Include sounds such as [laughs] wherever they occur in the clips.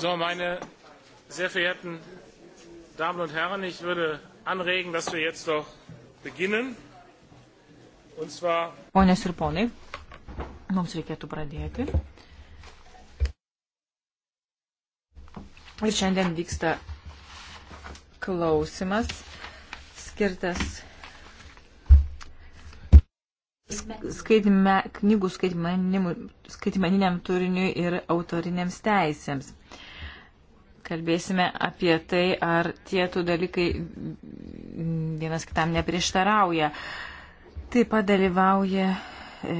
So, meine sehr verehrten Damen und Herren, ich würde anregen, dass wir jetzt doch beginnen. Und zwar. Ponios ir ponai, mums reikėtų pradėti. Ir šiandien vyksta klausimas skirtas skaitme, knygų skaitmeniniam turiniui ir autorinėms teisėms kalbėsime apie tai, ar tie tų dalykai vienas kitam neprieštarauja. Taip pat dalyvauja e,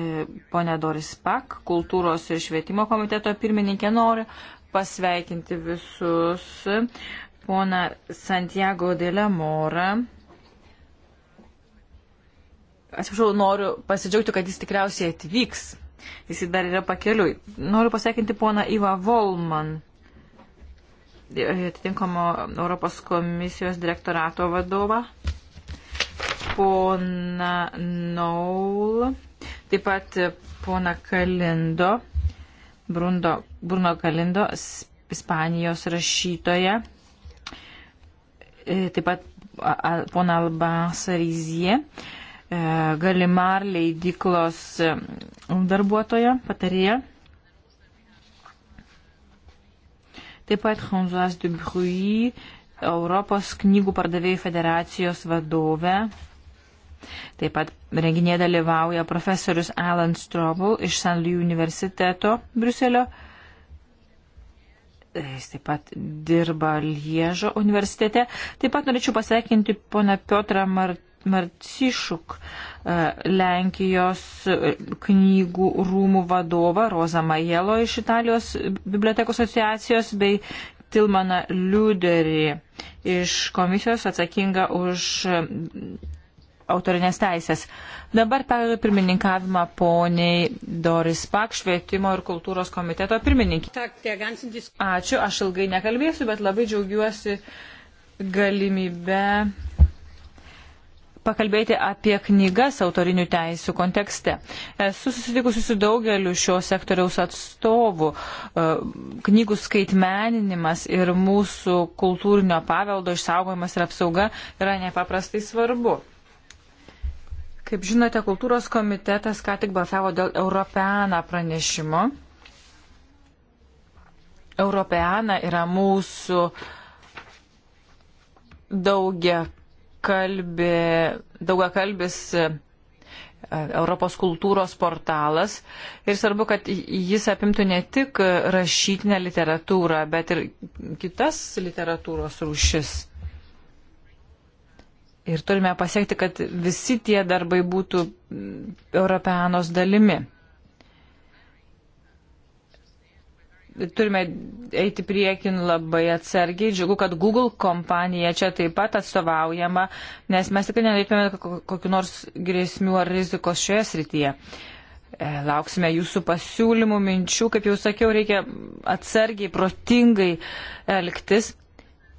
ponė Doris Pak, kultūros ir švietimo komiteto pirmininkė nori pasveikinti visus pona Santiago de la Mora. Atsiprašau, noriu pasidžiaugti, kad jis tikriausiai atvyks. Jis dar yra pakeliui. Noriu pasveikinti poną Iva Volman atitinkamo Europos komisijos direktorato vadovą, pona Naul, taip pat pona Kalindo, Brundo, Bruno Kalindo, Ispanijos rašytoja, e, taip pat pona Alba Sarizie, e, Galimar leidiklos e, darbuotoja, patarėja. Taip pat Honzas Dubrui, Europos knygų pardavėjų federacijos vadovę. Taip pat renginėje dalyvauja profesorius Alan Strobel iš San Louis universiteto Bruselio. Jis taip pat dirba Liežo universitete. Taip pat norėčiau pasveikinti poną Piotrą Mart Marcišuk, e, Lenkijos e, knygų rūmų vadovą Rozą Majelo iš Italijos bibliotekų asociacijos bei Tilmaną Liuderį iš komisijos atsakingą už e, autorinės teisės. Dabar perėdu pirmininkavimą poniai Doris Pak, švietimo ir kultūros komiteto pirmininkė. Ačiū, aš ilgai nekalbėsiu, bet labai džiaugiuosi galimybę pakalbėti apie knygas autorinių teisų kontekste. Esu susitikusi su daugeliu šio sektoriaus atstovų. E, knygų skaitmeninimas ir mūsų kultūrinio paveldo išsaugojimas ir apsauga yra nepaprastai svarbu. Kaip žinote, kultūros komitetas ką tik balsavo dėl Europeana pranešimo. Europeana yra mūsų daugia kalbė, daugiakalbis e, Europos kultūros portalas ir svarbu, kad jis apimtų ne tik rašytinę literatūrą, bet ir kitas literatūros rūšis. Ir turime pasiekti, kad visi tie darbai būtų Europeanos dalimi. turime eiti priekin labai atsargiai. Džiugu, kad Google kompanija čia taip pat atstovaujama, nes mes tikrai nenorėtume kokiu nors grėsmių ar rizikos šioje srityje. E, lauksime jūsų pasiūlymų, minčių, kaip jau sakiau, reikia atsargiai, protingai elgtis.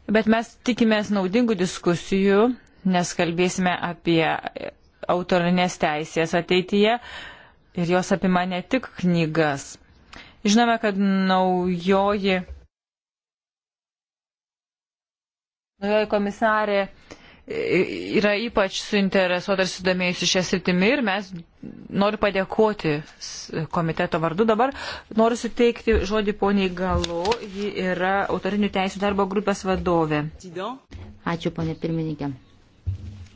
Bet mes tikimės naudingų diskusijų, nes kalbėsime apie autorinės teisės ateityje ir jos apima ne tik knygas. Žinome, kad naujoji, naujoji komisarė e, yra ypač suinteresuota ir sudomėjusi šią sritimį ir mes noriu padėkoti komiteto vardu. Dabar noriu suteikti žodį poniai Galo, ji yra autorinių teisų darbo grupės vadovė. Ačiū, ponė pirmininkė.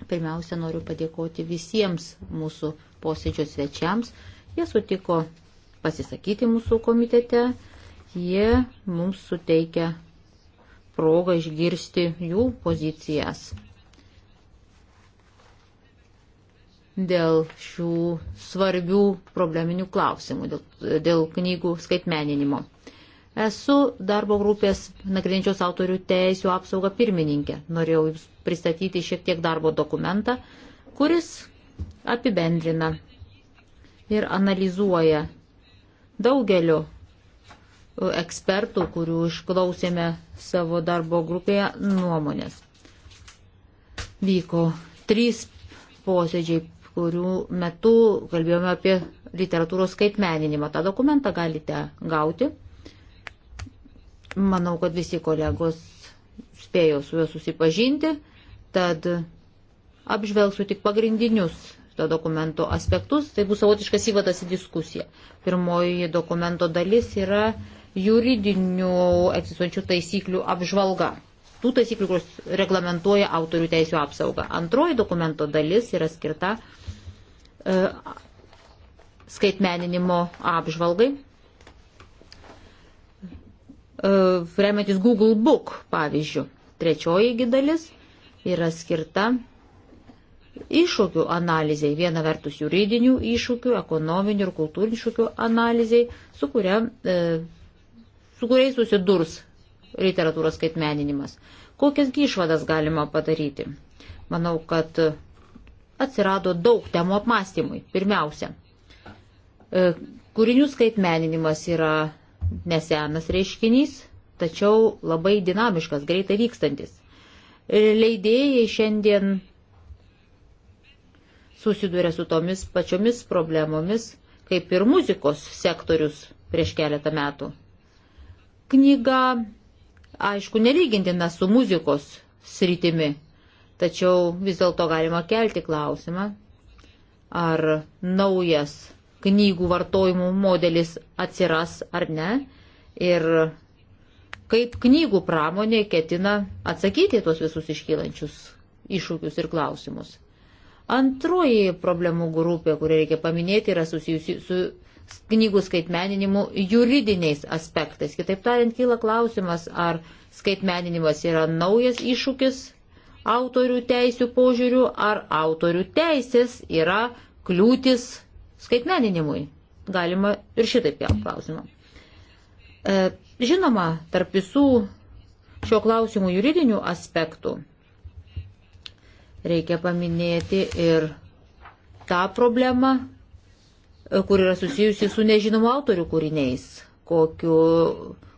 Pirmiausia, noriu padėkoti visiems mūsų posėdžio svečiams. Jie sutiko pasisakyti mūsų komitete. Jie mums suteikia progą išgirsti jų pozicijas dėl šių svarbių probleminių klausimų, dėl, dėl knygų skaitmeninimo. Esu darbo grupės nagrinčios autorių teisų apsauga pirmininkė. Norėjau Jums pristatyti šiek tiek darbo dokumentą, kuris apibendrina ir analizuoja Daugeliu e, ekspertų, kurių išklausėme savo darbo grupėje nuomonės. Vyko trys posėdžiai, kurių metu kalbėjome apie literatūros skaitmeninimą. Tą dokumentą galite gauti. Manau, kad visi kolegos spėjo su juo susipažinti, tad apžvelgsiu tik pagrindinius to dokumento aspektus. Tai bus savotiškas įvadas į diskusiją. Pirmoji dokumento dalis yra juridinių egzistuojančių taisyklių apžvalga. Tų taisyklių, kurios reglamentuoja autorių teisų apsaugą. Antroji dokumento dalis yra skirta e, skaitmeninimo apžvalgai e, remiantis Google Book pavyzdžių. Trečioji dalis yra skirta iššūkių analizai, viena vertus juridinių iššūkių, ekonominių ir kultūrinių iššūkių analizai, su, kuria, e, su kuriais susidurs literatūros skaitmeninimas. Kokiasgi išvadas galima padaryti? Manau, kad atsirado daug temų apmąstymui. Pirmiausia, e, kūrinių skaitmeninimas yra nesenas reiškinys, tačiau labai dinamiškas, greitai vykstantis. E, leidėjai šiandien susiduria su tomis pačiomis problemomis, kaip ir muzikos sektorius prieš keletą metų. Knyga, aišku, nelygintina su muzikos sritimi, tačiau vis dėlto galima kelti klausimą, ar naujas knygų vartojimų modelis atsiras ar ne ir kaip knygų pramonė ketina atsakyti tuos visus iškylančius iššūkius ir klausimus. Antroji problemų grupė, kurią reikia paminėti, yra susijusi su knygų skaitmeninimu juridiniais aspektais. Kitaip tariant, kyla klausimas, ar skaitmeninimas yra naujas iššūkis autorių teisių požiūrių, ar autorių teisės yra kliūtis skaitmeninimui. Galima ir šitaip jau klausimą. E, žinoma, tarp visų šio klausimų juridinių aspektų Reikia paminėti ir tą problemą, kur yra susijusi su nežinomu autorių kūriniais, kokiu,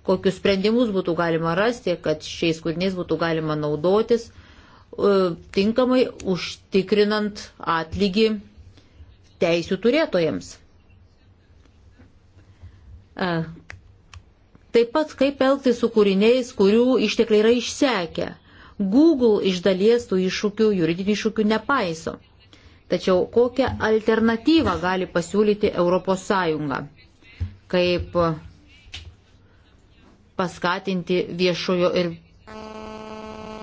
kokius sprendimus būtų galima rasti, kad šiais kūriniais būtų galima naudotis, e, tinkamai užtikrinant atlygį teisių turėtojams. E, taip pat kaip elgtis su kūriniais, kurių ištekliai yra išsekę. Google iš dalies tų iššūkių, juridinių iššūkių nepaiso. Tačiau kokią alternatyvą gali pasiūlyti ES? Kaip paskatinti viešojo ir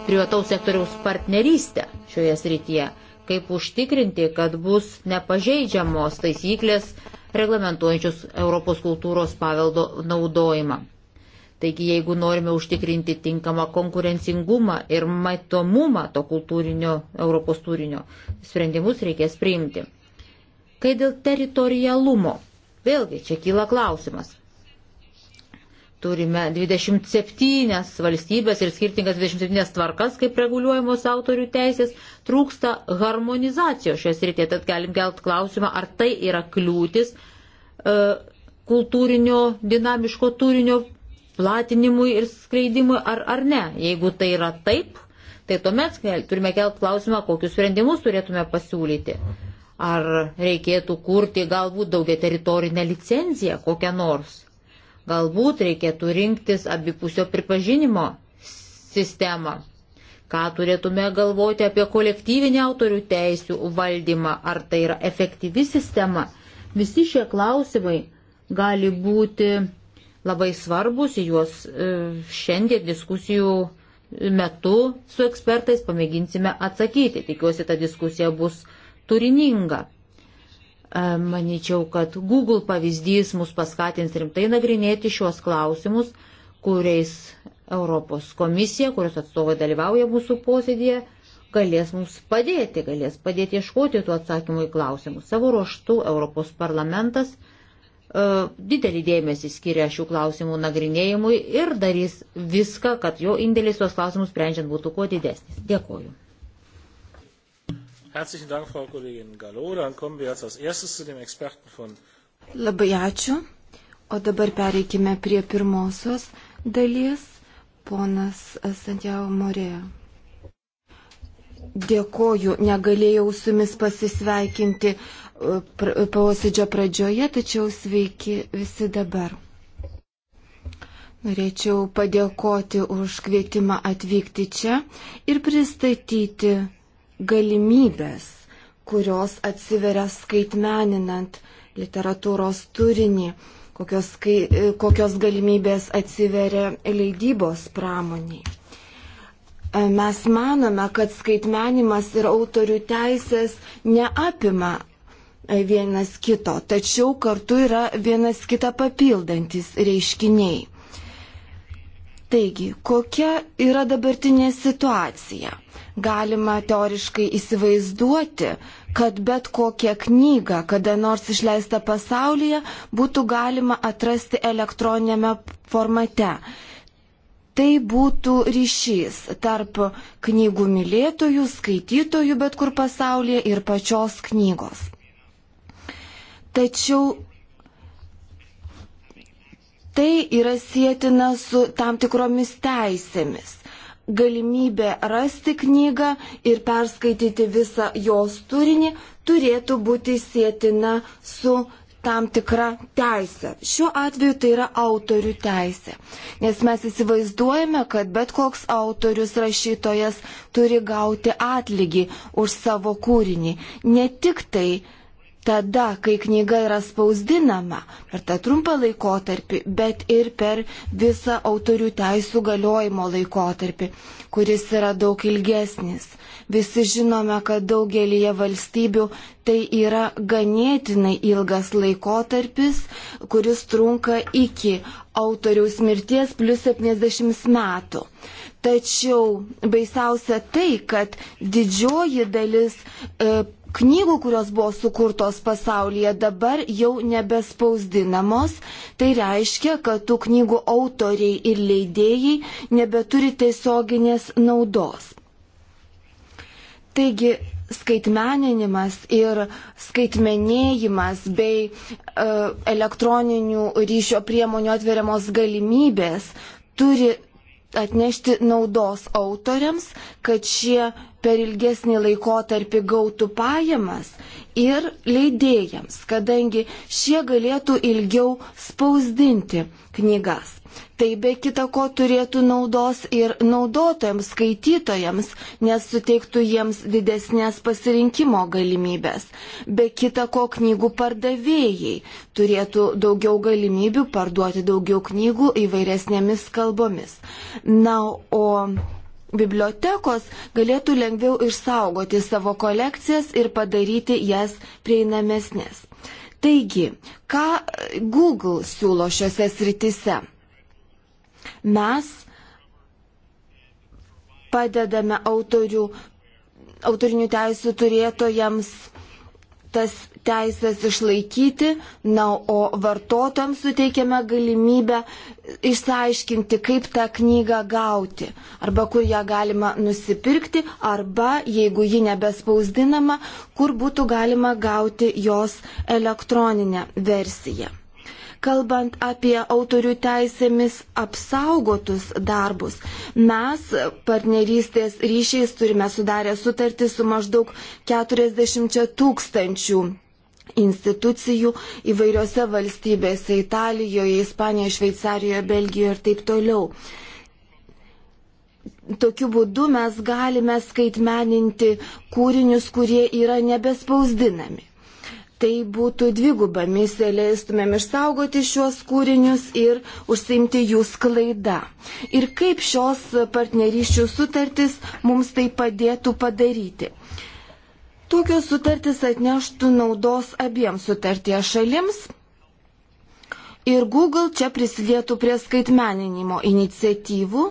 privataus sektoriaus partnerystę šioje srityje? Kaip užtikrinti, kad bus nepažeidžiamos taisyklės reglamentuojančius Europos kultūros paveldo naudojimą? Taigi, jeigu norime užtikrinti tinkamą konkurencingumą ir matomumą to kultūrinio Europos turinio, sprendimus reikės priimti. Kai dėl teritorialumo, vėlgi čia kyla klausimas. Turime 27 valstybės ir skirtingas 27 tvarkas, kaip reguliuojamos autorių teisės, trūksta harmonizacijos šios rytė, tad galim kelt klausimą, ar tai yra kliūtis e, kultūrinio dinamiško turinio platinimui ir skraidimui ar, ar ne. Jeigu tai yra taip, tai tuomet turime kelti klausimą, kokius sprendimus turėtume pasiūlyti. Ar reikėtų kurti galbūt daugia teritorinę licenciją kokią nors. Galbūt reikėtų rinktis abipusio pripažinimo sistemą. Ką turėtume galvoti apie kolektyvinį autorių teisių valdymą, ar tai yra efektyvi sistema. Visi šie klausimai gali būti labai svarbus, juos e, šiandien diskusijų metu su ekspertais pamėginsime atsakyti. Tikiuosi, ta diskusija bus turininga. E, Maničiau, kad Google pavyzdys mus paskatins rimtai nagrinėti šios klausimus, kuriais Europos komisija, kurios atstovai dalyvauja mūsų posėdėje, galės mums padėti, galės padėti ieškoti tų atsakymų į klausimus. Savo ruoštų Europos parlamentas E, didelį dėmesį skiria šių klausimų nagrinėjimui ir darys viską, kad jo indėlis tuos klausimus sprendžiant būtų kuo didesnis. Dėkoju. Herzlichen Dank, Frau Kollegin Gallo. Dann kommen wir jetzt als erstes zu dem Experten von. Labai ačiū. O dabar pereikime prie pirmosios dalies. Ponas Santiago Morėjo. Dėkoju, negalėjau su jumis pasisveikinti posėdžio pradžioje, tačiau sveiki visi dabar. Norėčiau padėkoti už kvietimą atvykti čia ir pristatyti galimybės, kurios atsiveria skaitmeninant literatūros turinį, kokios, kai, kokios galimybės atsiveria leidybos pramoniai. Mes manome, kad skaitmenimas ir autorių teisės neapima E, vienas kito, tačiau kartu yra vienas kitą papildantis reiškiniai. Taigi, kokia yra dabartinė situacija? Galima teoriškai įsivaizduoti, kad bet kokią knygą, kada nors išleistą pasaulyje, būtų galima atrasti elektroninėme formate. Tai būtų ryšys tarp knygų mylėtojų, skaitytojų bet kur pasaulyje ir pačios knygos. Tačiau tai yra sėtina su tam tikromis teisėmis. Galimybė rasti knygą ir perskaityti visą jos turinį turėtų būti sėtina su tam tikra teisė. Šiuo atveju tai yra autorių teisė. Nes mes įsivaizduojame, kad bet koks autorius rašytojas turi gauti atlygį už savo kūrinį. Ne tik tai tada, kai knyga yra spausdinama per tą trumpą laikotarpį, bet ir per visą autorių teisų galiojimo laikotarpį, kuris yra daug ilgesnis. Visi žinome, kad daugelie valstybių tai yra ganėtinai ilgas laikotarpis, kuris trunka iki autoriaus mirties plus 70 metų. Tačiau baisiausia tai, kad didžioji dalis e, knygų, kurios buvo sukurtos pasaulyje, dabar jau nebespausdinamos. Tai reiškia, kad tų knygų autoriai ir leidėjai nebeturi tiesioginės naudos. Taigi, skaitmeninimas ir skaitmenėjimas bei e, elektroninių ryšio priemonių atveriamos galimybės turi atnešti naudos autoriams, kad šie per ilgesnį laikotarpį gautų pajamas ir leidėjams, kadangi šie galėtų ilgiau spausdinti knygas. Tai be kita ko turėtų naudos ir naudotojams, skaitytojams, nes suteiktų jiems didesnės pasirinkimo galimybės. Be kita ko knygų pardavėjai turėtų daugiau galimybių parduoti daugiau knygų įvairesnėmis kalbomis. Na, o bibliotekos galėtų lengviau išsaugoti savo kolekcijas ir padaryti jas prieinamesnės. Taigi, ką Google siūlo šiuose srityse? Mes padedame autorių, autorinių teisų turėtojams tas teisės išlaikyti, na, o vartotojams suteikiame galimybę išsiaiškinti, kaip tą knygą gauti, arba kur ją galima nusipirkti, arba, jeigu ji nebespausdinama, kur būtų galima gauti jos elektroninę versiją. Kalbant apie autorių teisėmis apsaugotus darbus, mes partnerystės ryšiais turime sudarę sutartį su maždaug 40 tūkstančių institucijų įvairiose valstybėse - Italijoje, Ispanijoje, Šveicarijoje, Belgijoje ir taip toliau. Tokiu būdu mes galime skaitmeninti kūrinius, kurie yra nebespausdinami. Tai būtų dviguba misija, leistumėm išsaugoti šiuos kūrinius ir užsimti jų sklaidą. Ir kaip šios partnerysčių sutartis mums tai padėtų padaryti. Tokios sutartys atneštų naudos abiems sutarties šalims ir Google čia prisidėtų prie skaitmeninimo iniciatyvų,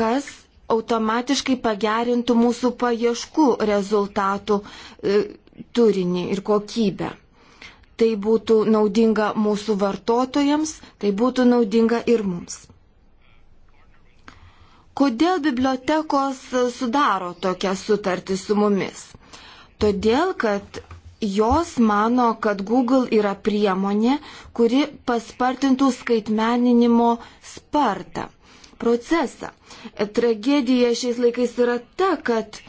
kas automatiškai pagerintų mūsų paieškų rezultatų e, turinį ir kokybę. Tai būtų naudinga mūsų vartotojams, tai būtų naudinga ir mums. Kodėl bibliotekos sudaro tokią sutartį su mumis? Todėl, kad jos mano, kad Google yra priemonė, kuri paspartintų skaitmeninimo spartą, procesą. Tragedija šiais laikais yra ta, kad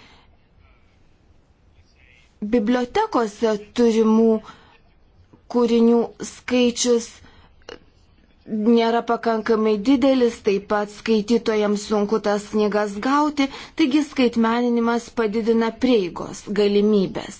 bibliotekose turimų kūrinių skaičius nėra pakankamai didelis, taip pat skaitytojams sunku tas knygas gauti, taigi skaitmeninimas padidina prieigos galimybės.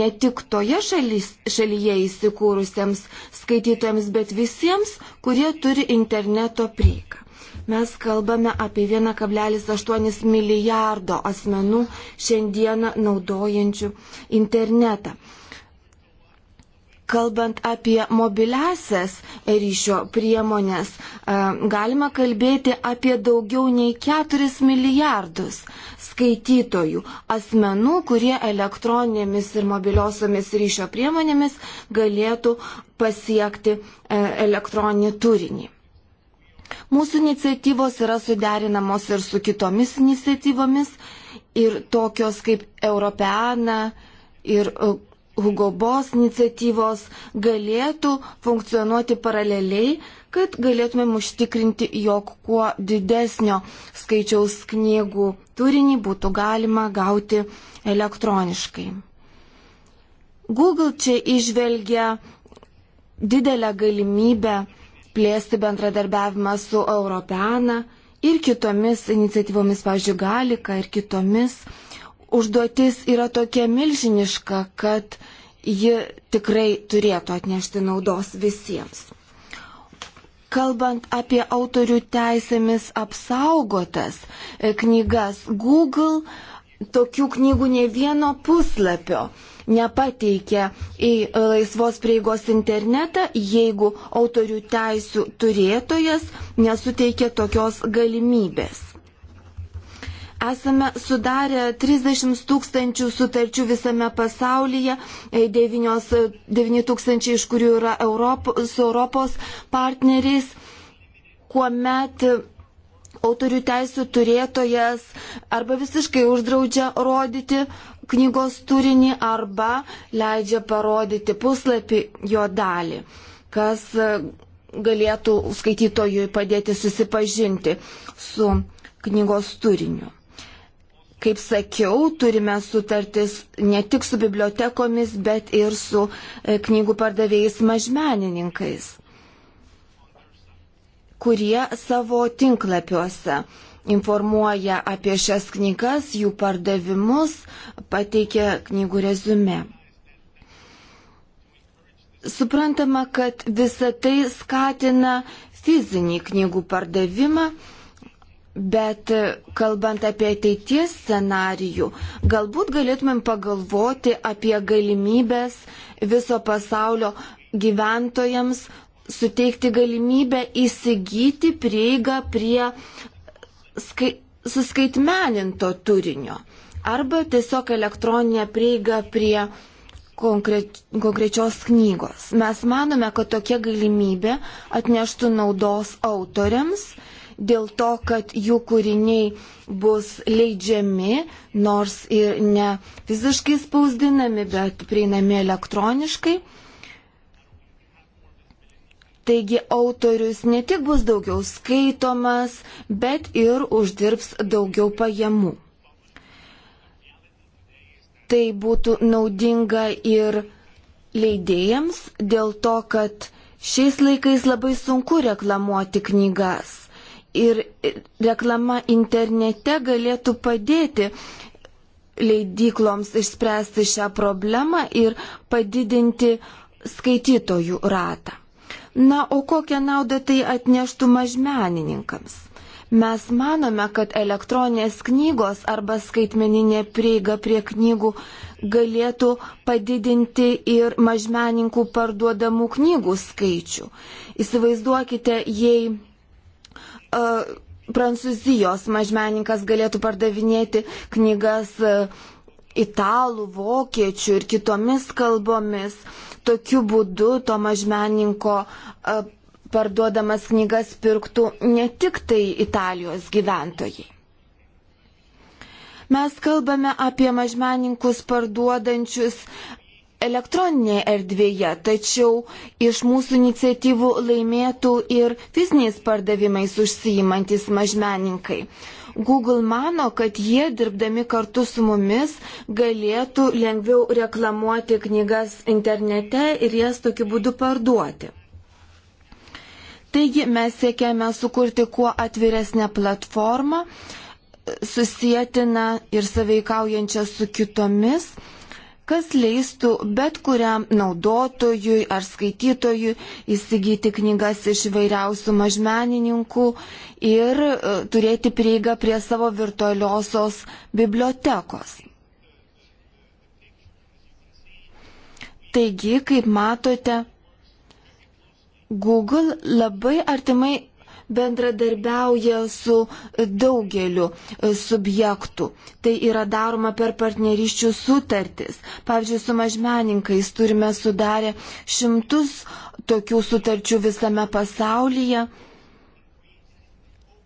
Ne tik toje šalis, šalyje įsikūrusiems skaitytojams, bet visiems, kurie turi interneto prieigą. Mes kalbame apie 1,8 milijardo asmenų šiandieną naudojančių internetą. Kalbant apie mobiliasias ryšio priemonės, e, galima kalbėti apie daugiau nei 4 milijardus skaitytojų, asmenų, kurie elektroninėmis ir mobiliosiomis ryšio priemonėmis galėtų pasiekti e, elektroninį turinį. Mūsų iniciatyvos yra suderinamos ir su kitomis iniciatyvomis ir tokios kaip Europeana ir e, Hugo Boss iniciatyvos galėtų funkcionuoti paraleliai, kad galėtumėm užtikrinti, jog kuo didesnio skaičiaus knygų turinį būtų galima gauti elektroniškai. Google čia išvelgia didelę galimybę plėsti bendradarbiavimą su Europeana ir kitomis iniciatyvomis, pavyzdžiui, Galika ir kitomis. Užduotis yra tokia milžiniška, kad ji tikrai turėtų atnešti naudos visiems. Kalbant apie autorių teisėmis apsaugotas e, knygas, Google tokių knygų ne vieno puslapio nepateikia į laisvos prieigos internetą, jeigu autorių teisų turėtojas nesuteikia tokios galimybės. Esame sudarę 30 tūkstančių sutarčių visame pasaulyje, 9, e, 9 e, tūkstančiai iš kurių yra Europo, su Europos partneriais, kuomet autorių teisų turėtojas arba visiškai uždraudžia rodyti knygos turinį arba leidžia parodyti puslapį jo dalį, kas galėtų skaitytojui padėti susipažinti su knygos turiniu. Kaip sakiau, turime sutartis ne tik su bibliotekomis, bet ir su e, knygų pardavėjais mažmenininkais, kurie savo tinklapiuose informuoja apie šias knygas, jų pardavimus, pateikia knygų rezume. Suprantama, kad visa tai skatina fizinį knygų pardavimą Bet e, kalbant apie ateities scenarijų, galbūt galėtumėm pagalvoti apie galimybės viso pasaulio gyventojams suteikti galimybę įsigyti prieigą prie skai, suskaitmeninto turinio arba tiesiog elektroninę prieigą prie konkrečios knygos. Mes manome, kad tokia galimybė atneštų naudos autoriams dėl to, kad jų kūriniai bus leidžiami, nors ir ne fiziškai spausdinami, bet prieinami elektroniškai. Taigi autorius ne tik bus daugiau skaitomas, bet ir uždirbs daugiau pajamų. Tai būtų naudinga ir leidėjams dėl to, kad šiais laikais labai sunku reklamuoti knygas ir reklama internete galėtų padėti leidykloms išspręsti šią problemą ir padidinti skaitytojų ratą. Na, o kokią naudą tai atneštų mažmenininkams? Mes manome, kad elektroninės knygos arba skaitmeninė prieiga prie knygų galėtų padidinti ir mažmeninkų parduodamų knygų skaičių. Įsivaizduokite, jei prancūzijos mažmeninkas galėtų pardavinėti knygas italų, vokiečių ir kitomis kalbomis. Tokiu būdu to mažmeninko parduodamas knygas pirktų ne tik tai Italijos gyventojai. Mes kalbame apie mažmeninkus parduodančius elektroninėje erdvėje, tačiau iš mūsų iniciatyvų laimėtų ir fiziniais pardavimais užsijimantis mažmeninkai. Google mano, kad jie dirbdami kartu su mumis galėtų lengviau reklamuoti knygas internete ir jas tokiu būdu parduoti. Taigi mes siekiame sukurti kuo atviresnę platformą, susijėtiną ir saveikaujančią su kitomis kas leistų bet kuriam naudotojui ar skaitytojui įsigyti knygas iš vairiausių mažmenininkų ir e, turėti prieigą prie savo virtualiosios bibliotekos. Taigi, kaip matote, Google labai artimai bendradarbiauja su daugeliu e, subjektų. Tai yra daroma per partneriščių sutartis. Pavyzdžiui, su mažmeninkais turime sudarę šimtus tokių sutarčių visame pasaulyje.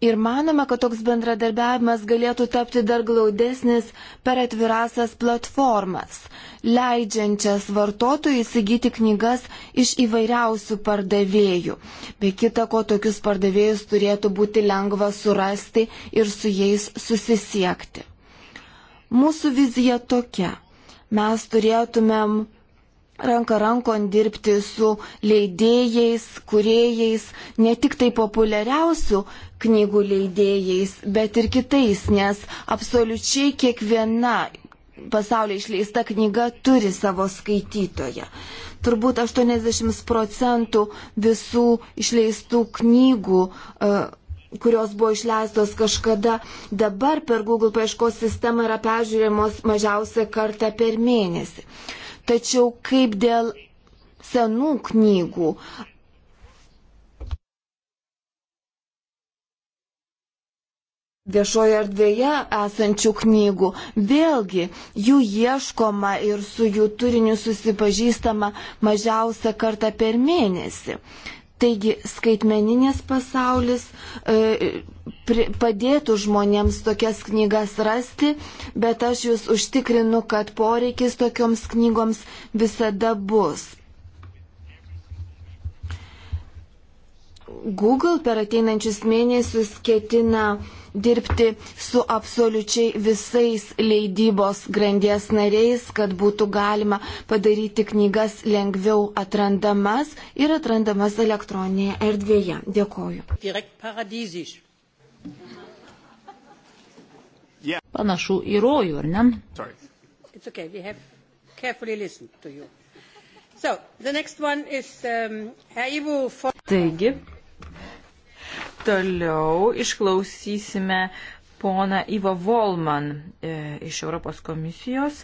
Ir manome, kad toks bendradarbiavimas galėtų tapti dar glaudesnis per atvirasias platformas, leidžiančias vartotojui įsigyti knygas iš įvairiausių pardavėjų. Be kita ko, tokius pardavėjus turėtų būti lengva surasti ir su jais susisiekti. Mūsų vizija tokia. Mes turėtumėm ranką rankon dirbti su leidėjais, kuriejais, ne tik tai populiariausių knygų leidėjais, bet ir kitais, nes absoliučiai kiekviena pasaulyje išleista knyga turi savo skaitytoją. Turbūt 80 procentų visų išleistų knygų uh, kurios buvo išleistos kažkada, dabar per Google paieškos sistemą yra peržiūrėmos mažiausia kartą per mėnesį. Tačiau kaip dėl senų knygų? Viešoje erdvėje esančių knygų. Vėlgi, jų ieškoma ir su jų turiniu susipažįstama mažiausia kartą per mėnesį. Taigi, skaitmeninis pasaulis. E, padėtų žmonėms tokias knygas rasti, bet aš jūs užtikrinu, kad poreikis tokioms knygoms visada bus. Google per ateinančius mėnesius ketina dirbti su absoliučiai visais leidybos grandies nariais, kad būtų galima padaryti knygas lengviau atrandamas ir atrandamas elektroninėje erdvėje. Dėkoju. Yeah. Panašu į rojų, ar ne? So, is, um, for... Taigi, toliau išklausysime pona Ivo Volman e, iš Europos komisijos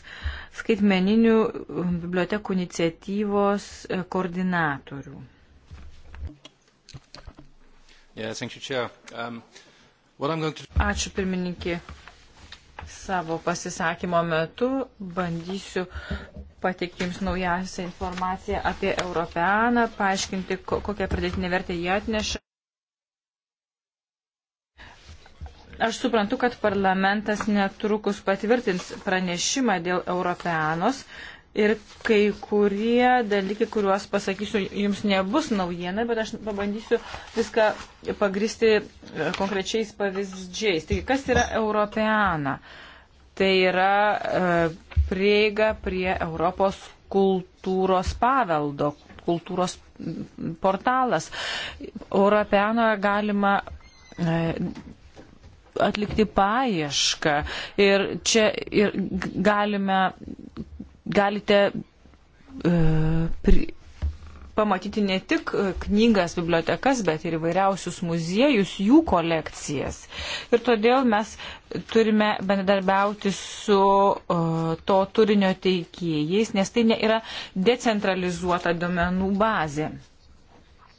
skaitmeninių e, bibliotekų iniciatyvos e, koordinatorių. Yeah, you, um, to... Ačiū pirmininkė. Savo pasisakymo metu bandysiu pateikti Jums naujausią informaciją apie Europeaną, paaiškinti, kokią pradėtinę vertę jie atneša. Aš suprantu, kad parlamentas netrukus patvirtins pranešimą dėl Europeanos ir kai kurie dalykai, kuriuos pasakysiu, jums nebus naujiena, bet aš pabandysiu viską pagristi e, konkrečiais pavyzdžiais. Taigi, kas yra europeana? Tai yra e, prieiga prie Europos kultūros paveldo, kultūros portalas. Europeanoje galima e, atlikti paiešką ir čia ir galime galite e, pri, pamatyti ne tik e, knygas, bibliotekas, bet ir įvairiausius muziejus, jų kolekcijas. Ir todėl mes turime bendarbiauti su uh, to turinio teikėjais, nes tai yra decentralizuota domenų bazė.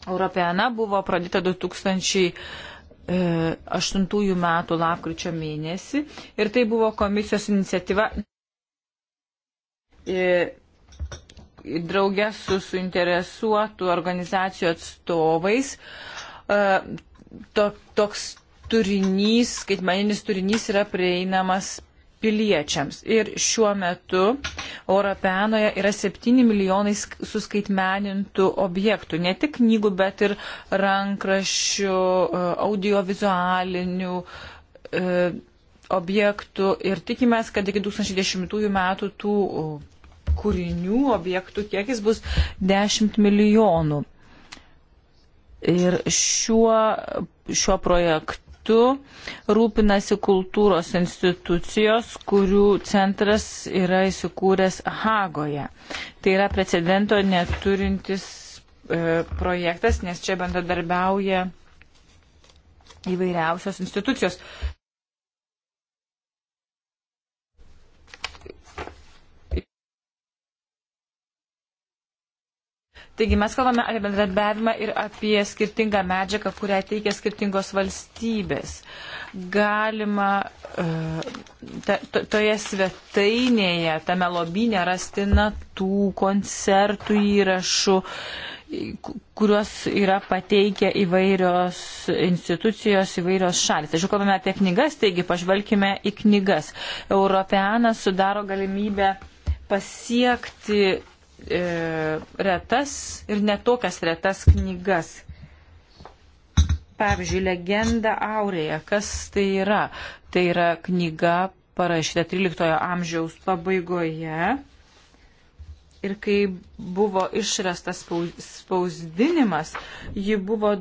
Europeana buvo pradėta 2000. 2008 metų lapkričio mėnesį ir tai buvo komisijos iniciatyva draugę su suinteresuotų organizacijų atstovais. E, to, toks turinys, skaitmaninis turinys yra prieinamas piliečiams. Ir šiuo metu Europenoje yra 7 milijonai suskaitmenintų objektų, ne tik knygų, bet ir rankraščių, e, audiovizualinių e, objektų ir tikimės, kad iki 2010 metų tų uh, kūrinių objektų kiekis bus 10 milijonų. Ir šiuo, šiuo projektu rūpinasi kultūros institucijos, kurių centras yra įsikūręs Hagoje. Tai yra precedento neturintis e, projektas, nes čia bendradarbiauja įvairiausios institucijos. Taigi mes kalbame apie bendradarbiavimą ir apie skirtingą medžiagą, kurią teikia skirtingos valstybės. Galima e, ta, to, toje svetainėje, tame lobinė rasti natų, koncertų įrašų, kuriuos yra pateikę įvairios institucijos, įvairios šalis. Tačiau kalbame apie knygas, taigi pažvelkime į knygas. Europeanas sudaro galimybę pasiekti e, retas ir netokias retas knygas. Pavyzdžiui, legenda Aurėje. Kas tai yra? Tai yra knyga parašyta 13 amžiaus pabaigoje. Ir kai buvo išrastas spausdinimas, ji buvo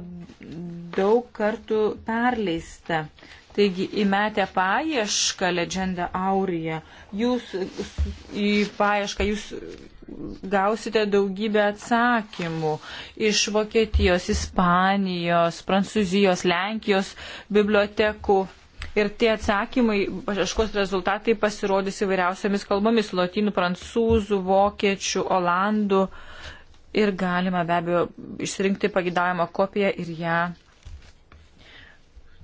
daug kartų perleista. Taigi įmetę paiešką legendą Aurija, jūs į paiešką jūs gausite daugybę atsakymų iš Vokietijos, Ispanijos, Prancūzijos, Lenkijos bibliotekų. Ir tie atsakymai, paieškos rezultatai pasirodys įvairiausiamis kalbomis - lotynų, prancūzų, vokiečių, olandų. Ir galima be abejo išsirinkti pagidavimo kopiją ir ją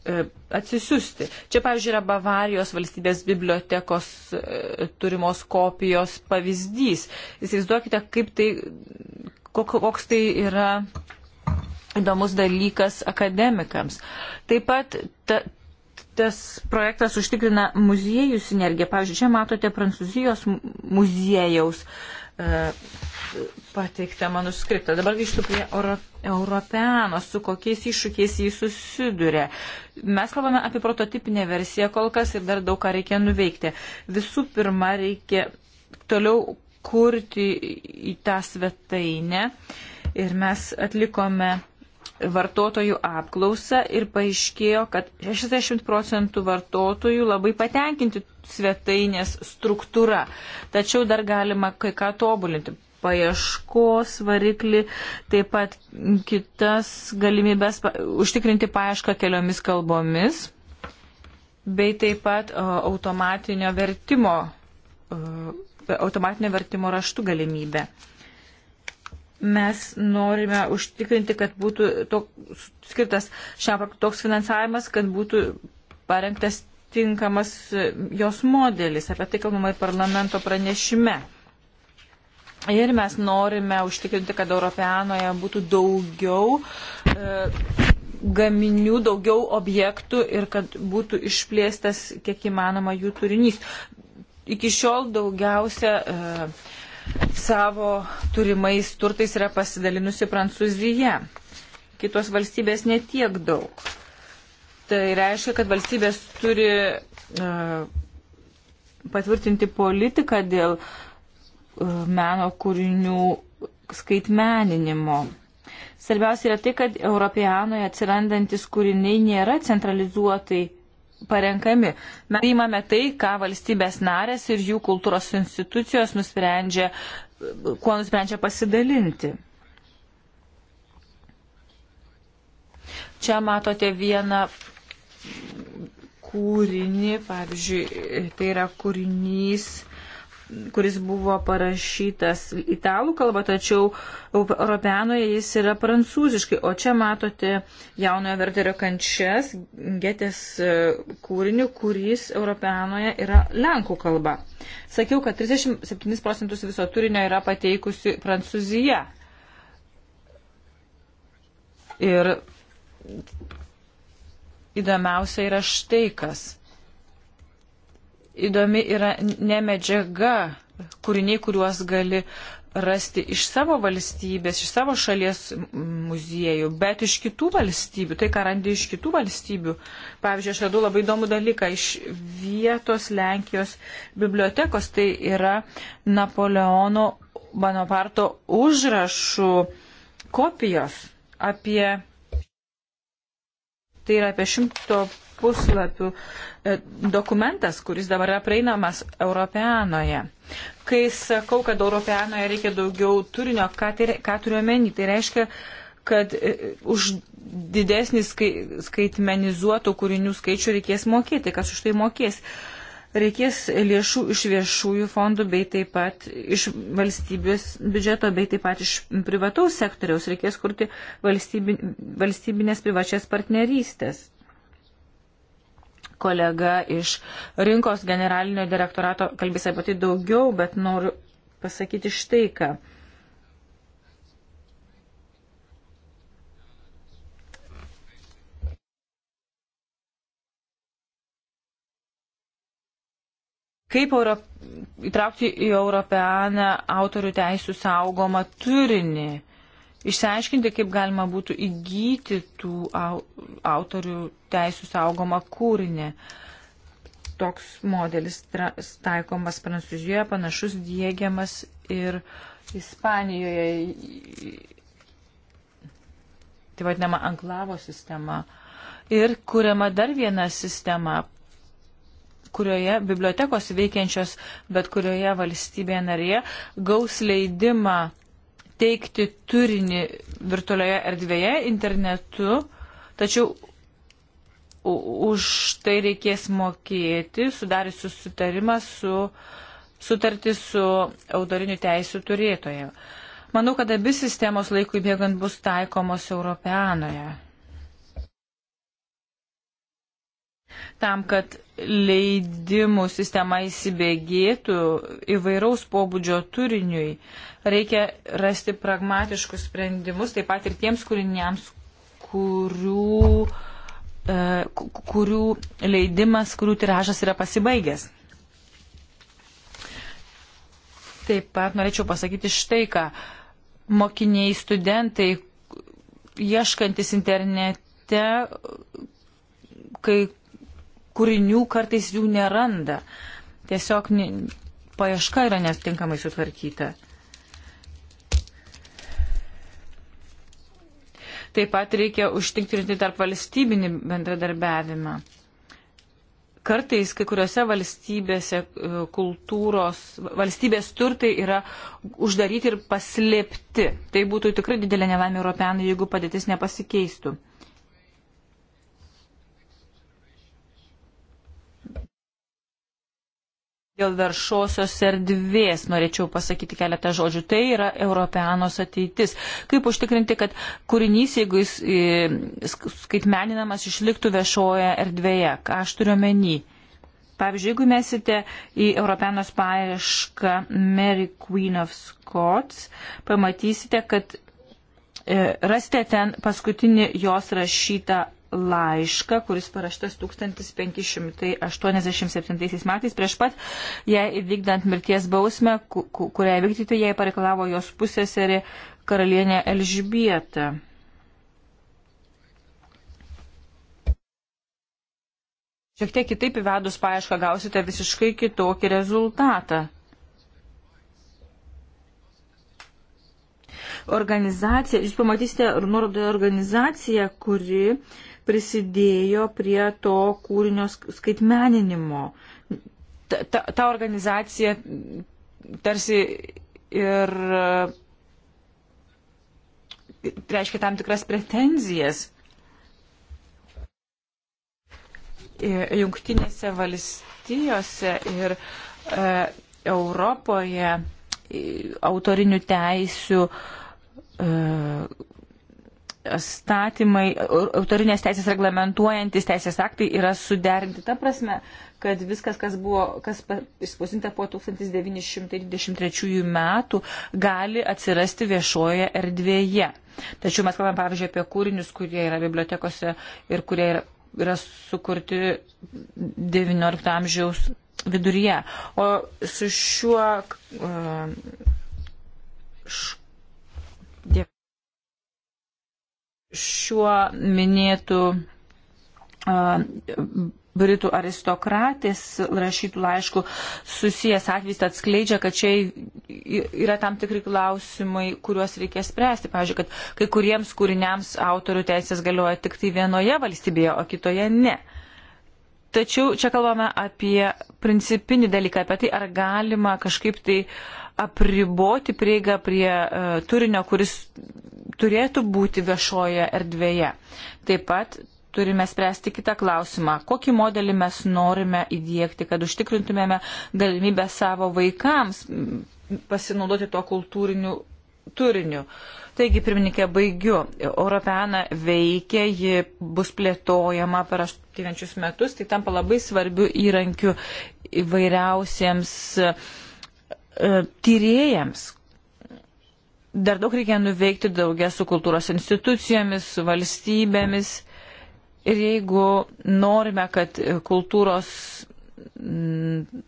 E, atsisiųsti. Čia, pavyzdžiui, yra Bavarijos valstybės bibliotekos e, turimos kopijos pavyzdys. Įsivaizduokite, kaip tai, koks tai yra įdomus dalykas akademikams. Taip pat ta, tas projektas užtikrina muziejų sinergiją. Pavyzdžiui, čia matote Prancūzijos muziejaus uh, E, pateiktą mano skriptą. Dabar grįžtu prie Euro, Europeano, su kokiais iššūkiais jį susiduria. Mes kalbame apie prototipinę versiją kol kas ir dar daug ką reikia nuveikti. Visų pirma, reikia toliau kurti į tą svetainę ir mes atlikome vartotojų apklausą ir paaiškėjo, kad 60 procentų vartotojų labai patenkinti svetainės struktūra. Tačiau dar galima kai ką tobulinti paieškos variklį, taip pat kitas galimybės užtikrinti paiešką keliomis kalbomis, bei taip pat e, automatinio vertimo, e, automatinio vertimo raštų galimybę mes norime užtikrinti, kad būtų tok, skirtas šiam toks finansavimas, kad būtų parengtas tinkamas jos modelis. Apie tai kalbama ir parlamento pranešime. Ir mes norime užtikrinti, kad Europeanoje būtų daugiau e, gaminių, daugiau objektų ir kad būtų išplėstas kiek įmanoma jų turinys. Iki šiol daugiausia e, savo turimais turtais yra pasidalinusi Prancūzija. Kitos valstybės netiek daug. Tai reiškia, kad valstybės turi uh, patvirtinti politiką dėl uh, meno kūrinių skaitmeninimo. Svarbiausia yra tai, kad Europeanoje atsirandantis kūriniai nėra centralizuotai parenkami. Mes įmame tai, ką valstybės narės ir jų kultūros institucijos nusprendžia, kuo nusprendžia pasidalinti. Čia matote vieną kūrinį, pavyzdžiui, tai yra kūrinys kuris buvo parašytas italų kalba, tačiau Europeanoje jis yra prancūziškai. O čia matote jaunojo verterio kančias, getės e, kūrinių, kuris Europeanoje yra lenkų kalba. Sakiau, kad 37 procentus viso turinio yra pateikusi Prancūzija. Ir įdomiausia yra štai kas įdomi yra ne medžiaga, kūriniai, kuriuos gali rasti iš savo valstybės, iš savo šalies muziejų, bet iš kitų valstybių, tai ką randi iš kitų valstybių. Pavyzdžiui, aš radau labai įdomų dalyką iš vietos Lenkijos bibliotekos, tai yra Napoleono Bonaparto užrašų kopijos apie. Tai yra apie šimto puslapių e, dokumentas, kuris dabar yra prieinamas Europeanoje. Kai sakau, kad Europeanoje reikia daugiau turinio, ką, tai, ką turiu omeny, tai reiškia, kad e, už didesnį skai, skaitmenizuotų kūrinių skaičių reikės mokėti, kas už tai mokės. Reikės lėšų iš viešųjų fondų, bei taip pat iš valstybės biudžeto, bei taip pat iš privataus sektoriaus. Reikės kurti valstybinės privačias partnerystės kolega iš rinkos generalinio direktorato kalbės apie tai daugiau, bet noriu pasakyti štai ką. Kaip Euro... įtraukti į Europeaną autorių teisų saugomą turinį? išsiaiškinti, kaip galima būtų įgyti tų au, autorių teisų saugomą kūrinį. Toks modelis tra, taikomas Prancūzijoje, panašus dėgiamas ir Ispanijoje. Tai vadinama anklavo sistema. Ir kuriama dar viena sistema, kurioje bibliotekos veikiančios bet kurioje valstybėje narėje gaus leidimą teikti turinį virtualioje erdvėje, internetu, tačiau už tai reikės mokėti, sudarius susitarimą su sutartį su autorinių teisų turėtoje. Manau, kad abi sistemos laikui bėgant bus taikomos Europeanoje. Tam, kad leidimų sistema įsibėgėtų įvairaus pobūdžio turiniui, reikia rasti pragmatiškus sprendimus, taip pat ir tiems kūriniams, kurių, e, kurių leidimas, kurių tiražas yra pasibaigęs. Taip pat norėčiau pasakyti štai ką. Mokiniai, studentai, ieškantis internete, kai kūrinių kartais jų neranda. Tiesiog paieška yra netinkamai sutvarkyta. Taip pat reikia užtikrinti tarp valstybinį bendradarbiavimą. Kartais kai kuriuose valstybėse e, kultūros, valstybės turtai yra uždaryti ir paslėpti. Tai būtų tikrai didelė nelaimė europeanai, jeigu padėtis nepasikeistų. Dėl viršosios erdvės norėčiau pasakyti keletą žodžių. Tai yra Europeanos ateitis. Kaip užtikrinti, kad kūrinys, jeigu jis e, skaitmeninamas, išliktų viešoje erdvėje? Ką aš turiu menį? Pavyzdžiui, jeigu mesite į Europeanos paiešką Mary Queen of Scots, pamatysite, kad e, rasite ten paskutinį jos rašytą laišką, kuris paraštas 1587 metais prieš pat jai įvykdant mirties bausmę, kurią vykdyti jai pareikalavo jos pusėserį karalienė Elžbieta. Šiek tiek kitaip įvedus paaišką gausite visiškai kitokį rezultatą. organizacija, jūs pamatysite nuorodą organizaciją, kuri prisidėjo prie to kūrinio skaitmeninimo. Ta, ta, ta organizacija tarsi ir e, reiškia tam tikras pretenzijas. E, jungtinėse valstijose ir e, Europoje e, autorinių teisių e, statymai, autorinės teisės reglamentuojantis teisės aktai yra suderinti ta prasme, kad viskas, kas buvo, kas išspausinta po 1923 metų, gali atsirasti viešoje erdvėje. Tačiau mes kalbame, pavyzdžiui, apie kūrinius, kurie yra bibliotekose ir kurie yra, yra sukurti XIX amžiaus viduryje. O su šiuo. Uh, š... Dėkui šiuo minėtų Britų aristokratės rašytų laiškų susijęs atvejs atskleidžia, kad čia yra tam tikri klausimai, kuriuos reikės spręsti. Pavyzdžiui, kad kai kuriems kūriniams autorių teisės galioja tik tai vienoje valstybėje, o kitoje ne. Tačiau čia kalbame apie principinį dalyką, apie tai, ar galima kažkaip tai uh, apriboti prieigą prie uh, turinio, kuris turėtų būti viešoje erdvėje. Taip pat turime spręsti kitą klausimą. Kokį modelį mes norime įdėkti, kad užtikrintumėme galimybę savo vaikams pasinaudoti to kultūriniu turiniu. Taigi, pirmininkė, baigiu. Europeana veikia, ji bus plėtojama per aštuotinančius metus, tai tampa labai svarbiu įrankiu įvairiausiems uh, E, tyrėjams. Dar daug reikia nuveikti daugia su kultūros institucijomis, su valstybėmis. Ir jeigu norime, kad kultūros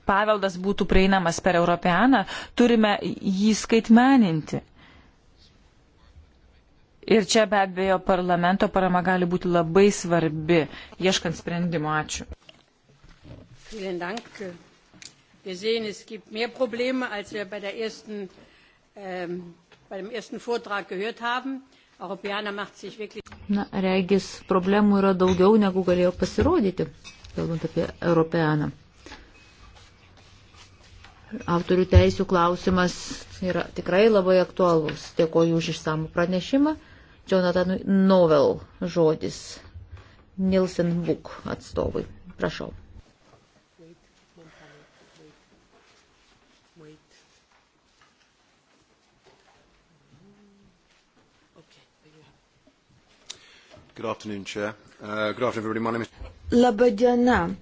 paveldas būtų prieinamas per Europeaną, turime jį skaitmeninti. Ir čia be abejo parlamento parama gali būti labai svarbi, ieškant sprendimo. Ačiū. Vielen Dank. Wir sehen, es gibt mehr Probleme, als wir bei, der ersten, ähm, bei dem ersten Vortrag gehört haben. Europäer macht sich wirklich. Na, regis, problemų yra daugiau, negu galėjo pasirodyti, kalbant apie Europeaną. Autorių teisų klausimas yra tikrai labai aktualus. Dėkoju už išsamų pranešimą. Jonathanui Novel žodis Nilsen Book atstovui. Prašau. Good afternoon, Chair. Uh, good afternoon, everybody. My name is... Labą dieną.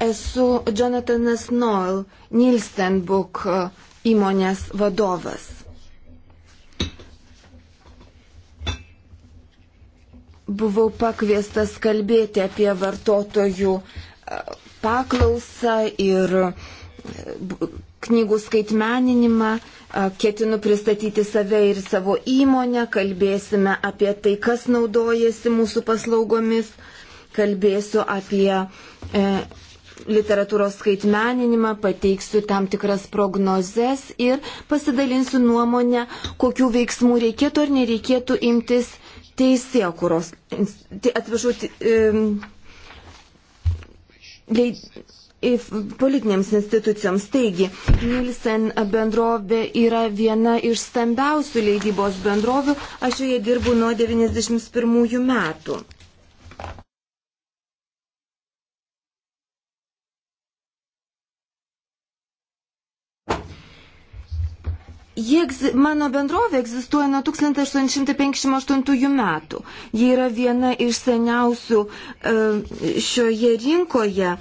Esu Jonathanas Noel, Nielsenbuk uh, įmonės vadovas. Buvau pakviestas kalbėti apie vartotojų uh, paklausą ir uh, knygų skaitmeninimą, ketinu pristatyti save ir savo įmonę, kalbėsime apie tai, kas naudojasi mūsų paslaugomis, kalbėsiu apie e, literatūros skaitmeninimą, pateiksiu tam tikras prognozes ir pasidalinsiu nuomonę, kokių veiksmų reikėtų ar nereikėtų imtis teisėkuros. Atsiprašau, leid, politinėms institucijoms. Taigi, Nilsen bendrovė yra viena iš stambiausių leidybos bendrovių, aš joje dirbu nuo 1991 metų. Jie, mano bendrovė egzistuoja nuo 1858 metų. Ji yra viena iš seniausių e, šioje rinkoje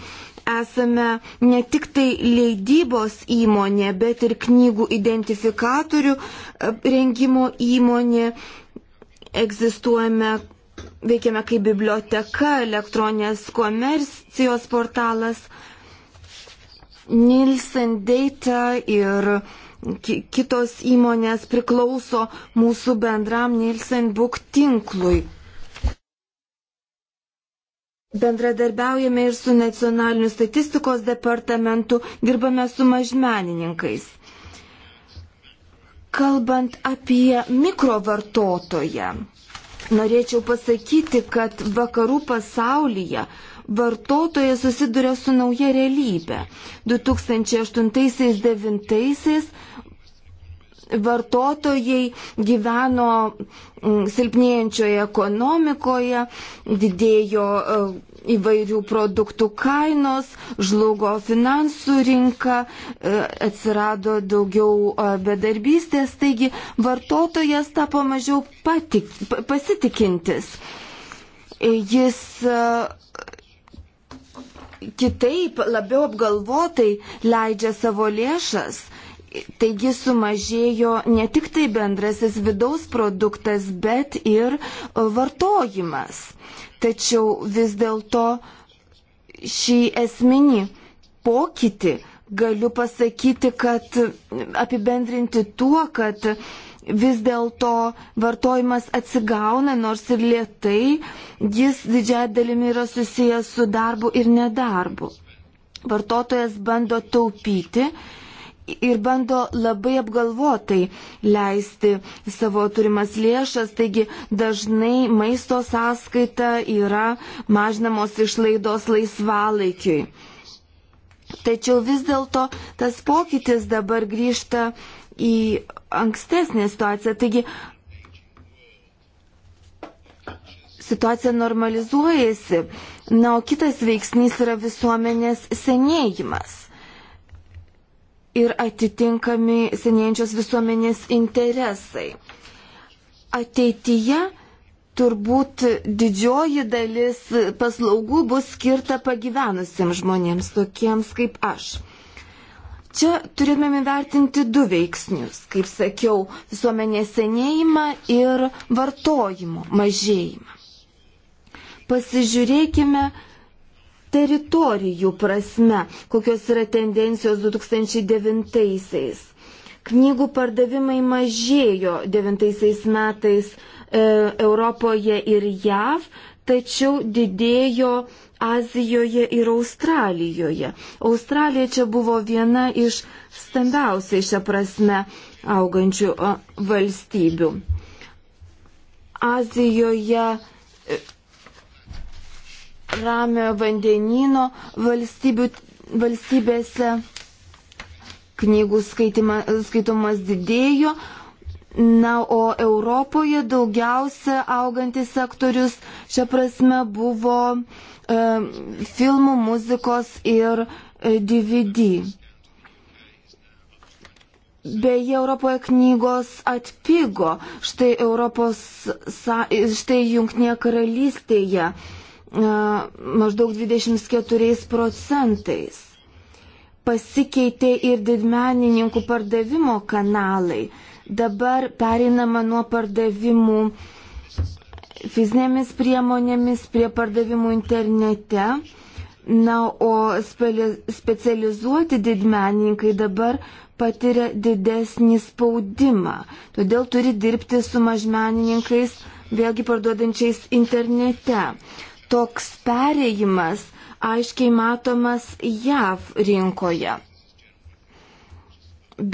esame ne tik tai leidybos įmonė, bet ir knygų identifikatorių e, rengimo įmonė. Egzistuojame, veikiame kaip biblioteka, elektroninės komercijos portalas. Nielsen Data ir kitos įmonės priklauso mūsų bendram Nielsen Book tinklui. Bendradarbiaujame ir su nacionaliniu statistikos departamentu, dirbame su mažmenininkais. Kalbant apie mikrovartotoją, norėčiau pasakyti, kad vakarų pasaulyje vartotojai susiduria su nauja realybė. 2008-2009 vartotojai gyveno mm, silpnėjančioje ekonomikoje, didėjo e, įvairių produktų kainos, žlugo finansų rinka, e, atsirado daugiau e, bedarbystės, taigi vartotojas tapo mažiau patik, pasitikintis. Jis kitaip, labiau apgalvotai leidžia savo lėšas Taigi sumažėjo ne tik tai bendrasis vidaus produktas, bet ir e, vartojimas. Tačiau vis dėlto šį esminį pokytį galiu pasakyti, kad apibendrinti tuo, kad vis dėlto vartojimas atsigauna, nors ir lietai, jis didžiai dalimi yra susijęs su darbu ir nedarbu. Vartotojas bando taupyti, ir bando labai apgalvotai leisti savo turimas lėšas, taigi dažnai maisto sąskaita yra mažinamos išlaidos laisvalaikiui. Tačiau vis dėlto tas pokytis dabar grįžta į ankstesnę situaciją. Taigi situacija normalizuojasi. Na, o kitas veiksnys yra visuomenės senėjimas ir atitinkami senėjančios visuomenės interesai. Ateityje turbūt didžioji dalis paslaugų bus skirta pagyvenusiems žmonėms, tokiems kaip aš. Čia turėtumėm vertinti du veiksnius, kaip sakiau, visuomenės senėjimą ir vartojimo mažėjimą. Pasižiūrėkime, teritorijų prasme, kokios yra tendencijos 2009-aisiais. Knygų pardavimai mažėjo 2009 metais e, Europoje ir JAV, tačiau didėjo Azijoje ir Australijoje. Australija čia buvo viena iš stambiausiai šią prasme augančių valstybių. Azijoje e, ramio vandenino valstybių, valstybėse knygų skaitima, skaitumas didėjo. Na, o Europoje daugiausia augantis sektorius šia prasme buvo e, filmų, muzikos ir DVD. E, Beje, Europoje knygos atpigo, štai, Europos, štai Junknėje karalystėje. E, maždaug 24 procentais. Pasikeitė ir didmenininkų pardavimo kanalai. Dabar perinama nuo pardavimų fizinėmis priemonėmis prie pardavimų internete. Na, o specializuoti didmenininkai dabar patiria didesnį spaudimą. Todėl turi dirbti su mažmenininkais, vėlgi parduodančiais internete toks perėjimas aiškiai matomas JAV rinkoje.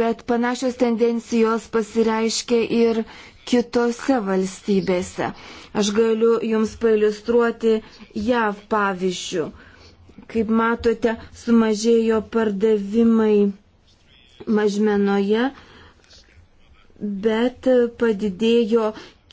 Bet panašios tendencijos pasireiškia ir kitose valstybėse. Aš galiu Jums pailustruoti JAV pavyzdžių. Kaip matote, sumažėjo pardavimai mažmenoje, bet padidėjo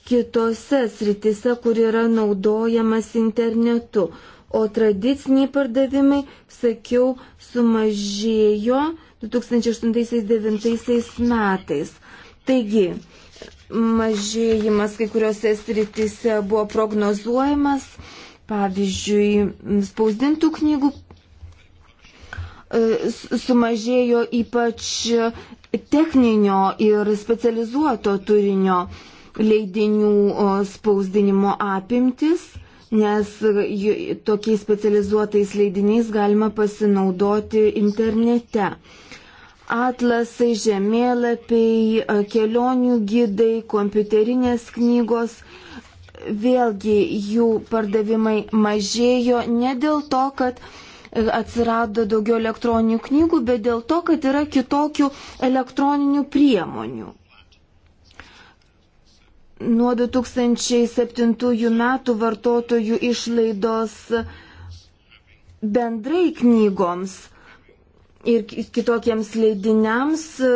kitose sritise, kur yra naudojamas internetu. O tradiciniai pardavimai, sakiau, sumažėjo 2008-2009 metais. Taigi, mažėjimas kai kuriuose sritise buvo prognozuojamas, pavyzdžiui, spausdintų knygų e, sumažėjo ypač techninio ir specializuoto turinio leidinių spausdinimo apimtis, nes tokiais specializuotais leidiniais galima pasinaudoti internete atlasai, žemėlapiai, kelionių gidai, kompiuterinės knygos. Vėlgi jų pardavimai mažėjo ne dėl to, kad e, atsirado daugiau elektroninių knygų, bet dėl to, kad yra kitokių elektroninių priemonių. Nuo 2007 metų vartotojų išlaidos bendrai knygoms ir kitokiems leidiniams e,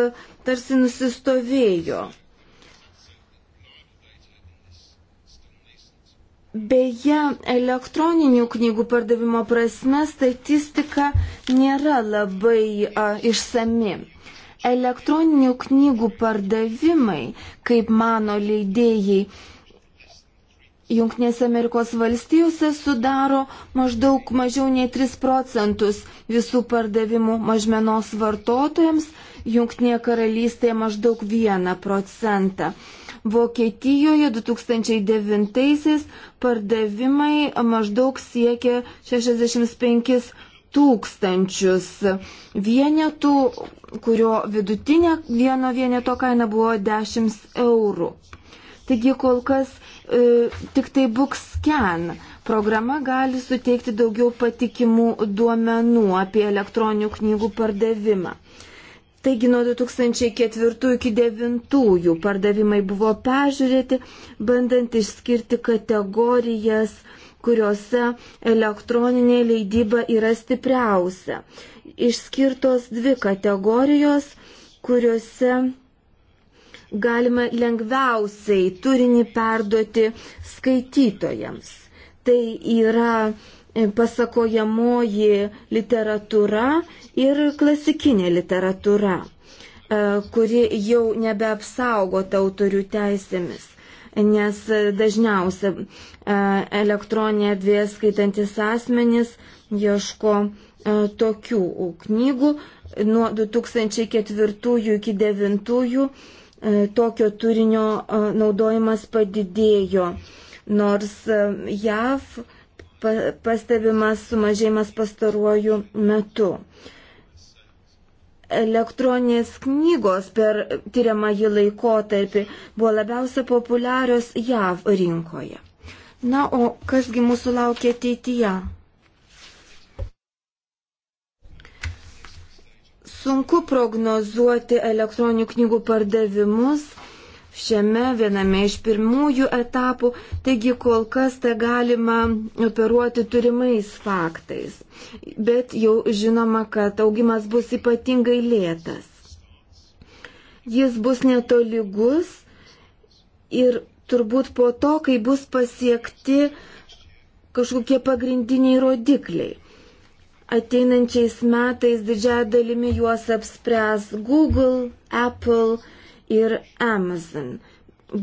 tarsi nusistovėjo. Beje, elektroninių knygų pardavimo prasme statistika nėra labai a, išsami elektroninių knygų pardavimai, kaip mano leidėjai, Junktinėse Amerikos valstijose sudaro maždaug mažiau nei 3 procentus visų pardavimų mažmenos vartotojams, Junktinėje karalystėje maždaug 1 procentą. Vokietijoje 2009 pardavimai maždaug siekia 65 tūkstančius vienetų, kurio vidutinė vieno vieneto kaina buvo 10 eurų. Taigi kol kas e, tik tai BookScan programa gali suteikti daugiau patikimų duomenų apie elektroninių knygų pardavimą. Taigi nuo 2004 iki 2009 pardavimai buvo peržiūrėti, bandant išskirti kategorijas e, kuriuose elektroninė leidyba yra stipriausia. Išskirtos dvi kategorijos, kuriuose galima lengviausiai turinį perduoti skaitytojams. Tai yra e, pasakojamoji literatūra ir klasikinė literatūra, e, kuri jau nebeapsaugota autorių teisėmis nes dažniausia e, elektroninė erdvė skaitantis asmenys ieško e, tokių knygų nuo 2004 iki 2009 e, tokio turinio naudojimas padidėjo, nors JAV pastebimas sumažėjimas pastaruoju metu elektroninės knygos per tyriamąjį laikotarpį buvo labiausia populiarios JAV rinkoje. Na, o kasgi mūsų laukia ateityje? Sunku prognozuoti elektroninių knygų pardavimus šiame viename iš pirmųjų etapų, taigi kol kas tai galima operuoti turimais faktais. Bet jau žinoma, kad augimas bus ypatingai lėtas. Jis bus netolygus ir turbūt po to, kai bus pasiekti kažkokie pagrindiniai rodikliai. Ateinančiais metais didžiąją dalimi juos apspręs Google, Apple, ir Amazon.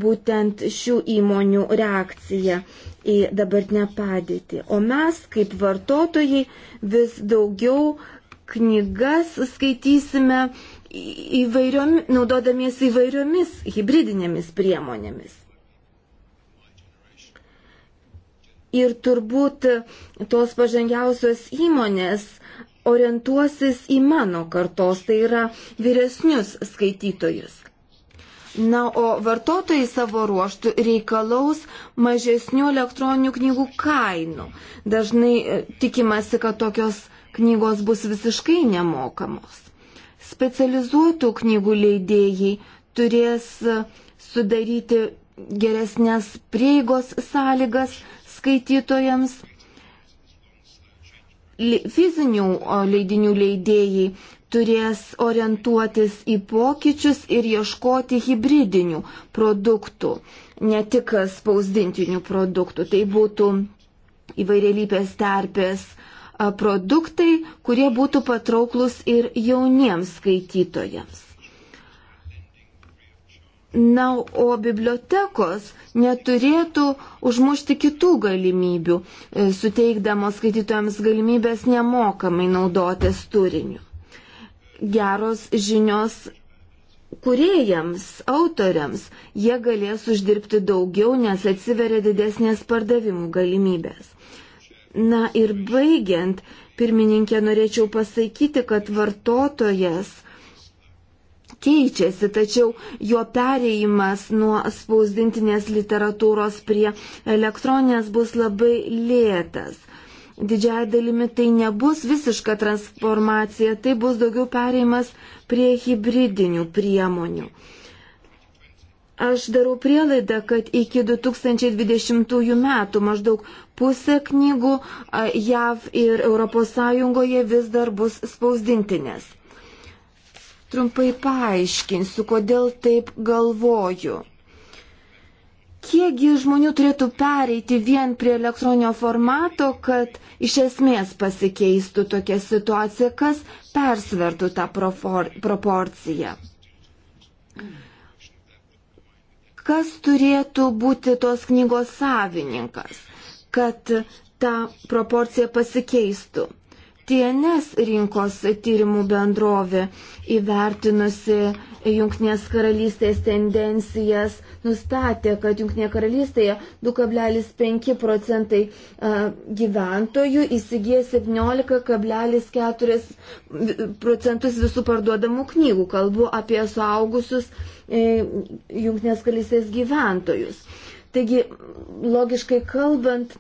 Būtent šių įmonių reakcija į dabartinę padėtį. O mes, kaip vartotojai, vis daugiau knygas skaitysime įvairiom, naudodamiesi įvairiomis hybridinėmis priemonėmis. Ir turbūt tos pažangiausios įmonės orientuosis į mano kartos, tai yra vyresnius skaitytojus. Na, o vartotojai savo ruoštų reikalaus mažesnių elektroninių knygų kainų. Dažnai e, tikimasi, kad tokios knygos bus visiškai nemokamos. Specializuotų knygų leidėjai turės e, sudaryti geresnės prieigos sąlygas skaitytojams. Fizinių leidinių leidėjai turės orientuotis į pokyčius ir ieškoti hybridinių produktų, ne tik spausdintinių produktų. Tai būtų įvairialypės terpės produktai, kurie būtų patrauklus ir jauniems skaitytojams. Na, o bibliotekos neturėtų užmušti kitų galimybių, e, suteikdamos skaitytojams galimybės nemokamai naudotis turiniu geros žinios kuriejams, autoriams. Jie galės uždirbti daugiau, nes atsiveria didesnės pardavimų galimybės. Na ir baigiant, pirmininkė, norėčiau pasakyti, kad vartotojas keičiasi, tačiau jo pereimas nuo spausdintinės literatūros prie elektroninės bus labai lėtas didžiai dalimi tai nebus visiška transformacija, tai bus daugiau pereimas prie hybridinių priemonių. Aš darau prielaidą, kad iki 2020 metų maždaug pusė knygų JAV ir ES vis dar bus spausdintinės. Trumpai paaiškinsiu, kodėl taip galvoju kiekgi žmonių turėtų pereiti vien prie elektroninio formato, kad iš esmės pasikeistų tokia situacija, kas persvertų tą proporciją. Kas turėtų būti tos knygos savininkas, kad ta proporcija pasikeistų? TNS rinkos tyrimų bendrovė įvertinusi Junktinės karalystės tendencijas, nustatė, kad Junktinėje karalystėje 2,5 procentai gyventojų įsigė 17,4 procentus visų parduodamų knygų. Kalbu apie suaugusius e, Junktinės karalystės gyventojus. Taigi, logiškai kalbant,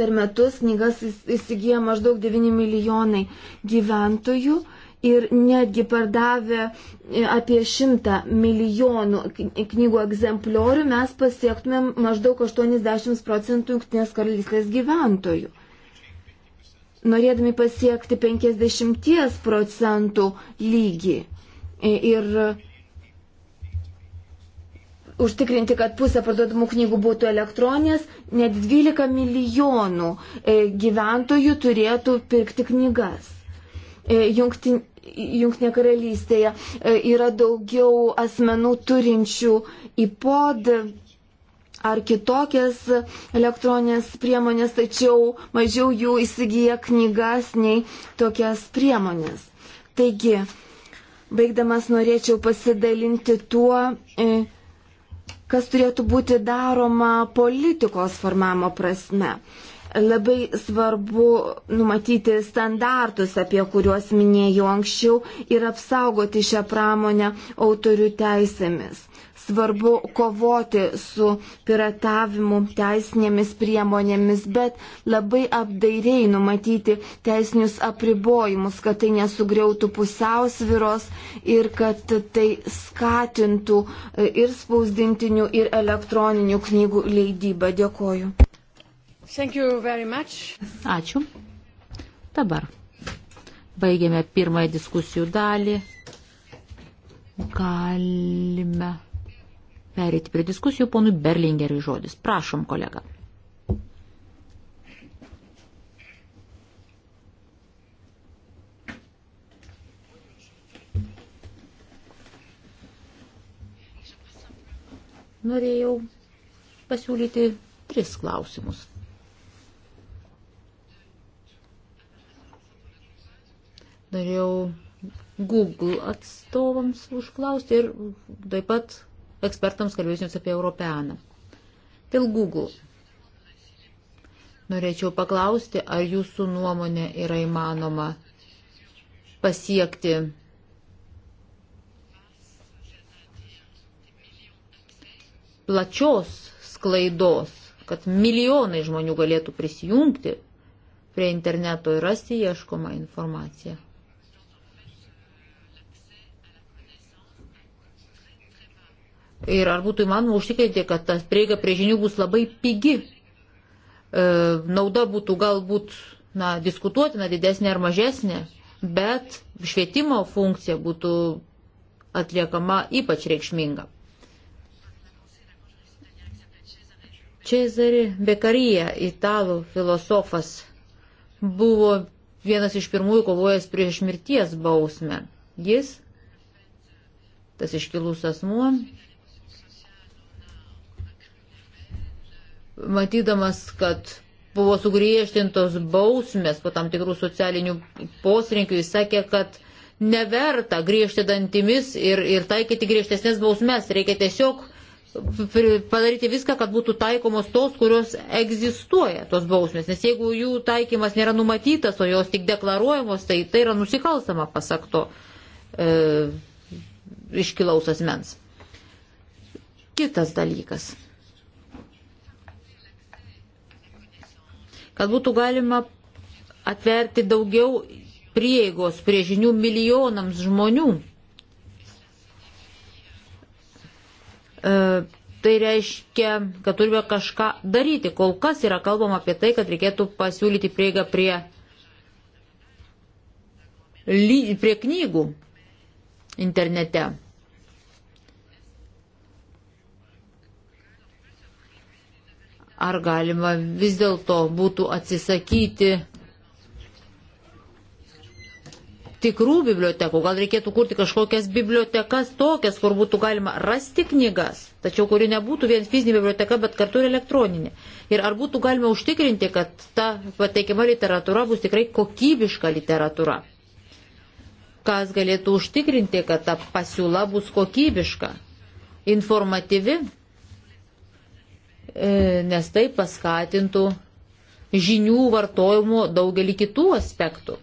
per metus knygas įsigyja maždaug 9 milijonai gyventojų ir netgi pardavę e, apie 100 milijonų knygų egzempliorių mes pasiektumėm maždaug 80 procentų Junktinės karalystės gyventojų. Norėdami pasiekti 50 procentų lygį ir užtikrinti, kad pusė parduodamų knygų būtų elektroninės, net 12 milijonų e, gyventojų turėtų pirkti knygas jungtin, e, Jungtinė karalystėje e, yra daugiau asmenų turinčių įpod ar kitokias elektroninės priemonės, tačiau mažiau jų įsigyja knygas nei tokias priemonės. Taigi, baigdamas norėčiau pasidalinti tuo, e, kas turėtų būti daroma politikos formavimo prasme. Labai svarbu numatyti standartus, apie kuriuos minėjau anksčiau, ir apsaugoti šią pramonę autorių teisėmis. Svarbu kovoti su piratavimu teisinėmis priemonėmis, bet labai apdairiai numatyti teisinius apribojimus, kad tai nesugriautų pusiausviros ir kad tai skatintų e, ir spausdintinių, ir elektroninių knygų leidybą. Dėkoju. Ačiū. Dabar baigiame pirmąją diskusijų dalį. Galime perėti prie diskusijų. Ponui Berlingeriui žodis. Prašom, kolega. Norėjau pasiūlyti tris klausimus. norėjau Google atstovams užklausti ir taip pat ekspertams kalbėsiuoms apie Europeaną. Dėl Google. Norėčiau paklausti, ar jūsų nuomonė yra įmanoma pasiekti plačios sklaidos, kad milijonai žmonių galėtų prisijungti prie interneto ir rasti ieškomą informaciją. ir ar būtų įmanoma užtikrinti, kad tas prieiga prie žinių bus labai pigi. E, nauda būtų galbūt na, diskutuotina didesnė ar mažesnė, bet švietimo funkcija būtų atliekama ypač reikšminga. Cezari Bekarija, italų filosofas, buvo vienas iš pirmųjų kovojęs prieš mirties bausmę. Jis, tas iškilus asmuo, matydamas, kad buvo sugriežtintos bausmės po tam tikrų socialinių posrinkių, jis sakė, kad neverta griežti dantimis ir, ir taikyti griežtesnės bausmės, reikia tiesiog padaryti viską, kad būtų taikomos tos, kurios egzistuoja, tos bausmės. Nes jeigu jų taikymas nėra numatytas, o jos tik deklaruojamos, tai tai yra nusikalstama, pasak to e, iškilaus asmens. Kitas dalykas. kad būtų galima atverti daugiau prieigos prie žinių milijonams žmonių. E, tai reiškia, kad turime kažką daryti. Kol kas yra kalbama apie tai, kad reikėtų pasiūlyti prieigą prie, prie knygų internete. ar galima vis dėlto būtų atsisakyti tikrų bibliotekų, gal reikėtų kurti kažkokias bibliotekas tokias, kur būtų galima rasti knygas, tačiau kuri nebūtų vien fizinė biblioteka, bet kartu ir elektroninė. Ir ar būtų galima užtikrinti, kad ta pateikiama literatūra bus tikrai kokybiška literatūra. Kas galėtų užtikrinti, kad ta pasiūla bus kokybiška, informatyvi E, nes tai paskatintų žinių vartojimo daugelį kitų aspektų.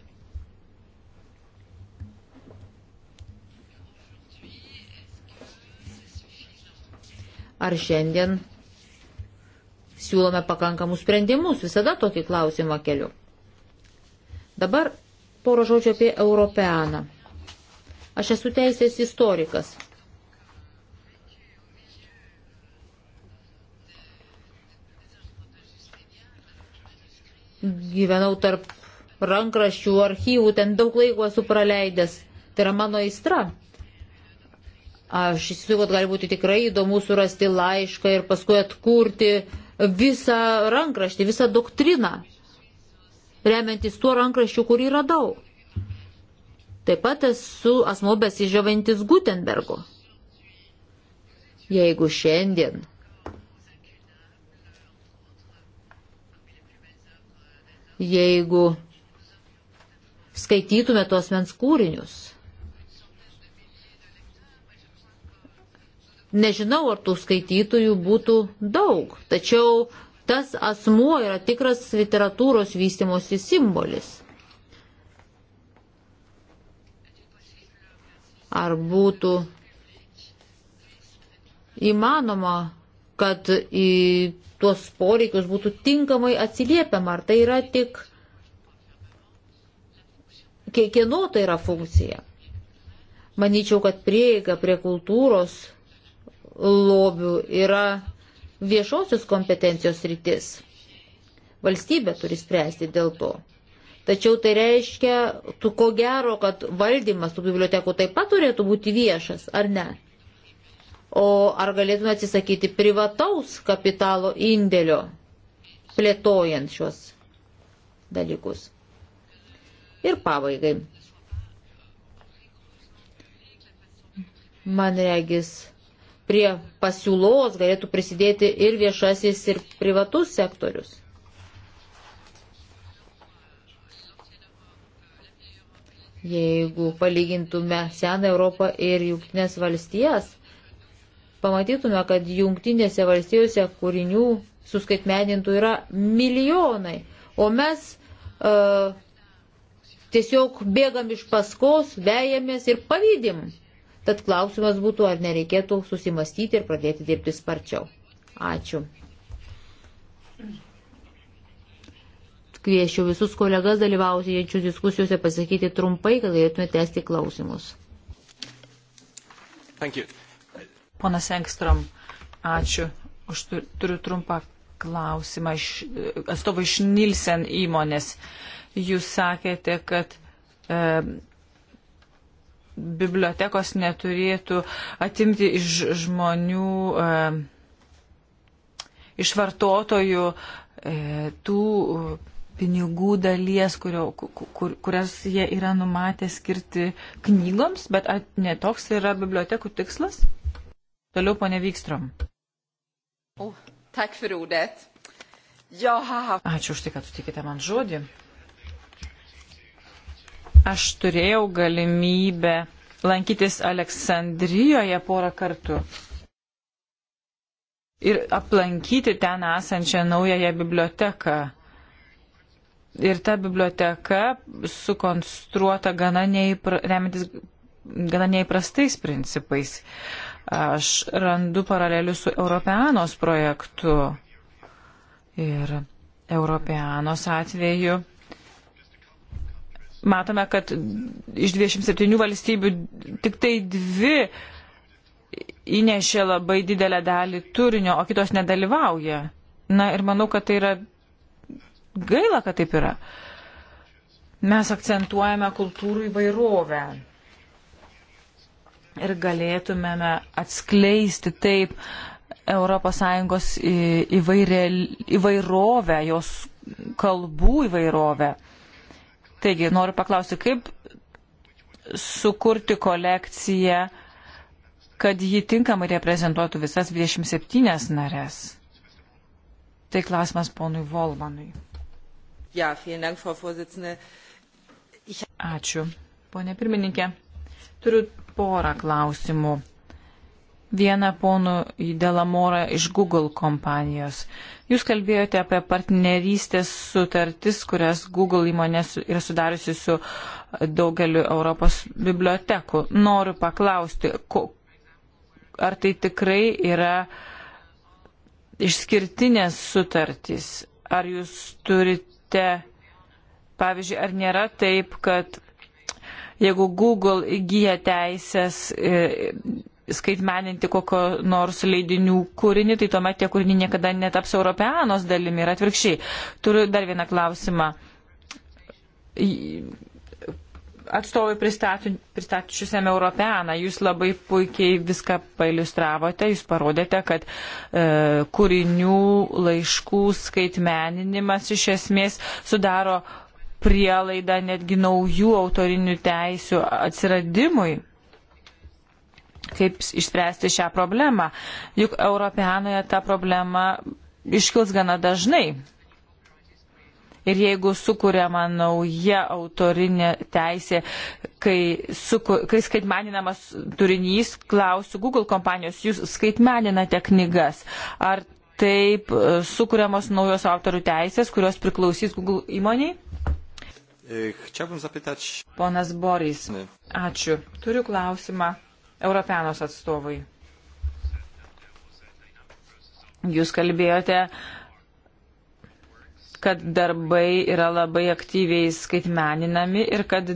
Ar šiandien siūlome pakankamus sprendimus? Visada tokį klausimą keliu. Dabar poro žodžio apie Europeaną. Aš esu teisės istorikas. gyvenau tarp rankraščių, archyvų, ten daug laiko esu praleidęs. Tai yra mano aistra. Aš įsivaizduoju, kad gali būti tikrai įdomu surasti laišką ir paskui atkurti visą rankraštį, visą doktriną, remiantis tuo rankraščiu, kurį radau. Taip pat esu asmo besižiovintis Gutenbergo. Jeigu šiandien jeigu skaitytume tuos mens kūrinius. Nežinau, ar tų skaitytojų būtų daug, tačiau tas asmuo yra tikras literatūros vystimosi simbolis. Ar būtų įmanoma, kad į tuos poreikius būtų tinkamai atsiliepiama, ar tai yra tik kieno tai yra funkcija. Manyčiau, kad prieiga prie kultūros lobių yra viešosios kompetencijos rytis. Valstybė turi spręsti dėl to. Tačiau tai reiškia, tu ko gero, kad valdymas tų bibliotekų taip pat turėtų būti viešas, ar ne? O ar galėtume atsisakyti privataus kapitalo indėlio, plėtojant šios dalykus? Ir pabaigai. Man regis, prie pasiūlos galėtų prisidėti ir viešasis, ir privatus sektorius. Jeigu palygintume seną Europą ir jungtinės valstijas, pamatytume, kad jungtinėse valstijose kūrinių suskaitmenintų yra milijonai, o mes uh, tiesiog bėgam iš paskos, vejamės ir pavydim. Tad klausimas būtų, ar nereikėtų susimastyti ir pradėti dirbti sparčiau. Ačiū. Kviečiu visus kolegas dalyvausiančius diskusijose pasakyti trumpai, kad galėtume tęsti klausimus. Thank you. Ponas Engstrom, ačiū. Aš turiu trumpą klausimą iš atstovų iš Nilsen įmonės. Jūs sakėte, kad e, bibliotekos neturėtų atimti iš žmonių, e, iš vartotojų e, tų pinigų dalies, kurio, kur, kurias jie yra numatę skirti knygoms, bet at, netoks yra bibliotekų tikslas? Toliau ponė Vykstrom. Ačiū už tai, kad sutikite man žodį. Aš turėjau galimybę lankytis Aleksandrijoje porą kartų ir aplankyti ten esančią naująją biblioteką. Ir ta biblioteka sukonstruota gana, neįpra, gana neįprastais principais. Uh, aš randu paralelių su Europeanos projektu. Ir Europeanos atveju matome, kad iš 27 valstybių tik tai dvi įnešė labai didelę dalį turinio, o kitos nedalyvauja. Na ir manau, kad tai yra gaila, kad taip yra. Mes akcentuojame kultūrų įvairovę ir galėtumėme atskleisti taip ES įvairė, įvairovę, jos kalbų įvairovę. Taigi, noriu paklausti, kaip sukurti kolekciją, kad ji tinkamai reprezentuotų visas 27 narės. Tai klausimas ponui Volmanui. Ja, Dank, Frau Ačiū, ponė pirmininkė. Turiu porą klausimų. Vieną ponų Delamorą iš Google kompanijos. Jūs kalbėjote apie partnerystės sutartis, kurias Google įmonė yra sudariusi su daugeliu Europos bibliotekų. Noriu paklausti, ko, ar tai tikrai yra išskirtinės sutartys? Ar jūs turite, pavyzdžiui, ar nėra taip, kad jeigu Google įgyja teisės e, skaitmeninti kokio nors leidinių kūrinį, tai tuomet tie kūriniai niekada netaps Europeanos dalimi ir atvirkščiai. Turiu dar vieną klausimą. Atstovai pristačiusiam Europeaną, jūs labai puikiai viską pailustravote, jūs parodėte, kad e, kūrinių laiškų skaitmeninimas iš esmės sudaro prielaida netgi naujų autorinių teisių atsiradimui. Kaip išspręsti šią problemą? Juk Europeanoje ta problema iškils gana dažnai. Ir jeigu sukūriama nauja autorinė teisė, kai, suku, kai skaitmeninamas turinys, klausiu Google kompanijos, jūs skaitmeninate knygas. Ar taip sukūriamos naujos autorių teisės, kurios priklausys Google įmoniai? Chciałbym zapytać. Ponas Boris. Ačiū. Turiu klausimą Europenos atstovui. Jūs kalbėjote, kad darbai yra labai aktyviai skaitmeninami ir kad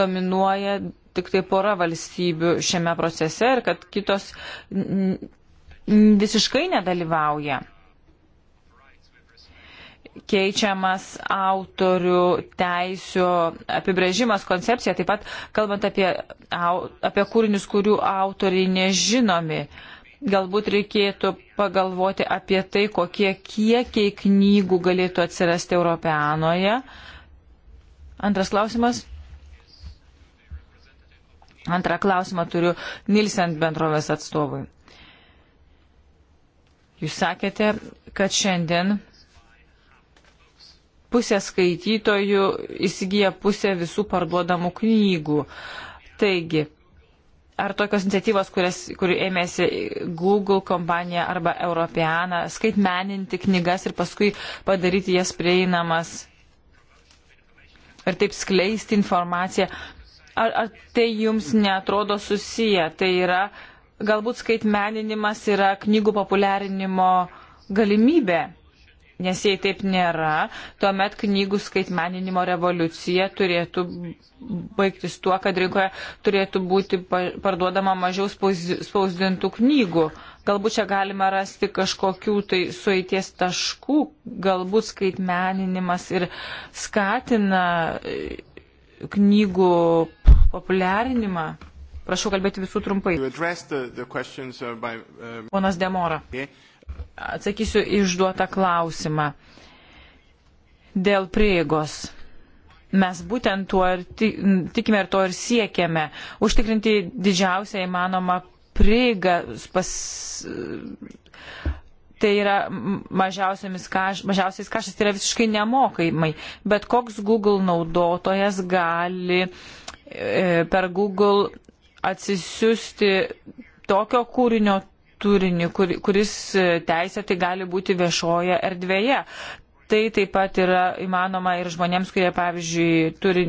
dominuoja tik tai pora valstybių šiame procese ir kad kitos visiškai nedalyvauja keičiamas autorių teisų apibrėžimas, koncepcija, taip pat kalbant apie, apie kūrinius, kurių autoriai nežinomi. Galbūt reikėtų pagalvoti apie tai, kokie kiekiai knygų galėtų atsirasti Europeanoje. Antras klausimas. Antrą klausimą turiu Nilsent bendrovės atstovui. Jūs sakėte, kad šiandien pusė skaitytojų įsigyja pusę visų parduodamų knygų. Taigi, ar tokios iniciatyvos, kurias, kurių ėmėsi Google kompanija arba Europeana, skaitmeninti knygas ir paskui padaryti jas prieinamas ir taip skleisti informaciją, ar, ar tai jums netrodo susiję? Tai yra, galbūt skaitmeninimas yra knygų populiarinimo galimybė. Nes jei taip nėra, tuomet knygų skaitmeninimo revoliucija turėtų baigtis tuo, kad rinkoje turėtų būti parduodama mažiau spausdintų knygų. Galbūt čia galima rasti kažkokių tai sueities taškų, galbūt skaitmeninimas ir skatina e, knygų populiarinimą. Prašau kalbėti visų trumpai. Uh, uh, Ponas Demora. Okay atsakysiu išduotą klausimą dėl prieigos. Mes būtent tuo ir tikime ir to ir siekiame - užtikrinti didžiausią įmanomą prieigą pas. Tai yra kaž, mažiausiais kaštais, tai yra visiškai nemokamai. Bet koks Google naudotojas gali e, per Google atsisiųsti tokio kūrinio turinį, kur, kuris e, teisė tai gali būti viešoje erdvėje. Tai taip pat yra įmanoma ir žmonėms, kurie, pavyzdžiui, turi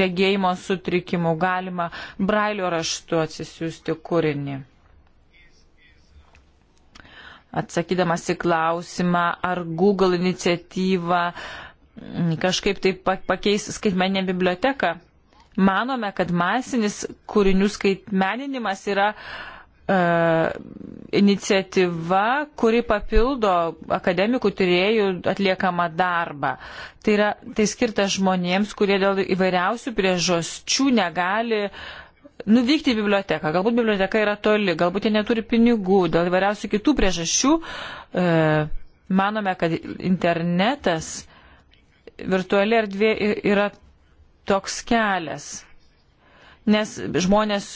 regėjimo sutrikimų, galima brailio raštu atsisiųsti kūrinį. Atsakydamas į klausimą, ar Google iniciatyva kažkaip taip pakeis skaitmenę biblioteką, manome, kad masinis kūrinių skaitmeninimas yra uh, E, iniciatyva, kuri papildo akademikų tyriejų atliekamą darbą. Tai, yra, tai skirta žmonėms, kurie dėl įvairiausių priežasčių negali nuvykti į biblioteką. Galbūt biblioteka yra toli, galbūt jie neturi pinigų, dėl įvairiausių kitų priežasčių. E, manome, kad internetas, virtuali erdvė yra toks kelias nes žmonės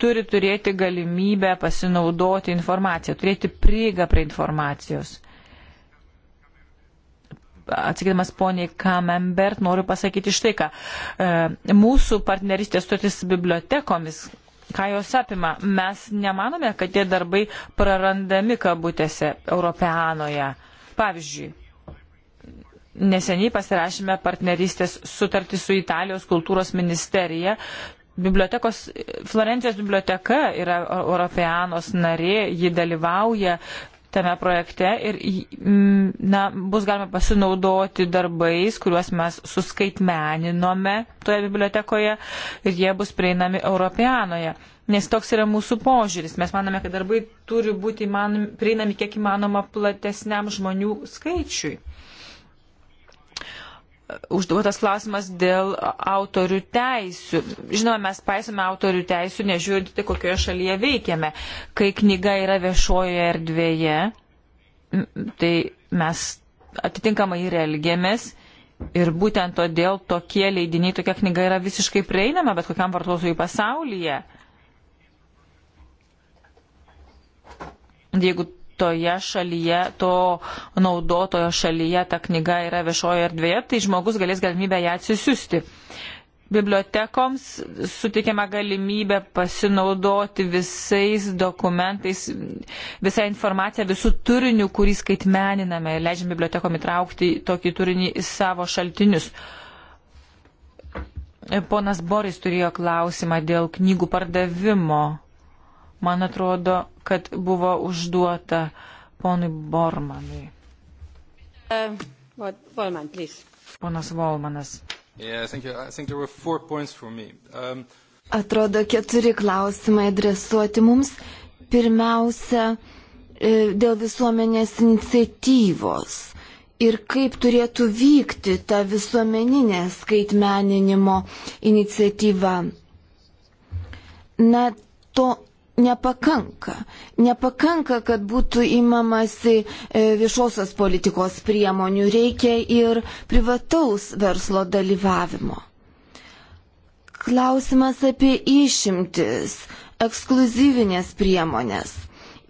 turi turėti galimybę pasinaudoti informaciją, turėti prieigą prie informacijos. Atsakydamas poniai Kamembert, noriu pasakyti štai ką. E, mūsų partneristės stotis bibliotekomis, ką jos apima, mes nemanome, kad tie darbai prarandami kabutėse Europeanoje. Pavyzdžiui, neseniai pasirašėme partneristės sutartį su Italijos kultūros ministerija, bibliotekos, Florencijos biblioteka yra Europeanos narė, ji dalyvauja tame projekte ir na, bus galima pasinaudoti darbais, kuriuos mes suskaitmeninome toje bibliotekoje ir jie bus prieinami Europeanoje. Nes toks yra mūsų požiūris. Mes manome, kad darbai turi būti įmanom, prieinami kiek įmanoma platesniam žmonių skaičiui užduotas klausimas dėl autorių teisių. Žinoma, mes paisome autorių teisių, nežiūrint tai, kokioje šalyje veikiame. Kai knyga yra viešojoje erdvėje, tai mes atitinkamai ir elgiamės. Ir būtent todėl tokie leidiniai, tokia knyga yra visiškai prieinama bet kokiam vartotojui pasaulyje. Jeigu toje šalyje, to naudotojo šalyje ta knyga yra viešoje erdvėje, tai žmogus galės galimybę ją atsisiųsti. Bibliotekoms suteikiama galimybė pasinaudoti visais dokumentais, visą informaciją, visų turinių, kurį skaitmeniname ir leidžiam bibliotekom įtraukti tokį turinį į savo šaltinius. Ponas Boris turėjo klausimą dėl knygų pardavimo. Man atrodo, kad buvo užduota ponui Bormanui. Uh, what, Volman, please. Ponas Volmanas. Yeah, thank you. I think there were four points for me. Um... Atrodo, keturi klausimai adresuoti mums. Pirmiausia, e, dėl visuomenės iniciatyvos ir kaip turėtų vykti ta visuomeninė skaitmeninimo iniciatyva. Na, to nepakanka. Nepakanka, kad būtų imamasi e, viešosios politikos priemonių, reikia ir privataus verslo dalyvavimo. Klausimas apie išimtis, ekskluzyvinės priemonės.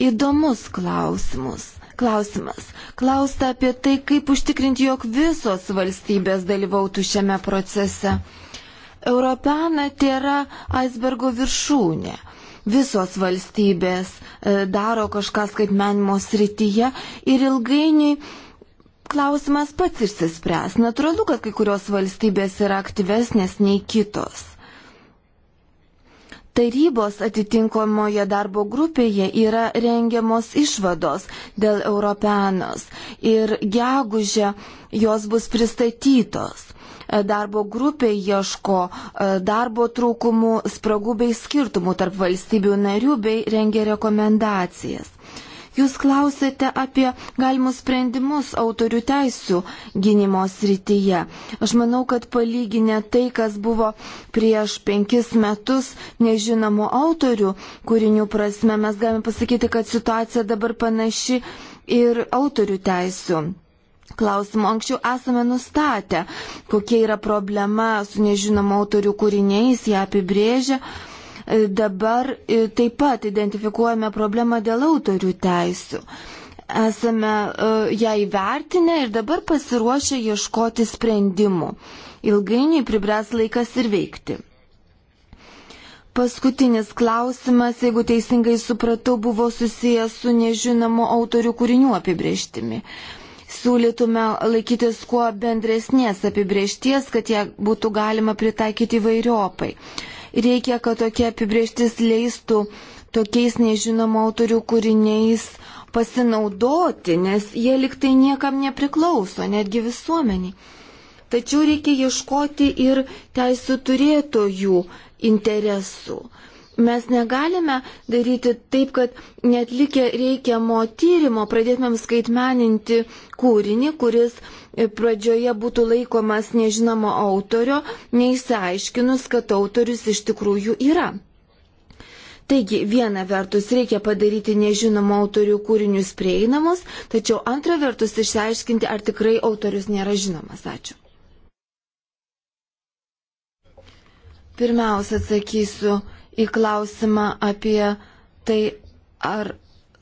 Įdomus klausimus. Klausimas. Klausta apie tai, kaip užtikrinti, jog visos valstybės dalyvautų šiame procese. Europeana tai yra aisbergo viršūnė. Visos valstybės e, daro kažką skaitmenimo srityje ir ilgainiui klausimas pats išsispręs. Natūralu, kad kai kurios valstybės yra aktyvesnės nei kitos. Tarybos atitinkamoje darbo grupėje yra rengiamos išvados dėl Europeanos ir gegužė jos bus pristatytos darbo grupė ieško e, darbo trūkumų, spragų bei skirtumų tarp valstybių narių bei rengia rekomendacijas. Jūs klausėte apie galimus sprendimus autorių teisų gynimo srityje. Aš manau, kad palyginę tai, kas buvo prieš penkis metus nežinomų autorių kūrinių prasme, mes galime pasakyti, kad situacija dabar panaši ir autorių teisų klausimu anksčiau esame nustatę, kokia yra problema su nežinomu autorių kūriniais, ją apibrėžia. E, dabar e, taip pat identifikuojame problemą dėl autorių teisų. Esame e, ją įvertinę ir dabar pasiruošę ieškoti sprendimų. Ilgainiui pribręs laikas ir veikti. Paskutinis klausimas, jeigu teisingai supratau, buvo susijęs su nežinomu autorių kūrinių apibrieštimi. Uh, siūlytume laikytis kuo bendresnės apibriešties, kad ją būtų galima pritaikyti įvairiopai. Reikia, kad tokia apibrieštis leistų tokiais nežinomų autorių kūriniais pasinaudoti, nes jie liktai niekam nepriklauso, netgi visuomeniai. Tačiau reikia ieškoti ir teisų turėtojų interesų mes negalime daryti taip, kad netlikę reikiamo tyrimo pradėtumėm skaitmeninti kūrinį, kuris pradžioje būtų laikomas nežinomo autorio, neįsiaiškinus, kad autorius iš tikrųjų yra. Taigi, viena vertus reikia padaryti nežinomų autorių kūrinius prieinamus, tačiau antra vertus išsiaiškinti, ar tikrai autorius nėra žinomas. Ačiū. Pirmiausia, atsakysiu į klausimą apie tai, ar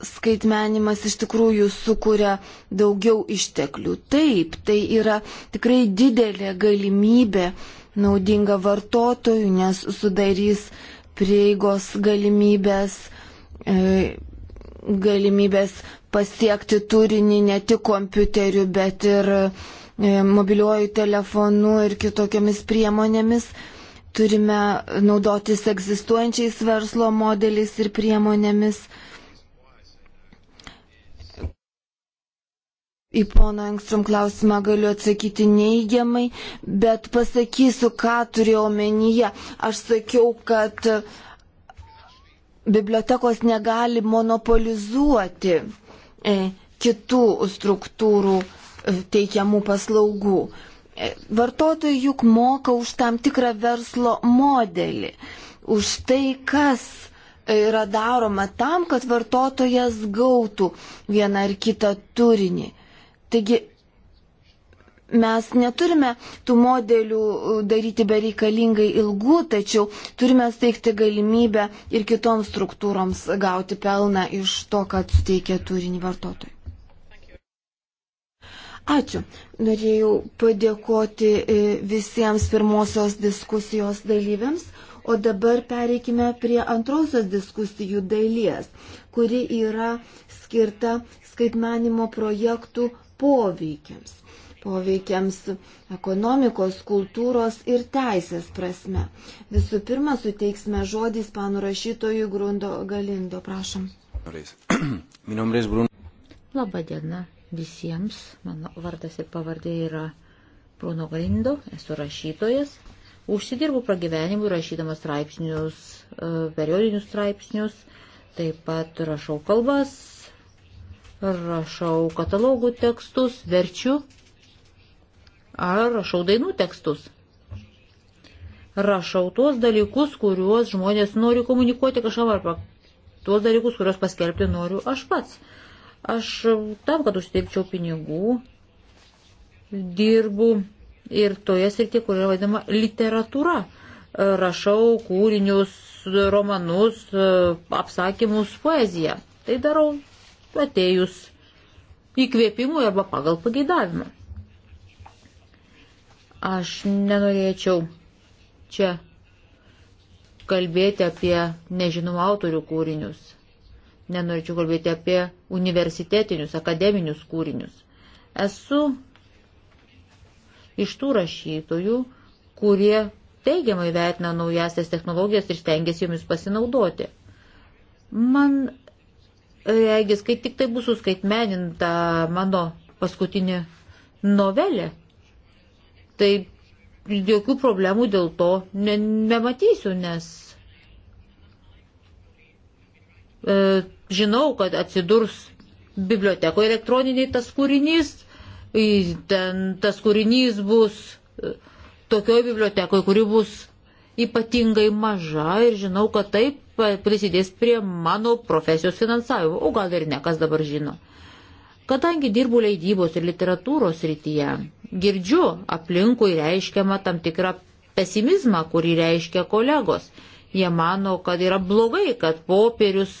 skaitmenimas iš tikrųjų sukuria daugiau išteklių. Taip, tai yra tikrai didelė galimybė naudinga vartotojui, nes sudarys prieigos galimybės, e, galimybės pasiekti turinį ne tik kompiuteriu, bet ir e, mobiliuoju telefonu ir kitokiamis priemonėmis. E, Turime naudotis egzistuojančiais verslo modeliais ir priemonėmis. Į pono Engstrom klausimą galiu atsakyti neigiamai, bet pasakysiu, ką turėjau omenyje. Aš sakiau, kad bibliotekos negali monopolizuoti e, kitų struktūrų e, teikiamų paslaugų. Vartotojai juk moka už tam tikrą verslo modelį, už tai, kas yra daroma tam, kad vartotojas gautų vieną ar kitą turinį. Taigi mes neturime tų modelių daryti bereikalingai ilgų, tačiau turime steigti galimybę ir kitoms struktūroms gauti pelną iš to, kad suteikia turinį vartotojui. Ačiū. Norėjau padėkoti e, visiems pirmosios diskusijos dalyviams, o dabar pereikime prie antrosios diskusijų dalies, kuri yra skirta skaitmenimo projektų poveikiams. Poveikiams ekonomikos, kultūros ir teisės prasme. Visų pirma, suteiksime žodį ispanų rašytojui Grundo Galindo. Prašom. [clears throat] Labą dieną visiems. Mano vardas ir pavardė yra Bruno Galindo, esu rašytojas. Užsidirbu pragyvenimui rašydamas straipsnius, e, periodinius straipsnius, taip pat rašau kalbas, rašau katalogų tekstus, verčiu ar rašau dainų tekstus. Rašau tuos dalykus, kuriuos žmonės nori komunikuoti kažkam arba tuos dalykus, kuriuos paskelbti noriu aš pats. Aš tam, kad užsidirbčiau pinigų, dirbu ir toje srityje, kur yra vadinama literatūra. Rašau kūrinius, romanus, apsakymus, poeziją. Tai darau atėjus įkvėpimui arba pagal pageidavimą. Aš nenorėčiau čia kalbėti apie nežinomų autorių kūrinius nenorėčiau kalbėti apie universitetinius, akademinius kūrinius. Esu iš tų rašytojų, kurie teigiamai vertina naujasias technologijas ir stengiasi jomis pasinaudoti. Man reikės, kai tik tai bus suskaitmeninta mano paskutinė novelė, tai jokių problemų dėl to ne, nematysiu, nes e, žinau, kad atsidurs bibliotekoje elektroniniai tas kūrinys, ten tas kūrinys bus e, tokioje bibliotekoje, kuri bus ypatingai maža ir žinau, kad taip prisidės prie mano profesijos finansavimo, o gal ir ne, kas dabar žino. Kadangi dirbu leidybos ir literatūros rytyje, girdžiu aplinkui reiškiamą tam tikrą pesimizmą, kurį reiškia kolegos. Jie mano, kad yra blogai, kad popierius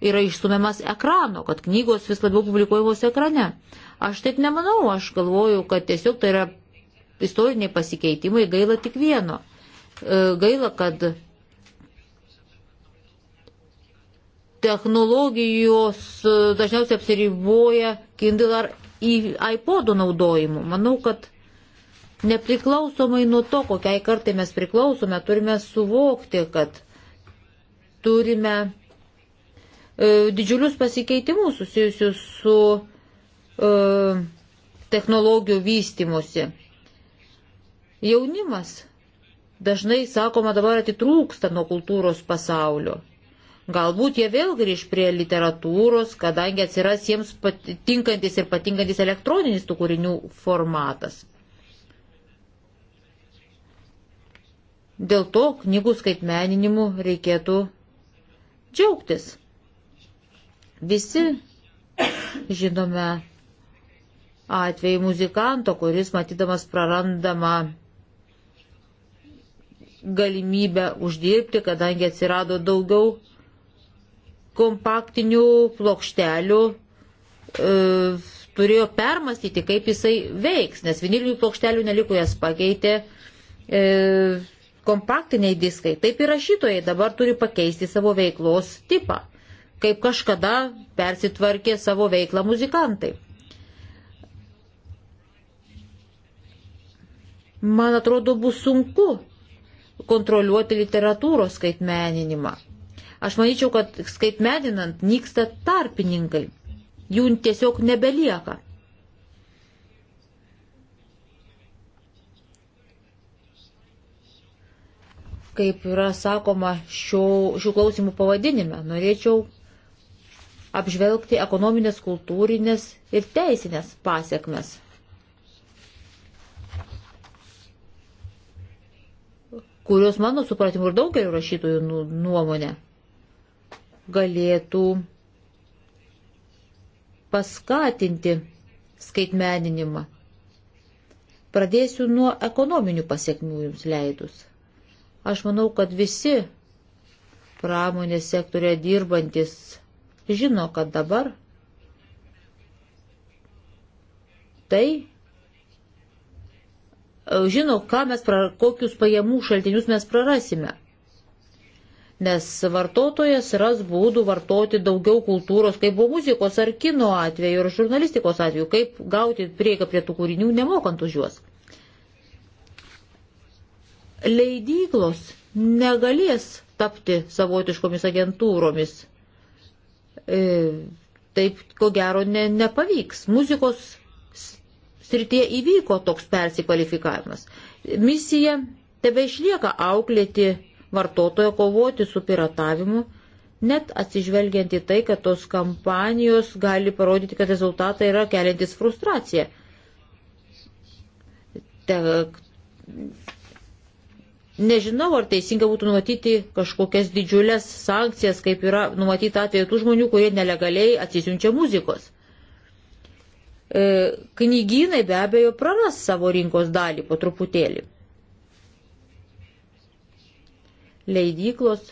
yra išstumiamas ekrano, kad knygos vis labiau publikuojamos ekrane. Aš taip nemanau, aš galvoju, kad tiesiog tai yra istoriniai pasikeitimai, gaila tik vieno. E, gaila, kad technologijos e, dažniausiai apsiriboja Kindle ar iPodų naudojimu. Manau, kad nepriklausomai nuo to, kokiai kartai mes priklausome, turime suvokti, kad turime E, didžiulius pasikeitimus susijusius su e, technologijų vystimusi. Jaunimas dažnai, sakoma, dabar atitrūksta nuo kultūros pasaulio. Galbūt jie vėl grįž prie literatūros, kadangi atsiras jiems tinkantis ir patinkantis elektroninis tų kūrinių formatas. Dėl to knygų skaitmeninimu reikėtų džiaugtis. Visi žinome atvejį muzikanto, kuris matydamas prarandamą galimybę uždirbti, kadangi atsirado daugiau kompaktinių plokštelių, e, turėjo permastyti, kaip jisai veiks, nes vinilinių plokštelių neliko jas pakeitė e, kompaktiniai diskai. Taip ir rašytojai dabar turi pakeisti savo veiklos tipą kaip kažkada persitvarkė savo veiklą muzikantai. Man atrodo, bus sunku kontroliuoti literatūros skaitmeninimą. Aš manyčiau, kad skaitmeninant nyksta tarpininkai. Jų tiesiog nebelieka. Kaip yra sakoma šio, šių klausimų pavadinime, norėčiau apžvelgti ekonominės, kultūrinės ir teisinės pasiekmes. kurios mano supratimu ir daugelio rašytojų nu, nuomonė galėtų paskatinti skaitmeninimą. Pradėsiu nuo ekonominių pasiekmių jums leidus. Aš manau, kad visi pramonės sektorė dirbantis žino, kad dabar tai e, žino, mes, kokius pajamų šaltinius mes prarasime. Nes vartotojas ras būdų vartoti daugiau kultūros, kaip buvo muzikos ar kino atveju ir žurnalistikos atveju, kaip gauti prieigą prie tų kūrinių, nemokant už juos. Leidyklos negalės tapti savotiškomis agentūromis E, taip ko gero ne, nepavyks. Muzikos srityje įvyko toks persikvalifikavimas. Misija tebe išlieka auklėti vartotojo kovoti su piratavimu, net atsižvelgiant į tai, kad tos kampanijos gali parodyti, kad rezultatai yra keliantis frustraciją. Tek Nežinau, ar teisinga būtų numatyti kažkokias didžiulės sankcijas, kaip yra numatyta atveju tų žmonių, kurie nelegaliai atsisiunčia muzikos. E, knygynai be abejo praras savo rinkos dalį po truputėlį. Leidyklos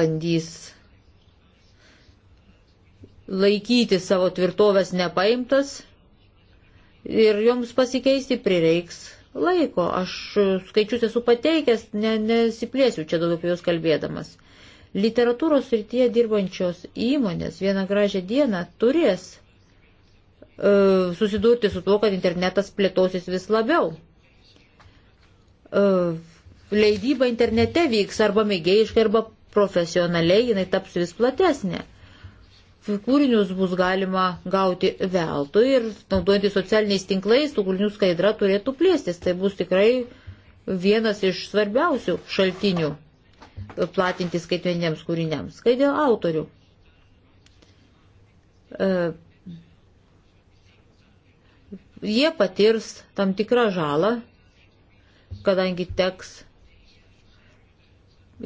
bandys laikyti savo tvirtovės nepaimtas ir joms pasikeisti prireiks laiko. Aš skaičius esu pateikęs, ne, nesiplėsiu čia daugiau apie juos kalbėdamas. Literatūros srityje dirbančios įmonės vieną gražią dieną turės e, susidurti su tuo, kad internetas plėtosis vis labiau. E, leidyba internete vyks arba mėgėjiškai, arba profesionaliai, jinai taps vis platesnė kūrinius bus galima gauti veltui ir naudojantys socialiniais tinklais, tų kūrinių skaidra turėtų plėstis. Tai bus tikrai vienas iš svarbiausių šaltinių platinti skaitmeniniams kūriniams. Kai dėl autorių. E, jie patirs tam tikrą žalą, kadangi teks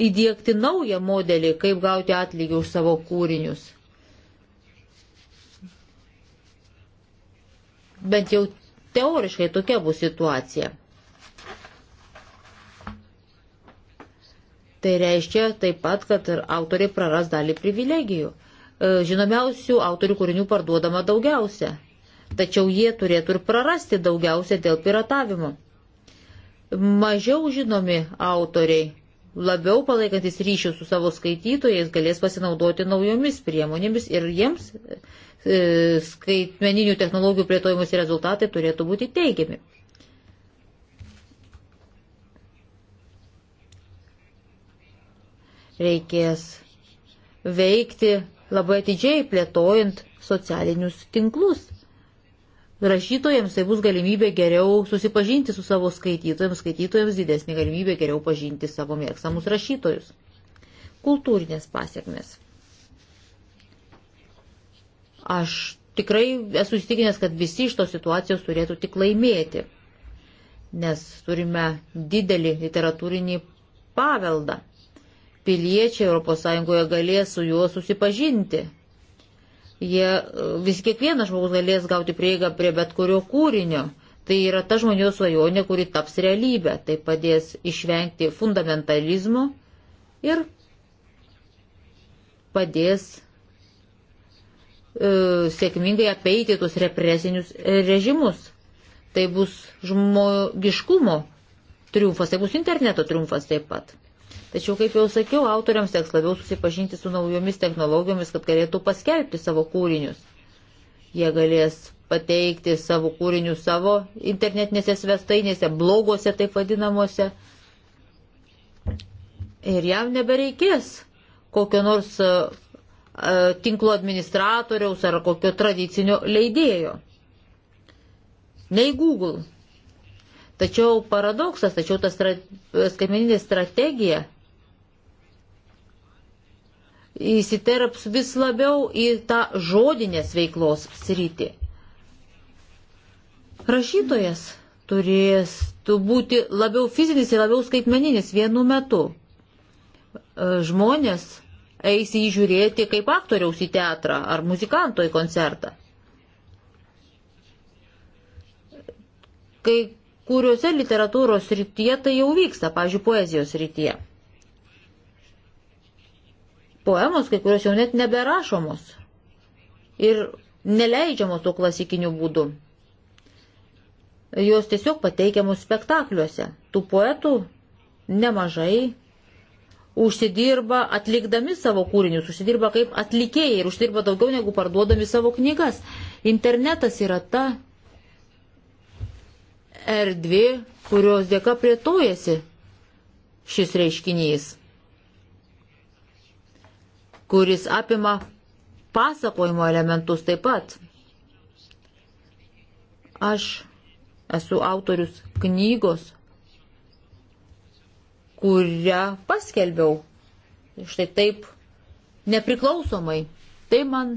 įdėkti naują modelį, kaip gauti atlygį už savo kūrinius. bent jau teoriškai tokia bus situacija. Tai reiškia taip pat, kad ir autoriai praras dalį privilegijų. E, žinomiausių autorių kūrinių parduodama daugiausia. Tačiau jie turėtų ir prarasti daugiausia dėl piratavimo. Mažiau žinomi autoriai labiau palaikantis ryšių su savo skaitytojais galės pasinaudoti naujomis priemonėmis ir jiems e, skaitmeninių technologijų plėtojimus rezultatai turėtų būti teigiami. Reikės veikti labai atidžiai plėtojant socialinius tinklus rašytojams tai bus galimybė geriau susipažinti su savo skaitytojams, skaitytojams didesnė galimybė geriau pažinti savo mėgstamus rašytojus. Kultūrinės pasiekmes. Aš tikrai esu įstikinęs, kad visi iš tos situacijos turėtų tik laimėti, nes turime didelį literatūrinį paveldą. Piliečiai ES galės su juo susipažinti, jie, e, vis kiekvienas žmogus galės gauti prieigą prie bet kurio kūrinio. Tai yra ta žmonių svajonė, kuri taps realybė. Tai padės išvengti fundamentalizmo ir padės e, sėkmingai apeiti tuos represinius režimus. Tai bus žmogiškumo triumfas, tai bus interneto triumfas taip pat. Tačiau, kaip jau sakiau, autoriams teks labiau susipažinti su naujomis technologijomis, kad galėtų paskelbti savo kūrinius. Jie galės pateikti savo kūrinius savo internetinėse svetainėse, blogose taip vadinamuose. Ir jam nebereikės kokio nors uh, tinklo administratoriaus ar kokio tradicinio leidėjo. Nei Google. Tačiau paradoksas, tačiau ta stra skaitmeninė strategija įsiterps vis labiau į tą žodinės veiklos sritį. Rašytojas turės būti labiau fizinis ir labiau skaitmeninis vienu metu. E, žmonės eis į žiūrėti kaip aktoriaus į teatrą ar muzikanto į koncertą. Kai kuriuose literatūros rytyje tai jau vyksta, pavyzdžiui, poezijos rytyje poemos, kai kurios jau net neberašomos ir neleidžiamos tų klasikinių būdų. Jos tiesiog pateikiamos spektakliuose. Tų poetų nemažai užsidirba atlikdami savo kūrinius, užsidirba kaip atlikėjai ir užsidirba daugiau negu parduodami savo knygas. Internetas yra ta erdvė, kurios dėka plėtojasi šis reiškinys kuris apima pasakojimo elementus taip pat. Aš esu autorius knygos, kurią paskelbiau. Štai taip nepriklausomai. Tai man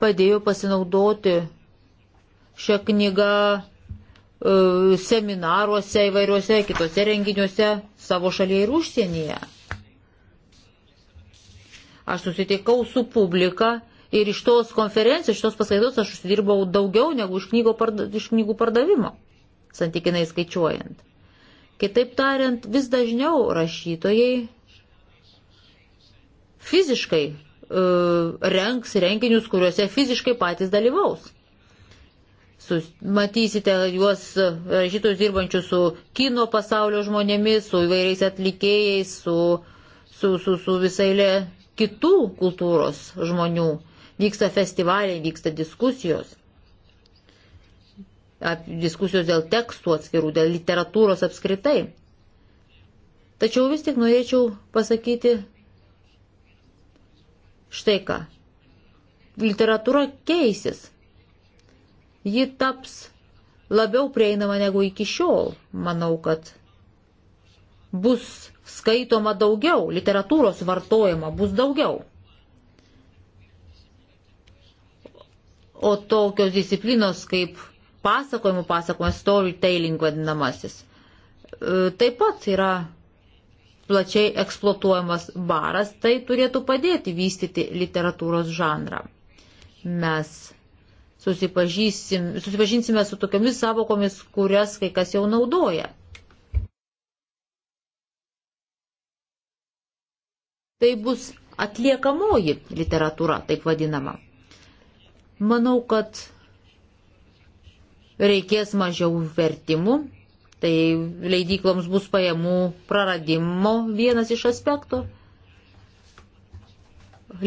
padėjo pasinaudoti šią knygą e, seminaruose, įvairiuose kitose renginiuose savo šalyje ir užsienyje. Aš susitikau su publika ir iš tos konferencijos, iš tos paskaitos aš užsidirbau daugiau negu iš knygų, parda, iš knygų pardavimo, santykinai skaičiuojant. Kitaip tariant, vis dažniau rašytojai fiziškai e, renks renginius, kuriuose fiziškai patys dalyvaus. Sus, matysite juos e, rašytojus dirbančius su kino pasaulio žmonėmis, su įvairiais atlikėjais, su, su, su, su visai lė kitų kultūros žmonių. Vyksta festivaliai, vyksta diskusijos. Diskusijos dėl tekstų atskirų, dėl literatūros apskritai. Tačiau vis tik norėčiau pasakyti štai ką. Literatūra keisis. Ji taps labiau prieinama negu iki šiol. Manau, kad bus skaitoma daugiau, literatūros vartojama bus daugiau. O tokios disciplinos kaip pasakojimų pasakojimas, storytelling vadinamasis, e, taip pat yra plačiai eksploatuojamas baras, tai turėtų padėti vystyti literatūros žanrą. Mes susipažinsime su tokiamis savokomis, kurias kai kas jau naudoja. Tai bus atliekamoji literatūra, taip vadinama. Manau, kad reikės mažiau vertimų, tai leidykloms bus pajamų praradimo vienas iš aspektų.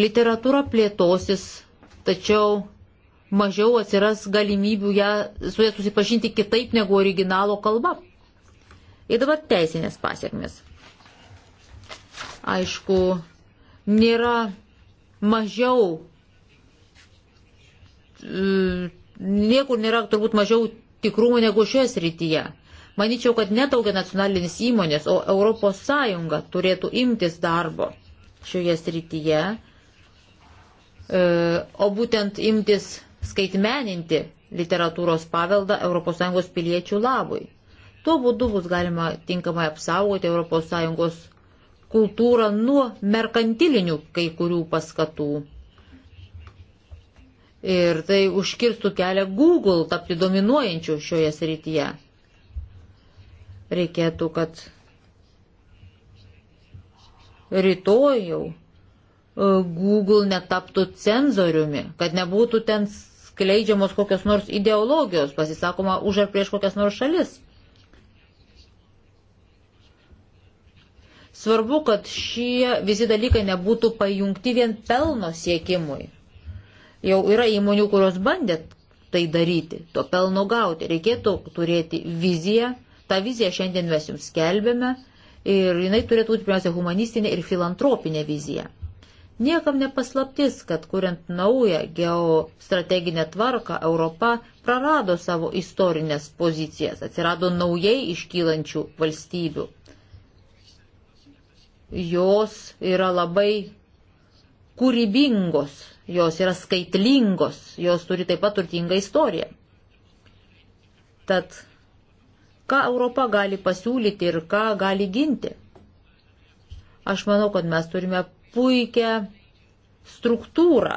Literatūra plėtosis, tačiau mažiau atsiras galimybių ją, su ją susipažinti kitaip negu originalo kalba. Ir dabar teisinės pasiekmes aišku, nėra mažiau, e, niekur nėra turbūt mažiau tikrumo negu šioje srityje. Maničiau, kad netaugia nacionalinis įmonės, o Europos Sąjunga turėtų imtis darbo šioje srityje, e, o būtent imtis skaitmeninti literatūros paveldą ES piliečių labui. Tuo būdu bus galima tinkamai apsaugoti ES kultūrą nuo merkantilinių kai kurių paskatų. Ir tai užkirstų kelią Google tapti dominuojančiu šioje srityje. Reikėtų, kad rytoj jau e, Google netaptų cenzoriumi, kad nebūtų ten skleidžiamos kokios nors ideologijos, pasisakoma už ar prieš kokias nors šalis. Svarbu, kad šie visi dalykai nebūtų pajungti vien pelno siekimui. Jau yra įmonių, kurios bandė tai daryti, to pelno gauti. Reikėtų turėti viziją. Ta vizija šiandien mes jums skelbėme ir jinai turėtų būti pirmiausia humanistinė ir filantropinė vizija. Niekam nepaslaptis, kad kuriant naują geostrateginę tvarką, Europa prarado savo istorinės pozicijas, atsirado naujai iškylančių valstybių jos yra labai kūrybingos, jos yra skaitlingos, jos turi taip pat turtingą istoriją. Tad ką Europa gali pasiūlyti ir ką gali ginti? Aš manau, kad mes turime puikią struktūrą.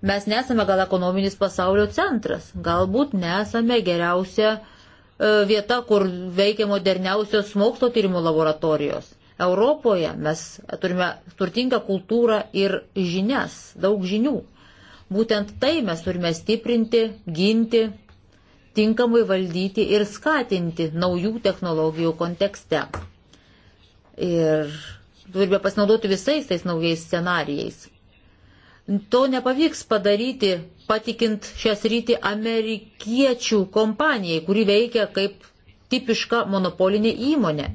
Mes nesame gal ekonominis pasaulio centras, galbūt nesame geriausia e, vieta, kur veikia moderniausios mokslo tyrimų laboratorijos. Europoje mes turime turtingą kultūrą ir žinias, daug žinių. Būtent tai mes turime stiprinti, ginti, tinkamai valdyti ir skatinti naujų technologijų kontekste. Ir turime pasinaudoti visais tais naujais scenarijais. To nepavyks padaryti, patikint šią sritį amerikiečių kompanijai, kuri veikia kaip tipiška monopolinė įmonė.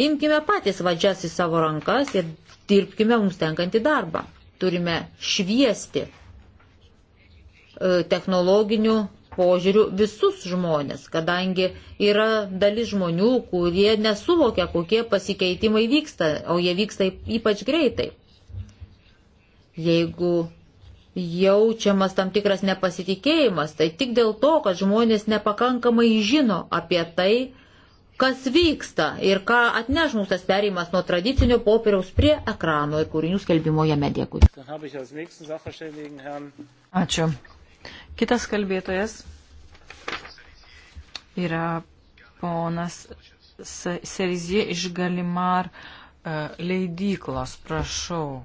Imkime patys vadžias į savo rankas ir dirbkime mums tenkantį darbą. Turime šviesti e, technologinių požiūrių visus žmonės, kadangi yra dalis žmonių, kurie nesuvokia, kokie pasikeitimai vyksta, o jie vyksta ypač greitai. Jeigu jaučiamas tam tikras nepasitikėjimas, tai tik dėl to, kad žmonės nepakankamai žino apie tai, kas vyksta ir ką atneš mums tas perimas nuo tradicinio popieriaus prie ekrano ir kūrinių skelbimo jame. Dėkui. Ačiū. Kitas kalbėtojas yra ponas Serizie iš Galimar e, leidyklos. Prašau.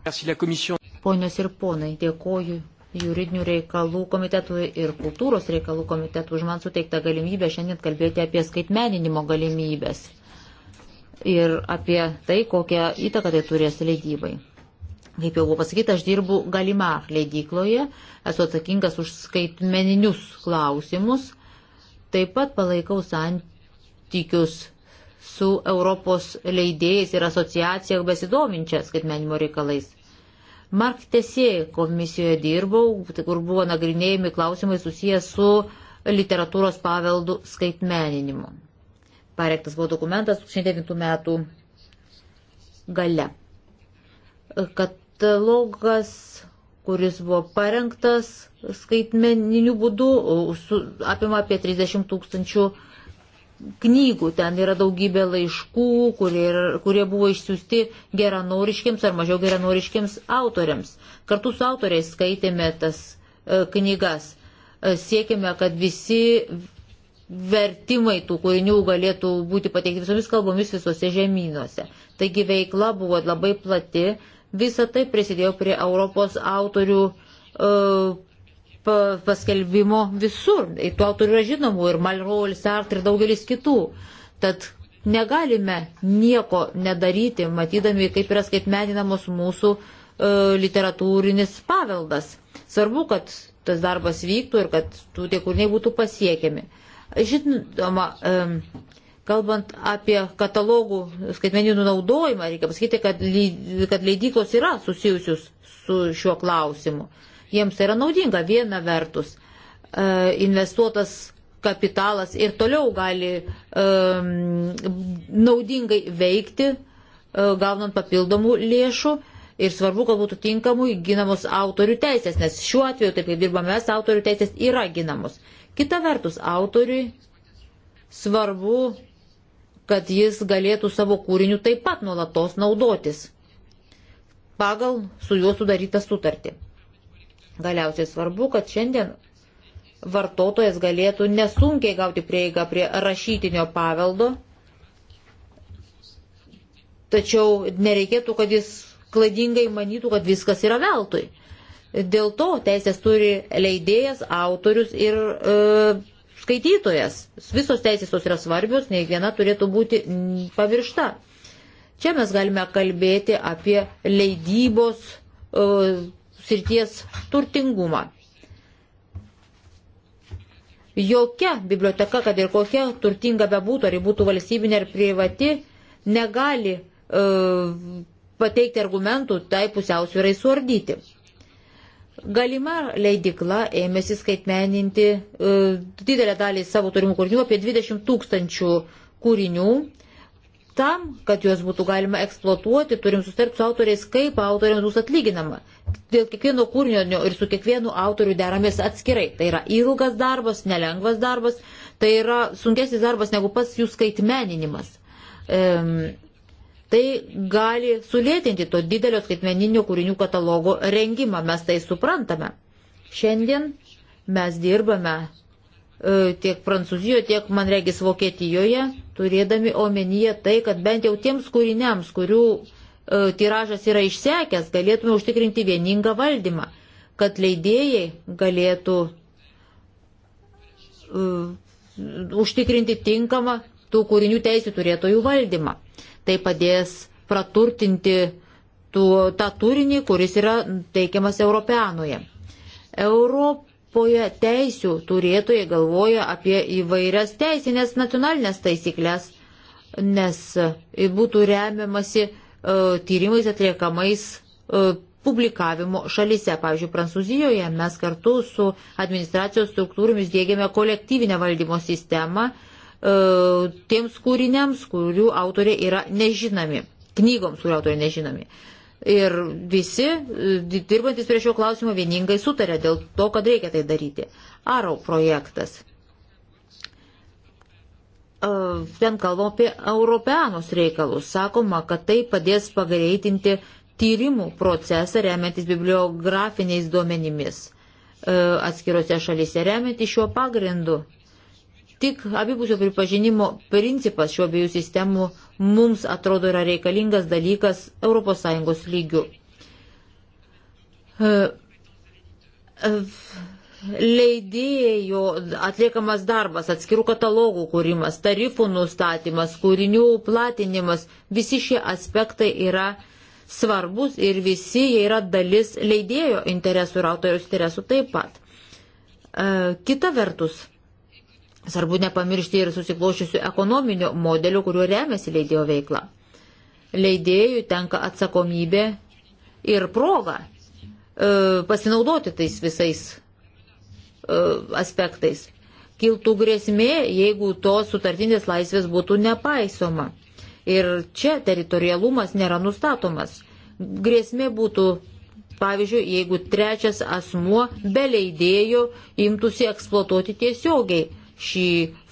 Ponios ir ponai, dėkoju juridinių reikalų komitetui ir kultūros reikalų komitetui už man suteiktą galimybę šiandien kalbėti apie skaitmeninimo galimybės ir apie tai, kokią įtaką tai turės leidybai. Kaip jau buvo pasakyta, aš dirbu galima leidykloje, esu atsakingas už skaitmeninius klausimus, taip pat palaikau santykius su Europos leidėjais ir asociacija besidominčia skaitmenimo reikalais. Mark Tesė komisijoje dirbau, tai kur buvo nagrinėjami klausimai susijęs su literatūros paveldų skaitmeninimu. Pareiktas buvo dokumentas 2009 metų gale. Katalogas, kuris buvo parengtas skaitmeniniu būdu, apima apie 30 tūkstančių 000 knygų, ten yra daugybė laiškų, kurie, kurie buvo išsiųsti geranoriškiams ar mažiau geranoriškiams autoriams. Kartu su autoriais skaitėme tas e, knygas. E, Siekime, kad visi vertimai tų kūrinių galėtų būti pateikti visomis kalbomis visose žemynuose. Taigi veikla buvo labai plati, visa tai prisidėjo prie Europos autorių e, paskelbimo visur. Į tų autorių yra žinomų ir Malrol, Sartre ir daugelis kitų. Tad negalime nieko nedaryti, matydami, kaip yra skaitmeninamos mūsų e, literatūrinis paveldas. Svarbu, kad tas darbas vyktų ir kad tų tie kūriniai būtų pasiekiami. Žinoma, e, kalbant apie katalogų skaitmeninių naudojimą, reikia pasakyti, kad, leid, kad leidyklos yra susijusius su šiuo klausimu jiems tai yra naudinga. Viena vertus, e, investuotas kapitalas ir toliau gali e, naudingai veikti, e, gaunant papildomų lėšų. Ir svarbu, kad būtų tinkamai ginamos autorių teisės, nes šiuo atveju, taip kaip dirbame mes, autorių teisės yra ginamos. Kita vertus, autoriui svarbu, kad jis galėtų savo kūriniu taip pat nuolatos naudotis pagal su juo sudarytą sutartį. Galiausiai svarbu, kad šiandien vartotojas galėtų nesunkiai gauti prieigą prie rašytinio paveldo, tačiau nereikėtų, kad jis klaidingai manytų, kad viskas yra veltui. Dėl to teisės turi leidėjas, autorius ir e, skaitytojas. Visos teisės tos yra svarbios, nei viena turėtų būti paviršta. Čia mes galime kalbėti apie leidybos e, srities turtingumą. Jokia biblioteka, kad ir kokia turtinga bebūtų, ar būtų valstybinė ar privati, negali e, pateikti argumentų tai pusiausvyrai suardyti. Galima leidikla ėmėsi skaitmeninti e, didelę dalį savo turimų kūrinių, apie 20 tūkstančių kūrinių. Tam, kad juos būtų galima eksploatuoti, turim sustarti su autoriais, kaip autoriams bus atlyginama dėl kiekvieno kūrinio ir su kiekvienu autoriu deramės atskirai. Tai yra ilgas darbas, nelengvas darbas, tai yra sunkesnis darbas negu pats jų skaitmeninimas. Ehm, tai gali sulėtinti to didelio skaitmeninio kūrinių katalogo rengimą, mes tai suprantame. Šiandien mes dirbame e, tiek Prancūzijoje, tiek, man regis, Vokietijoje, turėdami omenyje tai, kad bent jau tiems kūriniams, kurių E, tiražas yra išsekęs, galėtume užtikrinti vieningą valdymą, kad leidėjai galėtų uh, užtikrinti tinkamą tų kūrinių teisų turėtojų valdymą. Tai padės praturtinti tų, tą turinį, kuris yra teikiamas Europeanoje. Europoje teisių turėtojai galvoja apie įvairias teisinės nacionalinės taisyklės, nes būtų remiamasi uh, E, tyrimais atliekamais e, publikavimo šalyse. Pavyzdžiui, Prancūzijoje mes kartu su administracijos struktūrimis dėgiame kolektyvinę valdymo sistemą e, tiems kūriniams, kurių autorė yra nežinomi, knygoms, kurių autorė nežinomi. Ir visi dirbantis prie šio klausimo vieningai sutarė dėl to, kad reikia tai daryti. Aro projektas ten kalbam apie europeanus reikalus. Sakoma, kad tai padės pagreitinti tyrimų procesą remiantis bibliografiniais duomenimis atskirose šalyse remiantis šiuo pagrindu. Tik abipusio pripažinimo principas šiuo abiejų sistemų mums atrodo yra reikalingas dalykas ES lygių leidėjų atliekamas darbas, atskirų katalogų kūrimas, tarifų nustatymas, kūrinių platinimas, visi šie aspektai yra svarbus ir visi jie yra dalis leidėjo interesų ir autoriaus interesų taip pat. E, kita vertus, svarbu nepamiršti ir susiklošiusių ekonominių modelių, kuriuo remiasi leidėjo veikla. Leidėjų tenka atsakomybė ir proga e, pasinaudoti tais visais E, aspektais. Kiltų grėsmė, jeigu tos sutartinės laisvės būtų nepaisoma. Ir čia teritorialumas nėra nustatomas. Grėsmė būtų Pavyzdžiui, jeigu trečias asmuo be leidėjo imtųsi eksploatuoti tiesiogiai šį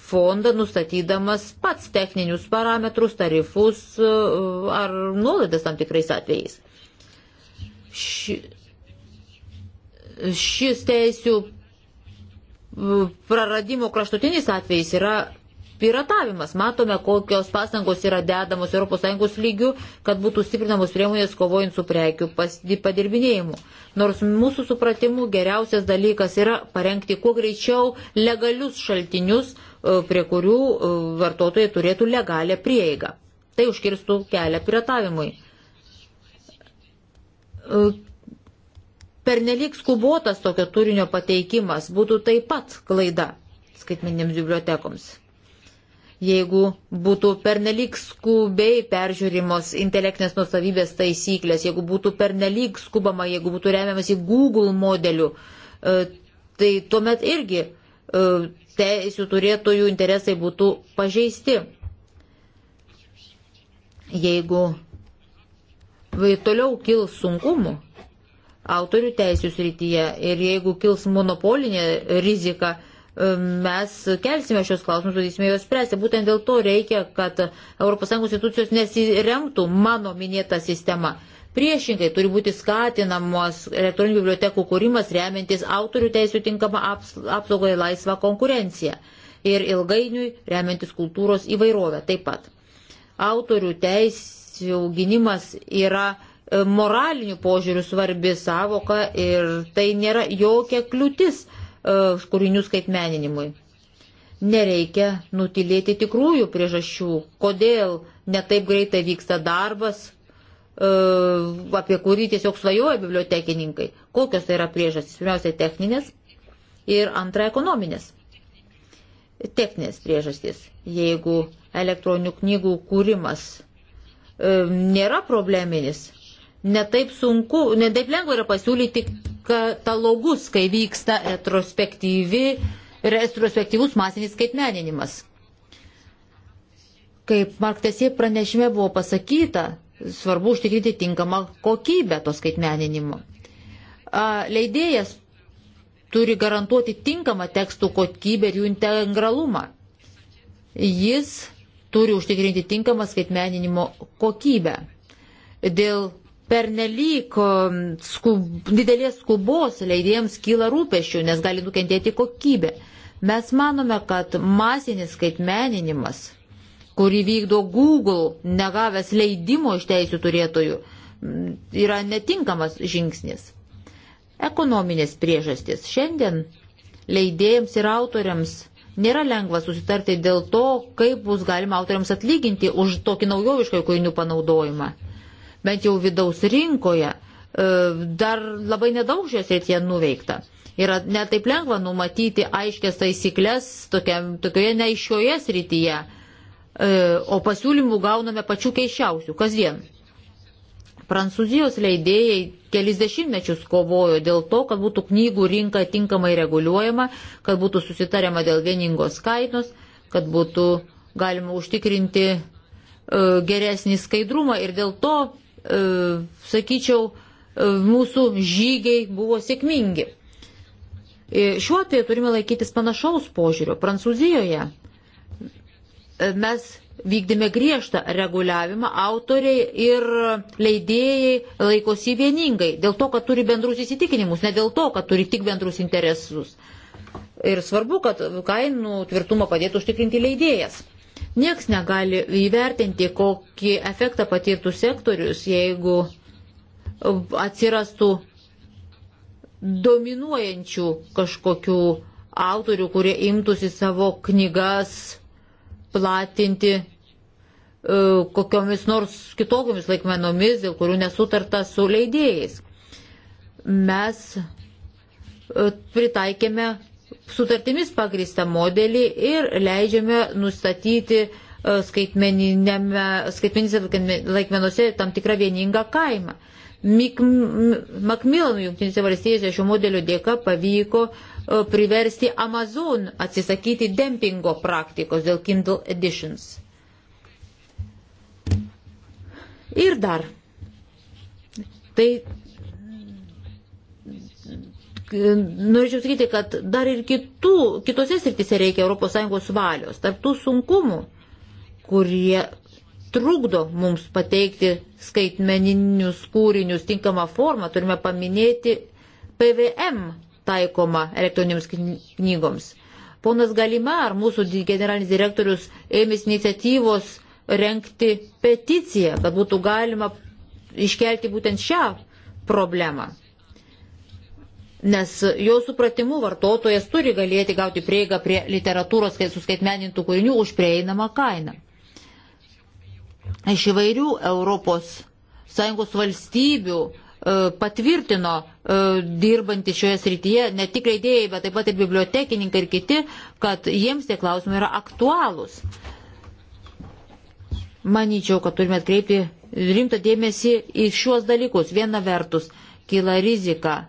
fondą, nustatydamas pats techninius parametrus, tarifus e, ar nuolaidas tam tikrais atvejais. Ši, šis teisių praradimo kraštutinis atvejis yra piratavimas. Matome, kokios pastangos yra dedamos ES lygių, kad būtų stiprinamos priemonės kovojant su prekių padirbinėjimu. Nors mūsų supratimu geriausias dalykas yra parengti kuo greičiau legalius šaltinius, e, prie kurių e, vartotojai turėtų legalią prieigą. Tai užkirstų kelią piratavimui. E, Pernelik skubotas tokio turinio pateikimas būtų taip pat klaida skaitmeninėms bibliotekoms. Jeigu būtų pernelik skubiai peržiūrimos intelektinės nusavybės taisyklės, jeigu būtų pernelik skubama, jeigu būtų remiamas į Google modelių, e, tai tuomet irgi e, teisų turėtojų interesai būtų pažeisti. Jeigu toliau kils sunkumų, autorių teisų srityje. Ir jeigu kils monopolinė rizika, e, mes kelsime šios klausimus, turėsime juos spręsti. Būtent dėl to reikia, kad ES institucijos nesiremtų mano minėta sistema. Priešingai turi būti skatinamos elektroninių bibliotekų kūrimas remiantis autorių teisų tinkamą apsaugą į laisvą konkurenciją ir ilgainiui remiantis kultūros įvairovę taip pat. Autorių teisų gynimas yra E, moralinių požiūrių svarbi savoka ir tai nėra jokia kliūtis e, kūrinių skaitmeninimui. Nereikia nutilėti tikrųjų priežasčių, kodėl netaip greitai vyksta darbas, e, apie kurį tiesiog svajoja bibliotekininkai. Kokios tai yra priežastys? Pirmiausia, techninės ir antra, ekonominės. Techninės priežastys. Jeigu elektroninių knygų kūrimas nėra probleminis, netaip sunku, netaip lengva yra pasiūlyti katalogus, kai vyksta retrospektyvus masinis skaitmeninimas. Kaip Marktesie pranešime buvo pasakyta, svarbu užtikrinti tinkamą kokybę to skaitmeninimo. Leidėjas turi garantuoti tinkamą tekstų kokybę ir jų integralumą. Jis turi užtikrinti tinkamą skaitmeninimo kokybę. Dėl pernelyg um, skub, didelės skubos leidėjams kyla rūpešių, nes gali nukentėti kokybė. Mes manome, kad masinis skaitmeninimas, kurį vykdo Google, negavęs leidimo iš teisų turėtojų, yra netinkamas žingsnis. Ekonominės priežastys. Šiandien leidėjams ir autoriams nėra lengva susitarti dėl to, kaip bus galima autoriams atlyginti už tokį naujovišką kūrinių panaudojimą bent jau vidaus rinkoje, e, dar labai nedaug šios rytie nuveikta. Yra netaip lengva numatyti aiškias taisyklės tokiam, tokioje neaiškioje srityje, e, o pasiūlymų gauname pačių keiščiausių kasdien. Prancūzijos leidėjai kelis dešimtmečius kovojo dėl to, kad būtų knygų rinka tinkamai reguliuojama, kad būtų susitariama dėl vieningos kainos, kad būtų galima užtikrinti e, geresnį skaidrumą ir dėl to E, sakyčiau, e, mūsų žygiai buvo sėkmingi. E, šiuo atveju turime laikytis panašaus požiūrio. Prancūzijoje mes vykdėme griežtą reguliavimą, autoriai ir leidėjai laikosi vieningai, dėl to, kad turi bendrus įsitikinimus, ne dėl to, kad turi tik bendrus interesus. Ir svarbu, kad kainų tvirtumą padėtų užtikrinti leidėjas. Niekas negali įvertinti, kokį efektą patirtų sektorius, jeigu atsirastų dominuojančių kažkokių autorių, kurie imtųsi savo knygas platinti e, kokiomis nors kitokiamis laikmenomis, dėl kurių nesutarta su leidėjais. Mes e, pritaikėme sutartimis pagrįstą modelį ir leidžiame nustatyti e, skaitmeninėse laikmenose tam tikrą vieningą kaimą. Makmilanų jungtinėse valstijose šio modelio dėka pavyko e, priversti Amazon atsisakyti dempingo praktikos dėl Kindle Editions. Ir dar. Tai norėčiau sakyti, kad dar ir kitų, kitose srityse reikia ES valios, tarptų sunkumų, kurie trukdo mums pateikti skaitmeninius kūrinius tinkamą formą, turime paminėti PVM taikomą elektroninėms knygoms. Ponas Galimar, mūsų generalinis direktorius, ėmės iniciatyvos renkti peticiją, kad būtų galima iškelti būtent šią problemą. Nes jo supratimu vartotojas turi galėti gauti prieigą prie literatūros suskaitmenintų kūrinių už prieinamą kainą. Iš įvairių ES valstybių e, patvirtino e, dirbantį šioje srityje ne tik leidėjai, bet taip pat ir bibliotekininkai ir kiti, kad jiems tie klausimai yra aktualūs. Manyčiau, kad turime atkreipti rimtą dėmesį į šiuos dalykus. Viena vertus, kyla rizika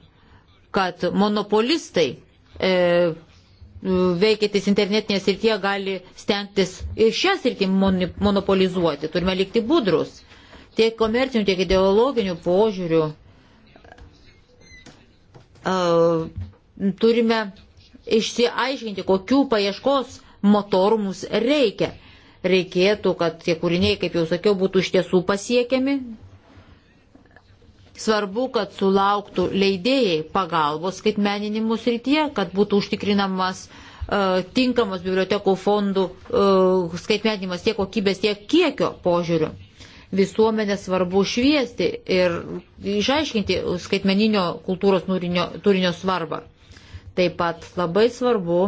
kad monopolistai e, veikiantis internetinės srityje gali stengtis ir šią sritį monopolizuoti. Turime likti budrus tiek komercinių, tiek ideologinių požiūrių. E, turime išsiaiškinti, kokių paieškos motorų mums reikia. Reikėtų, kad tie kūriniai, kaip jau sakiau, būtų iš tiesų pasiekiami, Svarbu, kad sulauktų leidėjai pagalbos skaitmeninimų srityje, kad būtų užtikrinamas e, tinkamas bibliotekų fondų e, skaitmeninimas tiek kokybės, tiek kiekio požiūriu. Visuomenė svarbu šviesti ir išaiškinti skaitmeninio kultūros nurinio, turinio svarbą. Taip pat labai svarbu,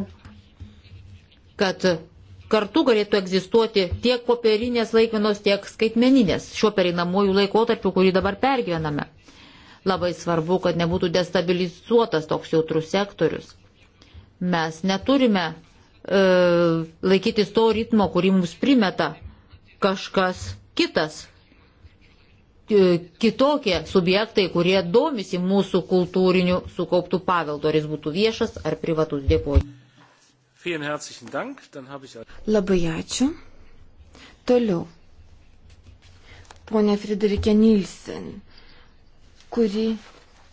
kad kartu galėtų egzistuoti tiek popierinės laikmenos, tiek skaitmeninės šiuo pereinamųjų laikotarpiu, kurį dabar pergyvename. Labai svarbu, kad nebūtų destabilizuotas toks jautrus sektorius. Mes neturime e, laikytis to ritmo, kurį mums primeta kažkas kitas, kitokie subjektai, kurie domisi mūsų kultūriniu sukauptų paveldu, ar jis būtų viešas ar privatus. Dėkuoju. Labai ačiū. Toliau. Pone Friderike Nilsen, kuri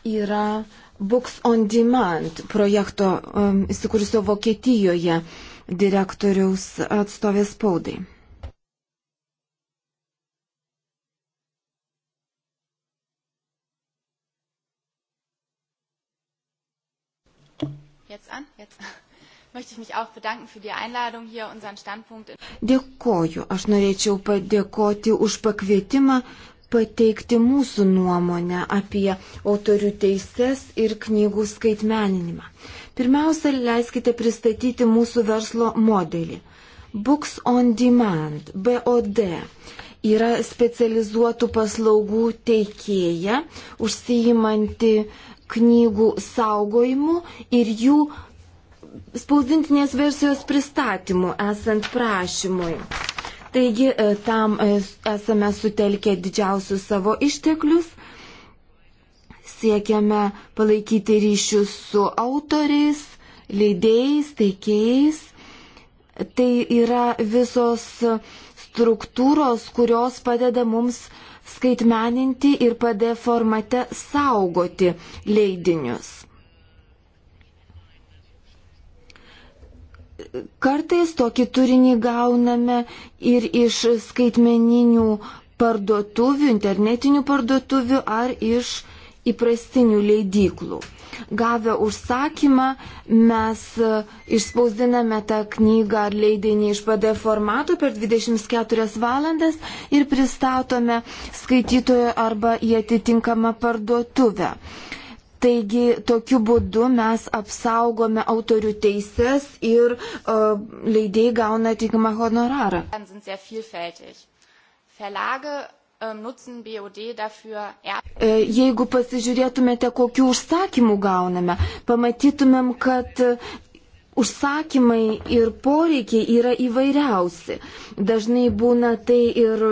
yra Books on Demand projekto um, įsikūrusio Vokietijoje direktoriaus atstovės spaudai. Jetzt an, jetzt. [laughs] Möchte ich mich auch bedanken für die Einladung hier unseren Standpunkt. Dėkoju. Aš norėčiau padėkoti už pakvietimą pateikti mūsų nuomonę apie autorių teises ir knygų skaitmeninimą. Pirmiausia, leiskite pristatyti mūsų verslo modelį. Books on Demand, BOD, yra specializuotų paslaugų teikėja, užsijimanti knygų saugojimu ir jų spausdintinės versijos pristatymu esant prašymui. Taigi e, tam e, esame sutelkę didžiausius savo išteklius, siekiame palaikyti ryšius su autoriais, leidėjais, teikėjais. Tai yra visos struktūros, kurios padeda mums skaitmeninti ir padė formate saugoti leidinius. Kartais tokį turinį gauname ir iš skaitmeninių parduotuvių, internetinių parduotuvių ar iš įprastinių leidyklų. Gavę užsakymą mes e, išspausdiname tą knygą ar leidinį iš PD formato per 24 valandas ir pristatome skaitytojo arba į atitinkamą parduotuvę. Uh, Taigi tokiu būdu mes apsaugome autorių teises ir uh, leidėjai gauna atitinkamą honorarą. Ähm, e, jeigu pasižiūrėtumėte, kokiu užsakymu gauname, pamatytumėm, kad e, užsakymai ir poreikiai yra įvairiausi. Dažnai būna tai ir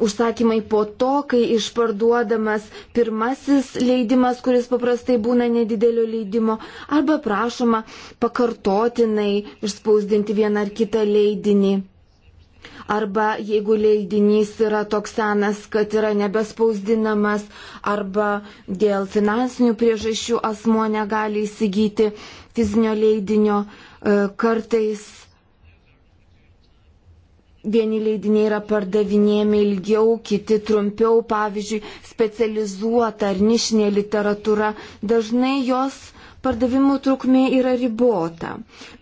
užsakymai po to, kai išparduodamas pirmasis leidimas, kuris paprastai būna nedidelio leidimo, arba prašoma pakartotinai išspausdinti vieną ar kitą leidinį. Arba jeigu leidinys yra toks senas, kad yra nebespausdinamas, arba dėl finansinių priežasčių asmo negali įsigyti fizinio leidinio, e, kartais Vieni leidiniai yra pardavinėjami ilgiau, kiti trumpiau, pavyzdžiui, specializuota ar nišinė literatūra. Dažnai jos uh, pardavimų trukmė yra ribota.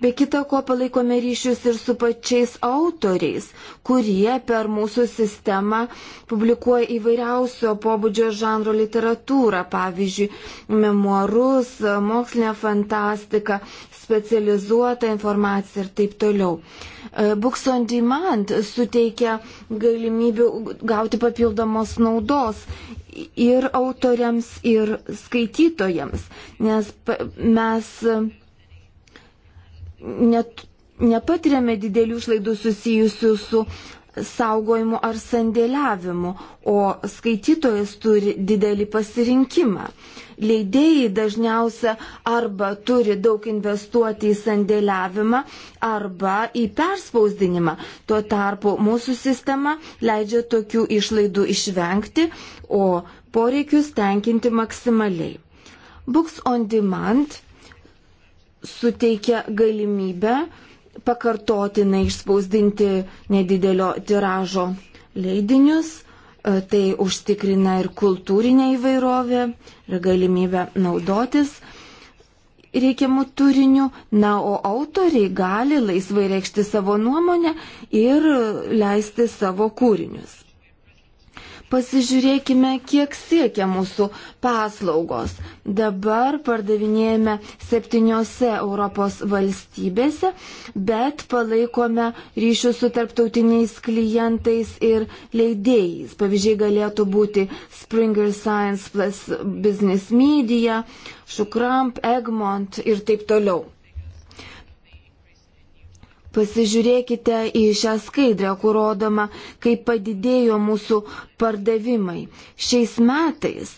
Be kita ko palaikome ryšius ir su pačiais autoriais, kurie per mūsų sistemą publikuoja įvairiausio pobūdžio žanro literatūrą, pavyzdžiui, memuarus, mokslinę fantastiką, specializuotą informaciją ir taip toliau. E, Books on Demand suteikia galimybių gauti papildomos naudos ir autoriams, ir skaitytojams, nes mes net nepatiriame didelių išlaidų susijusių su saugojimu ar sandėliavimu, o skaitytojas turi didelį pasirinkimą. Leidėjai dažniausia arba turi daug investuoti į sandėliavimą, arba į perspausdinimą. Tuo tarpu mūsų sistema leidžia tokių išlaidų išvengti, o poreikius tenkinti maksimaliai. Books on demand suteikia galimybę pakartotinai išspausdinti nedidelio tiražo leidinius. E, tai užtikrina ir kultūrinė įvairovė, ir galimybė naudotis reikiamų turinių, na, o autoriai gali laisvai reikšti savo nuomonę ir leisti savo kūrinius. Pasižiūrėkime, kiek siekia mūsų paslaugos. Dabar pardavinėjame septyniose Europos valstybėse, bet palaikome ryšius su tarptautiniais klientais ir leidėjais. Pavyzdžiai galėtų būti Springer Science plus Business Media, Shukramp, Egmont ir taip toliau. Pasižiūrėkite į šią skaidrę, kur rodoma, kaip padidėjo mūsų pardavimai. Šiais metais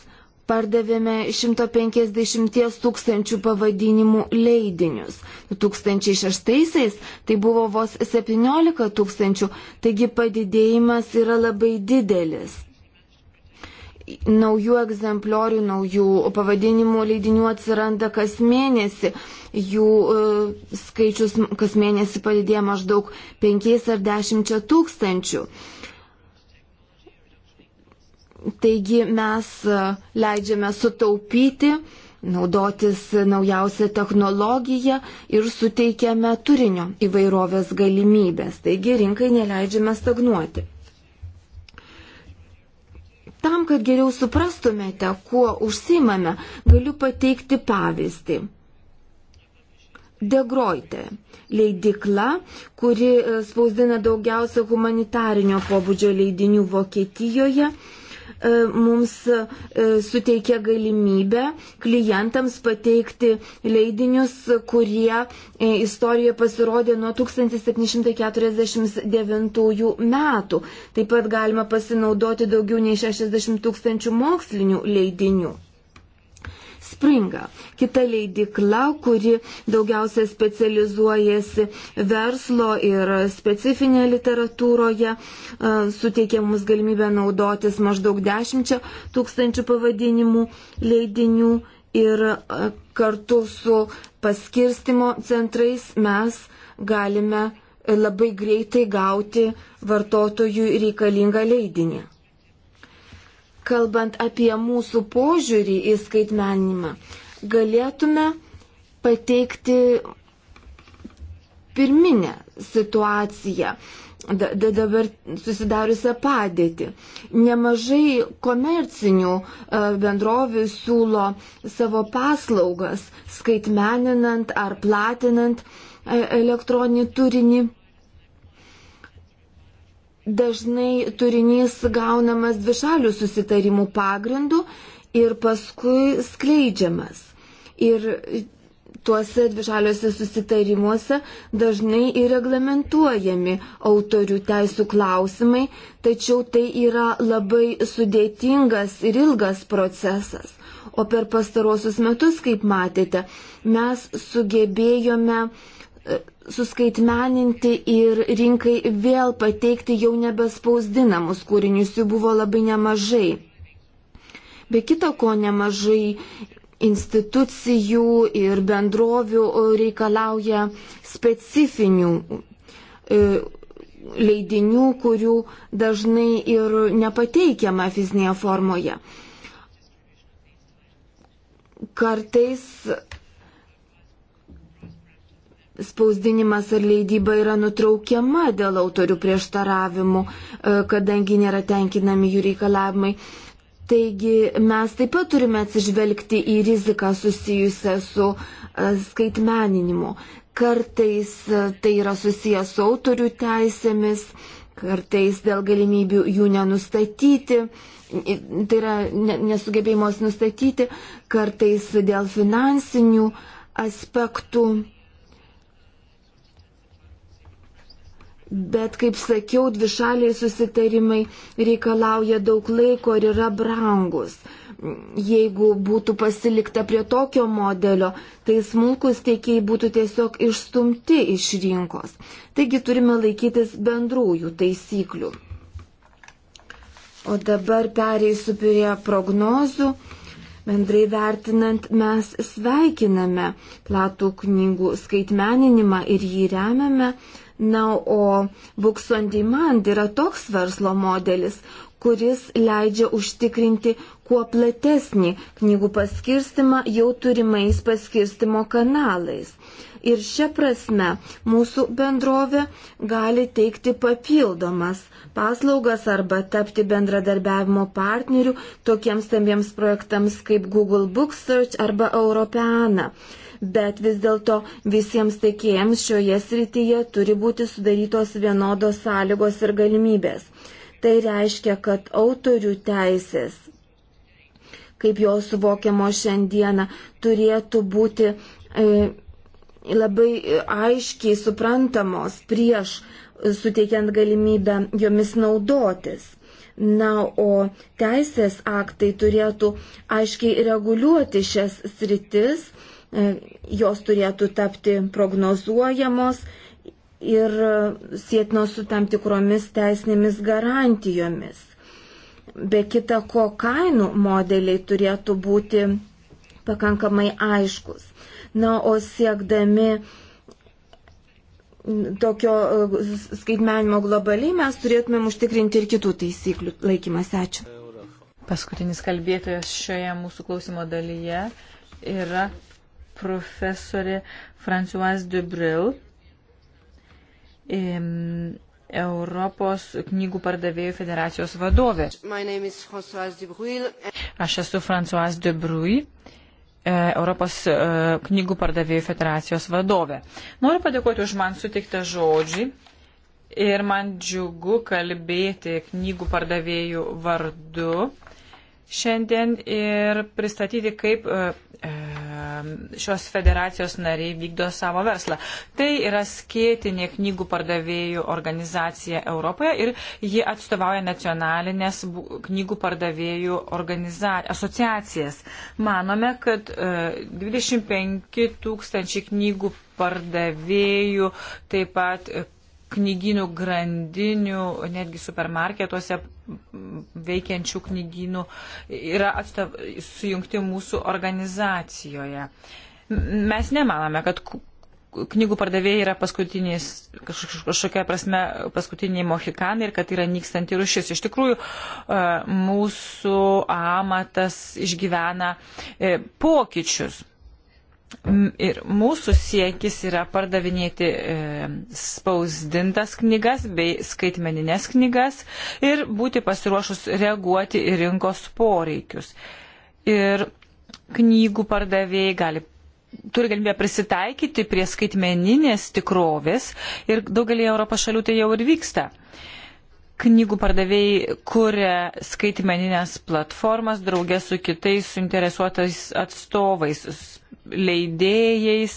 pardavėme 150 tūkstančių pavadinimų leidinius. 2006-aisiais tai buvo vos 17 tūkstančių, taigi padidėjimas yra labai didelis naujų egzempliorių, naujų pavadinimų leidinių atsiranda kas mėnesį. Jų e, skaičius kas mėnesį padidėja maždaug 5 ar 10 tūkstančių. Taigi mes e, leidžiame sutaupyti, naudotis naujausią technologiją ir suteikiame turinio įvairovės galimybės. Taigi rinkai neleidžiame stagnuoti. Tam, kad geriau suprastumėte, kuo užsimame, galiu pateikti pavyzdį. Degroite leidikla, kuri e, spausdina daugiausia humanitarinio pobūdžio leidinių Vokietijoje, E, mums e, suteikia galimybę klientams pateikti leidinius, kurie e, istorijoje pasirodė nuo 1749 metų. Taip pat galima pasinaudoti daugiau nei 60 tūkstančių mokslinių leidinių. Springa. Kita leidikla, kuri daugiausia specializuojasi verslo ir specifinė literatūroje, e, suteikė mums galimybę naudotis maždaug 10 tūkstančių pavadinimų leidinių ir e, kartu su paskirstimo centrais mes galime labai greitai gauti vartotojų reikalingą leidinį kalbant apie mūsų požiūrį į skaitmeninimą, galėtume pateikti pirminę situaciją, dabar susidariusią padėtį. Nemažai komercinių e, bendrovių siūlo savo paslaugas skaitmeninant ar platinant e, elektroninį turinį dažnai turinys gaunamas dvišalių susitarimų pagrindų ir paskui skleidžiamas. Ir tuose dvišaliuose susitarimuose dažnai ir reglamentuojami autorių teisų klausimai, tačiau tai yra labai sudėtingas ir ilgas procesas. O per pastarosius metus, kaip matėte, mes sugebėjome uh, suskaitmeninti ir rinkai vėl pateikti jau nebespausdinamus kūrinius, jų buvo labai nemažai. Be kita ko nemažai institucijų ir bendrovių reikalauja specifinių e, leidinių, kurių dažnai ir nepateikiama fizinėje formoje. Kartais spausdinimas ar leidyba yra nutraukiama dėl autorių prieštaravimų, e, kadangi nėra tenkinami jų reikalavimai. Taigi mes taip pat turime atsižvelgti į riziką susijusią su e, skaitmeninimu. Kartais e, tai yra susijęs su autorių teisėmis, kartais dėl galimybių jų nenustatyti, tai yra nesugebėjimos nustatyti, kartais dėl finansinių aspektų Bet, kaip sakiau, dvišaliai susitarimai reikalauja daug laiko ir yra brangus. Jeigu būtų pasilikta prie tokio modelio, tai smulkus tiekiai būtų tiesiog išstumti iš rinkos. Taigi turime laikytis bendrųjų taisyklių. O dabar pereisiu prie prognozių. Bendrai vertinant, mes sveikiname platų knygų skaitmeninimą ir jį remiame. Na, o Books on Demand yra toks verslo modelis, kuris leidžia užtikrinti kuo platesnį knygų paskirstimą jau turimais paskirstimo kanalais. Ir šia prasme mūsų bendrovė gali teikti papildomas paslaugas arba tapti bendradarbiavimo partneriu tokiems stambiems projektams kaip Google Book Search arba Europeana bet vis dėlto visiems tiekėjams šioje srityje turi būti sudarytos vienodos sąlygos ir galimybės. Tai reiškia, kad autorių teisės, kaip jos suvokiamo šiandieną, turėtų būti e, labai aiškiai suprantamos prieš suteikiant galimybę jomis naudotis. Na, o teisės aktai turėtų aiškiai reguliuoti šias sritis E, jos turėtų tapti prognozuojamos ir sėtinos su tam tikromis teisinėmis garantijomis. Be kita ko, kainų modeliai turėtų būti pakankamai aiškus. Na, o siekdami tokio e, skaitmenimo globaliai mes turėtumėm užtikrinti ir kitų taisyklių laikymas. Ačiū. Paskutinis kalbėtojas šioje mūsų klausimo dalyje yra profesorė Francoise Dubril, Europos knygų pardavėjų federacijos vadovė. Aš esu Francoise Dubrui. E, Europos e, knygų pardavėjų federacijos vadovė. Noriu padėkoti už man sutiktą žodžią ir man džiugu kalbėti knygų pardavėjų vardu šiandien ir pristatyti, kaip e, e, šios federacijos nariai vykdo savo verslą. Tai yra skėtinė knygų pardavėjų organizacija Europoje ir ji atstovauja nacionalinės knygų pardavėjų organiza... asociacijas. Manome, kad 25 e, tūkstančiai knygų pardavėjų taip pat knyginių grandinių, netgi supermarketuose veikiančių knyginių yra atstav, sujungti mūsų organizacijoje. Mes nemanome, kad knygų pardavėjai yra paskutiniais, kažkokia prasme, paskutiniai mohikanai ir kad yra nykstanti rušis. Iš tikrųjų, e, mūsų amatas išgyvena e, pokyčius. Ir mūsų siekis yra pardavinėti e, spausdintas knygas bei skaitmeninės knygas ir būti pasiruošus reaguoti į rinkos poreikius. Ir knygų pardavėjai gali turi galimybę prisitaikyti prie skaitmeninės tikrovės ir daugelį Europos šalių tai jau ir vyksta. Knygų pardavėjai kuria skaitmeninės platformas draugė su kitais suinteresuotais atstovais, leidėjais.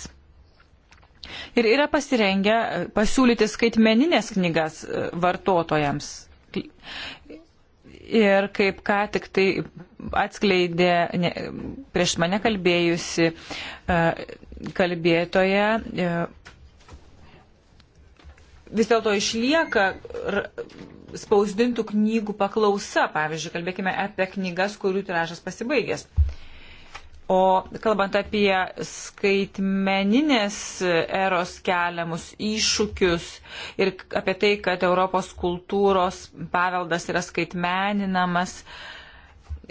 Ir yra pasirengę pasiūlyti skaitmeninės knygas e, vartotojams. Ir kaip ką tik tai atskleidė ne, prieš mane kalbėjusi e, kalbėtoja, e, vis dėlto išlieka spausdintų knygų paklausa, pavyzdžiui, kalbėkime apie knygas, kurių tiražas pasibaigęs. O kalbant apie skaitmeninės eros keliamus iššūkius ir apie tai, kad Europos kultūros paveldas yra skaitmeninamas,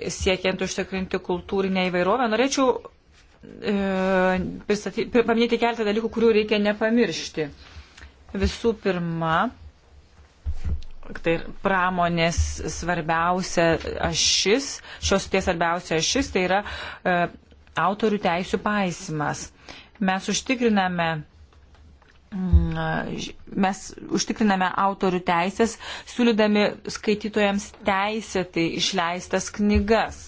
siekiant užtikrinti kultūrinę įvairovę, norėčiau e, pristaty, paminėti keletą dalykų, kurių reikia nepamiršti. Visų pirma, tai pramonės svarbiausia ašis, šios tie svarbiausia ašis, tai yra e, autorių teisų paisimas. Mes užtikriname mm, mes užtikriname autorių teisės, siūlydami skaitytojams teisėtai išleistas knygas.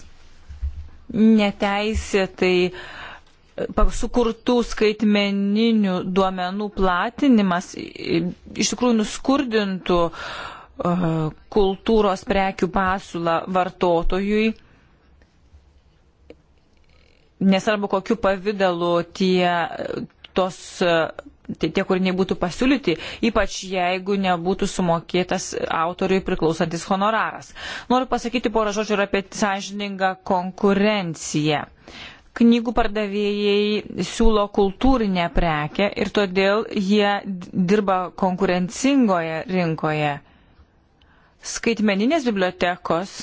Neteisėtai sukurtų skaitmeninių duomenų platinimas iš tikrųjų nuskurdintų e, kultūros prekių pasiūlą vartotojui nesvarbu kokiu pavydalu tie, tos, tie, tie kūriniai būtų pasiūlyti, ypač jeigu nebūtų sumokėtas autoriui priklausantis honoraras. Noriu pasakyti porą žodžių ir apie sąžiningą konkurenciją. Knygų pardavėjai siūlo kultūrinę prekę ir todėl jie dirba konkurencingoje rinkoje. Skaitmeninės bibliotekos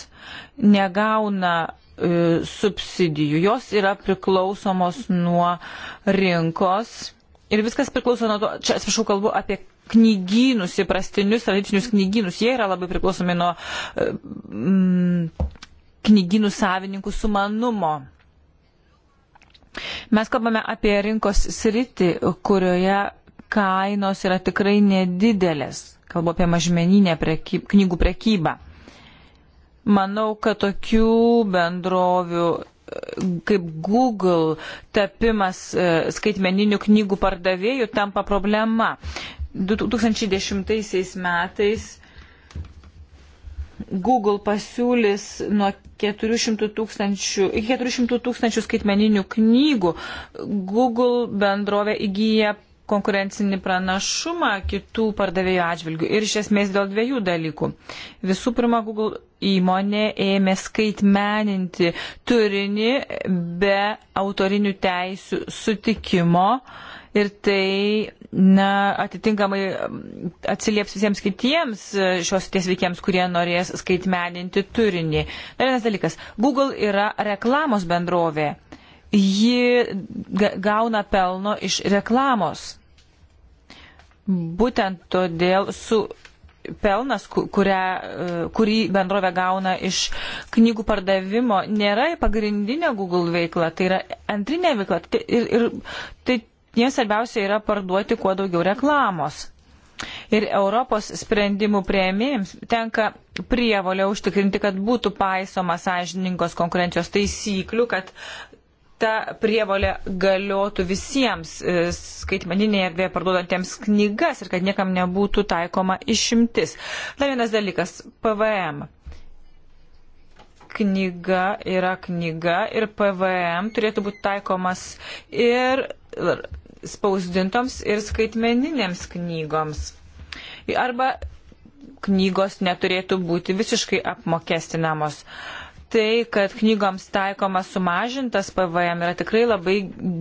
negauna E, subsidijų. Jos yra priklausomos nuo rinkos ir viskas priklauso nuo to, čia atsiprašau, kalbu apie knygynus, įprastinius tradicinius knygynus. Jie yra labai priklausomi nuo e, mm, knygynų savininkų sumanumo. Mes kalbame apie rinkos sritį, kurioje kainos yra tikrai nedidelės. Kalbu apie mažmeninę prekyb, knygų prekybą. Manau, kad tokių bendrovių kaip Google tapimas e, skaitmeninių knygų pardavėjų tampa problema. 2010 metais Google pasiūlys nuo 400 tūkstančių, iki 400 tūkstančių skaitmeninių knygų. Google bendrovė įgyja konkurencinį pranašumą kitų pardavėjų atžvilgių ir iš esmės dėl dviejų dalykų. Visų pirma, Google įmonė ėmė skaitmeninti turinį be autorinių teisių sutikimo ir tai na, atitinkamai atsilieps visiems kitiems šios ties veikiams, kurie norės skaitmeninti turinį. Dar vienas dalykas. Google yra reklamos bendrovė ji gauna pelno iš reklamos. Būtent todėl su pelnas, kurią, e, kurį bendrovė gauna iš knygų pardavimo, nėra pagrindinė Google veikla, tai yra antrinė veikla. Tai, ir, ir tai jiems svarbiausia yra parduoti kuo daugiau reklamos. Ir Europos sprendimų prieimėjams tenka prievolė užtikrinti, kad būtų paisoma sąžiningos konkurencijos taisyklių, kad ta prievalė galiotų visiems e, skaitmeninėje erdvėje parduodantiems knygas ir kad niekam nebūtų taikoma išimtis. Dar vienas dalykas - PVM. Knyga yra knyga ir PVM turėtų būti taikomas ir spausdintoms ir skaitmeninėms knygoms. Arba knygos neturėtų būti visiškai apmokestinamos. Uh, tai, kad knygoms taikomas sumažintas PVM yra tikrai labai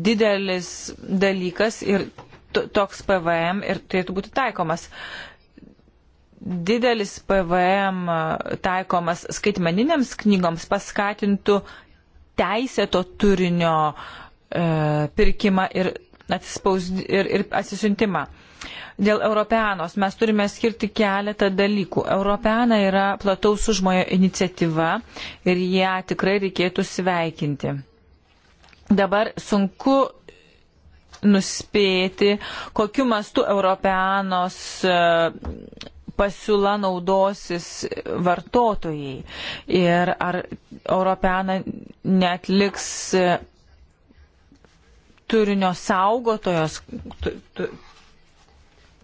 didelis dalykas ir toks PVM ir turėtų būti taikomas. Didelis PVM taikomas skaitmeniniams knygoms paskatintų teisėto turinio e, pirkimą ir, atsispaus, ir, ir atsisiuntimą. Dėl Europeanos mes turime skirti keletą dalykų. Europeana yra plataus užmojo iniciatyva ir ją tikrai reikėtų sveikinti. Dabar sunku nuspėti, kokiu mastu Europeanos e, pasiūla naudosis vartotojai ir ar Europeana netliks e, turinio saugotojos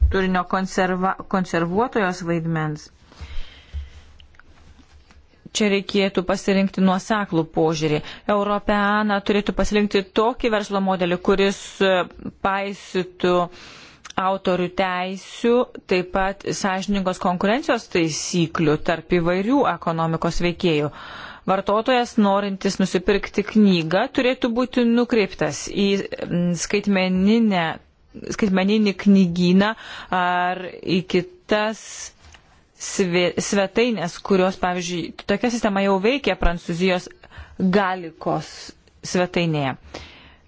turinio konserva, konservuotojos vaidmens. Čia reikėtų pasirinkti nuoseklų požiūrį. Europeana turėtų pasirinkti tokį verslo modelį, kuris e, paisytų autorių teisių, taip pat sąžiningos konkurencijos taisyklių tarp įvairių ekonomikos veikėjų. Vartotojas, norintis nusipirkti knygą, turėtų būti nukreiptas į skaitmeninę skaitmeninį knygyną ar į kitas svetainės, kurios, pavyzdžiui, tokia sistema jau veikia Prancūzijos galikos svetainėje.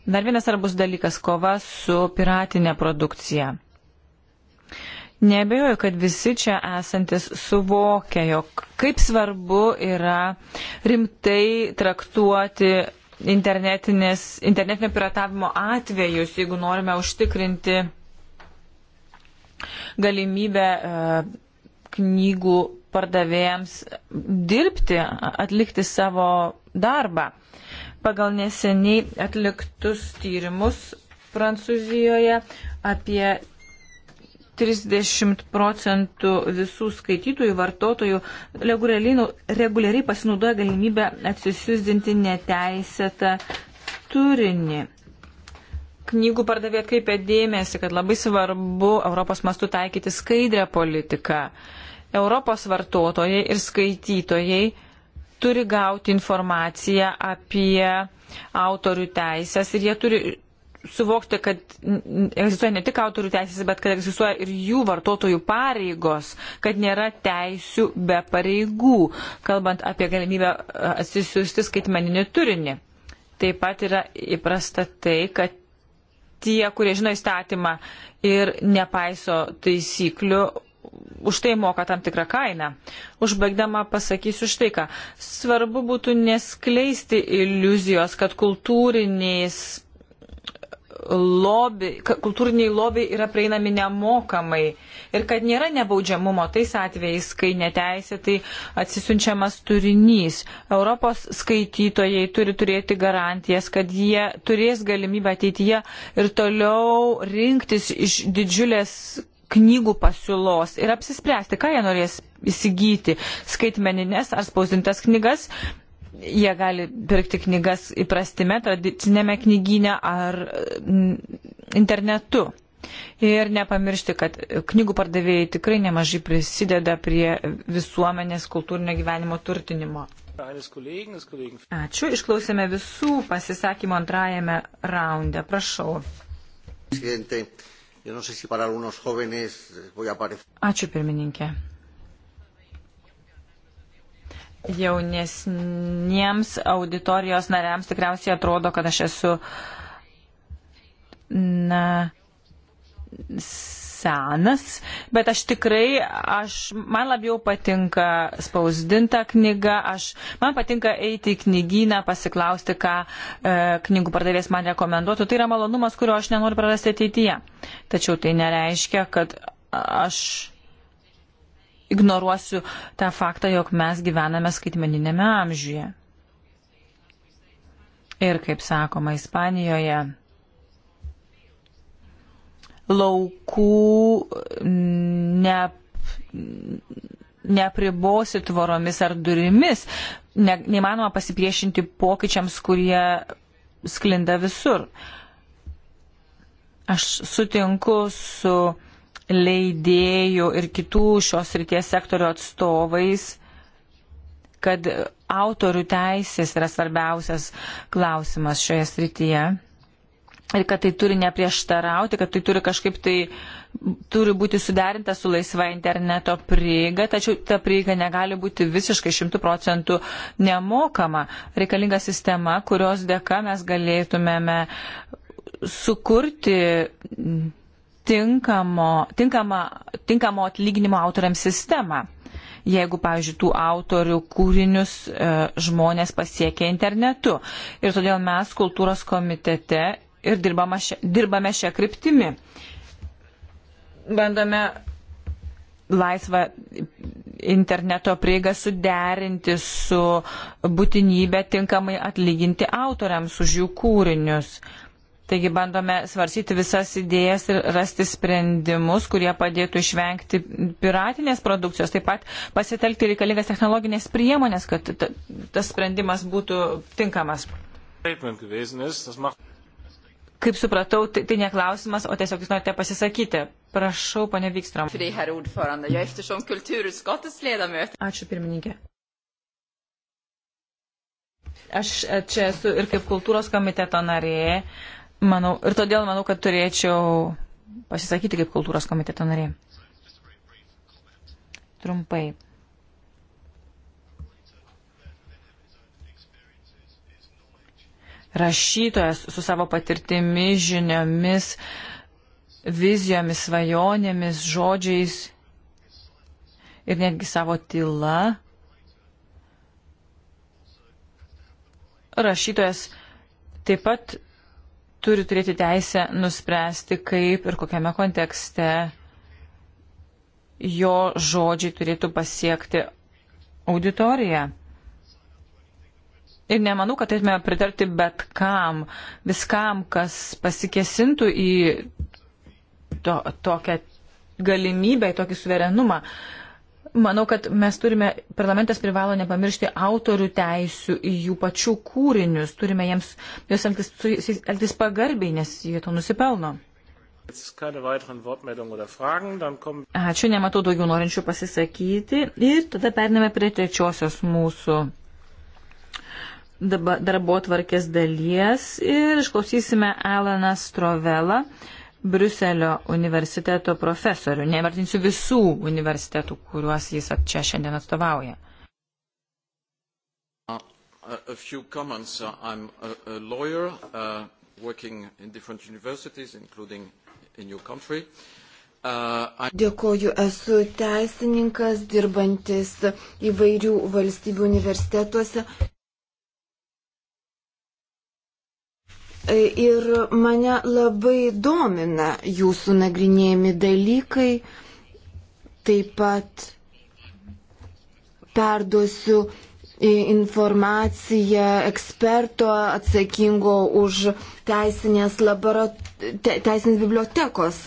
Dar vienas svarbus dalykas - kova su piratinė produkcija. Nebejoju, kad visi čia esantis suvokia, jog kaip svarbu yra rimtai traktuoti internetinio piratavimo atvejus, jeigu norime užtikrinti galimybę e, knygų pardavėjams dirbti, atlikti savo darbą. Pagal neseniai atliktus tyrimus Prancūzijoje apie 30 procentų visų skaitytojų, vartotojų reguliariai pasinaudoja galimybę atsisiusdinti neteisėtą turinį. Knygų pardavė atkreipė dėmesį, kad labai svarbu Europos mastu taikyti skaidrę politiką. Europos vartotojai ir skaitytojai turi gauti informaciją apie autorių teisės ir jie turi suvokti, kad egzistuoja ne tik autorių teisės, bet kad egzistuoja ir jų vartotojų pareigos, kad nėra teisių be pareigų, kalbant apie galimybę e, atsisiųsti skaitmeninį turinį. Taip pat yra įprasta tai, kad tie, kurie žino įstatymą ir nepaiso taisyklių, už tai moka tam tikrą kainą. Užbaigdama pasakysiu štai ką. Svarbu būtų neskleisti iliuzijos, kad kultūriniais lobi, kultūriniai lobiai yra prieinami nemokamai ir kad nėra nebaudžiamumo tais atvejais, kai neteisėtai atsisiunčiamas turinys. Europos skaitytojai turi turėti garantijas, kad jie turės galimybę ateityje ir toliau rinktis iš didžiulės knygų pasiūlos ir apsispręsti, ką jie norės įsigyti - skaitmeninės ar spausdintas knygas jie gali pirkti knygas įprastime, tradicinėme knygyne ar mm, internetu. Ir nepamiršti, kad knygų pardavėjai tikrai nemažai prisideda prie visuomenės kultūrinio gyvenimo turtinimo. Ačiū, išklausėme visų pasisakymų antrajame raunde. Prašau. Ačiū pirmininkė jaunesniems auditorijos nariams tikriausiai atrodo, kad aš esu na, senas, bet aš tikrai, aš, man labiau patinka spausdinta knyga, aš, man patinka eiti į knygyną, pasiklausti, ką e, knygų pardavės man rekomenduotų. Tai yra malonumas, kurio aš nenoriu prarasti ateityje. Tačiau tai nereiškia, kad aš ignoruosiu tą faktą, jog mes gyvename skaitmeninėme amžiuje. Ir kaip sakoma Ispanijoje, laukų ne, nepribosi tvoromis ar durimis. Ne, neįmanoma pasipriešinti pokyčiams, kurie sklinda visur. Aš sutinku su leidėjų ir kitų šios ryties sektorių atstovais, kad autorių teisės yra svarbiausias klausimas šioje srityje ir kad tai turi neprieštarauti, kad tai turi kažkaip tai turi būti suderinta su laisva interneto prieiga, tačiau ta prieiga negali būti visiškai šimtų procentų nemokama. Reikalinga sistema, kurios dėka mes galėtumėme sukurti tinkamo, tinkama, tinkamo atlyginimo autoriams sistemą. Jeigu, pavyzdžiui, tų autorių kūrinius e, žmonės pasiekia internetu. Ir todėl mes kultūros komitete ir dirbame šią, dirbame šią kryptimį. Bandome laisvą interneto prieigą suderinti su būtinybė tinkamai atlyginti autoriams už jų kūrinius. E, Taigi bandome svarsyti visas idėjas ir rasti sprendimus, kurie padėtų išvengti piratinės produkcijos, taip pat pasitelkti reikalingas technologinės priemonės, kad tas sprendimas būtų tinkamas. Kaip supratau, tai, tai neklausimas, o tiesiog jūs norite pasisakyti. Prašau, pane Vikstrom. Ačiū, pirmininkė. Aš čia esu ir kaip kultūros komiteto narė. Manau, ir todėl manau, kad turėčiau pasisakyti kaip kultūros komiteto narė. Trumpai. Rašytojas su savo patirtimi, žiniomis, vizijomis, svajonėmis, žodžiais ir netgi savo tyla. Rašytojas taip pat turi turėti teisę nuspręsti, kaip ir kokiame kontekste jo žodžiai turėtų pasiekti auditoriją. Ir nemanau, kad turėtume pritarti bet kam, viskam, kas pasikesintų į to, tokią galimybę, į tokį suverenumą. Uh, Manau, kad mes turime, parlamentas privalo nepamiršti autorių teisių į jų pačių kūrinius, turime jiems, jos elgtis, elgtis pagarbiai, nes jie to nusipelno. Ačiū, nematau daugiau norinčių pasisakyti. Ir tada periname prie trečiosios mūsų darbo tvarkės dalies ir išklausysime Alaną Strovelą. Briuselio universiteto profesorių. Nevertinsiu visų universitetų, kuriuos jis čia šiandien atstovauja. Uh, a few comments. Uh, I'm a, a lawyer uh, working in different universities, including in your country. Uh, I... Dėkoju, esu teisininkas, dirbantis įvairių valstybių universitetuose. Ir mane labai domina jūsų nagrinėjami dalykai. Taip pat perduosiu informaciją eksperto atsakingo už teisinės, laborat... te, teisinės bibliotekos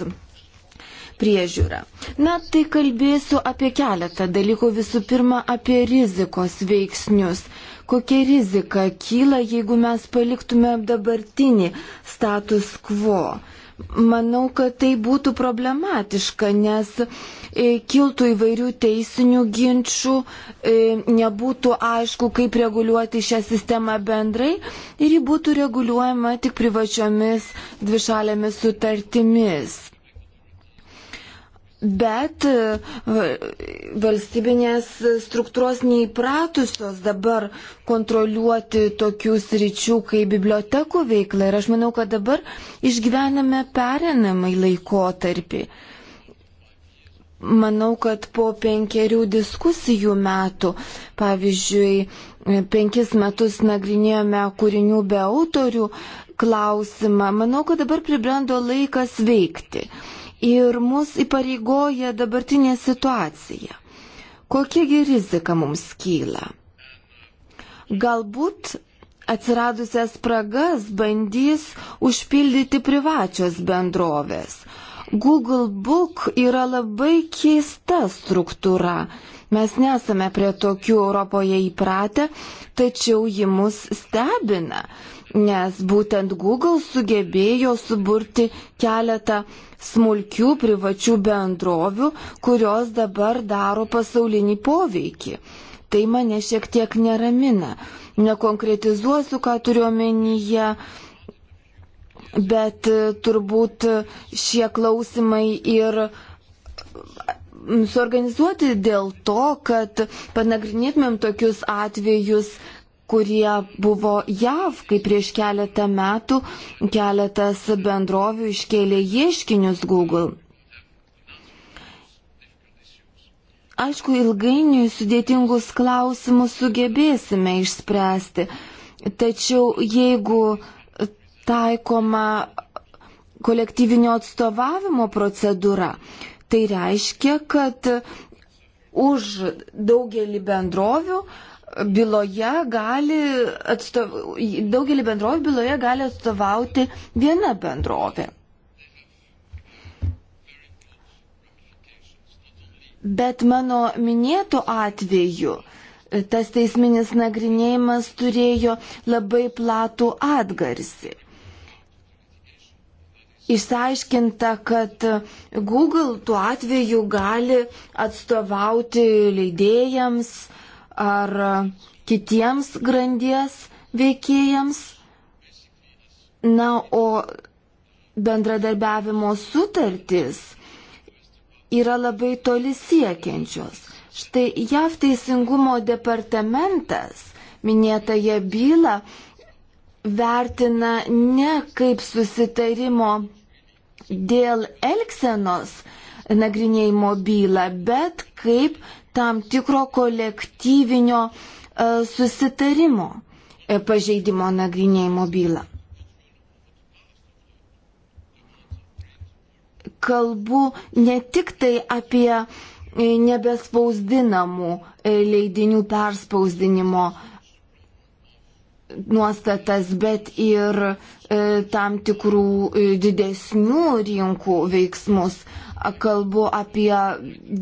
priežiūrą. Na, tai kalbėsiu apie keletą dalykų. Visų pirma, apie rizikos veiksnius. Uh, kokia rizika kyla, jeigu mes paliktume dabartinį status quo. Manau, kad tai būtų problematiška, nes e, kiltų įvairių teisinių ginčių, e, nebūtų aišku, kaip reguliuoti šią sistemą bendrai ir ji būtų reguliuojama tik privačiomis dvišalėmis sutartimis. Bet e, valstybinės struktūros neįpratusios dabar kontroliuoti tokių sričių kaip bibliotekų veikla. Ir aš manau, kad dabar išgyvename perinamai laikotarpį. Manau, kad po penkerių diskusijų metų, pavyzdžiui, penkis metus nagrinėjome kūrinių be autorių klausimą, manau, kad dabar pribrendo laikas veikti ir mus įpareigoja dabartinė situacija. Kokiegi rizika mums kyla? Galbūt atsiradusias spragas bandys užpildyti privačios bendrovės. Google Book yra labai keista struktūra. Mes nesame prie tokių Europoje įpratę, tačiau ji mus stebina, nes būtent Google sugebėjo suburti keletą smulkių privačių bendrovių, kurios dabar daro pasaulinį poveikį. Tai mane šiek tiek neramina. Nekonkretizuosiu, ką turiu omenyje, bet turbūt šie klausimai ir suorganizuoti dėl to, kad panagrinėtumėm tokius atvejus, kurie buvo JAV, kai prieš keletą metų keletas bendrovių iškėlė ieškinius Google. Aišku, ilgainiui sudėtingus klausimus sugebėsime išspręsti, tačiau jeigu taikoma kolektyvinio atstovavimo procedūra, Tai reiškia, kad už daugelį bendrovių byloje gali, atstov... daugelį bendrovių byloje gali atstovauti viena bendrovė. Bet mano minėtų atveju tas teisminis nagrinėjimas turėjo labai platų atgarsį išsiaiškinta, kad Google tuo atveju gali atstovauti leidėjams ar kitiems grandies veikėjams. Na, o bendradarbiavimo sutartys yra labai toli siekiančios. Štai JAV teisingumo departamentas minėtąją bylą vertina ne kaip susitarimo dėl elksenos nagrinėjimo bylą, bet kaip tam tikro kolektyvinio e, susitarimo e, pažeidimo nagrinėjimo bylą. Kalbu ne tik tai apie e, nebespausdinamų leidinių perspausdinimo uh, nuostatas, bet ir e, tam tikrų e, didesnių rinkų veiksmus. Kalbu apie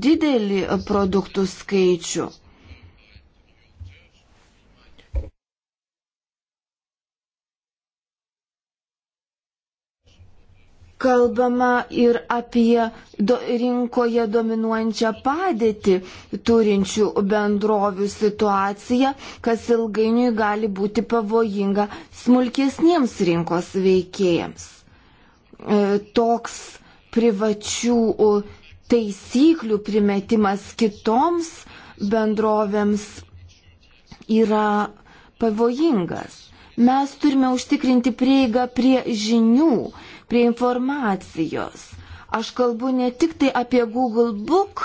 didelį produktų skaičių. kalbama ir apie do, rinkoje dominuojančią padėtį turinčių bendrovių situaciją, kas ilgainiui gali būti pavojinga smulkesniems rinkos veikėjams. E, toks privačių taisyklių primetimas kitoms bendrovėms yra pavojingas. Mes turime užtikrinti prieigą prie žinių prie informacijos. Aš kalbu ne tik tai apie Google Book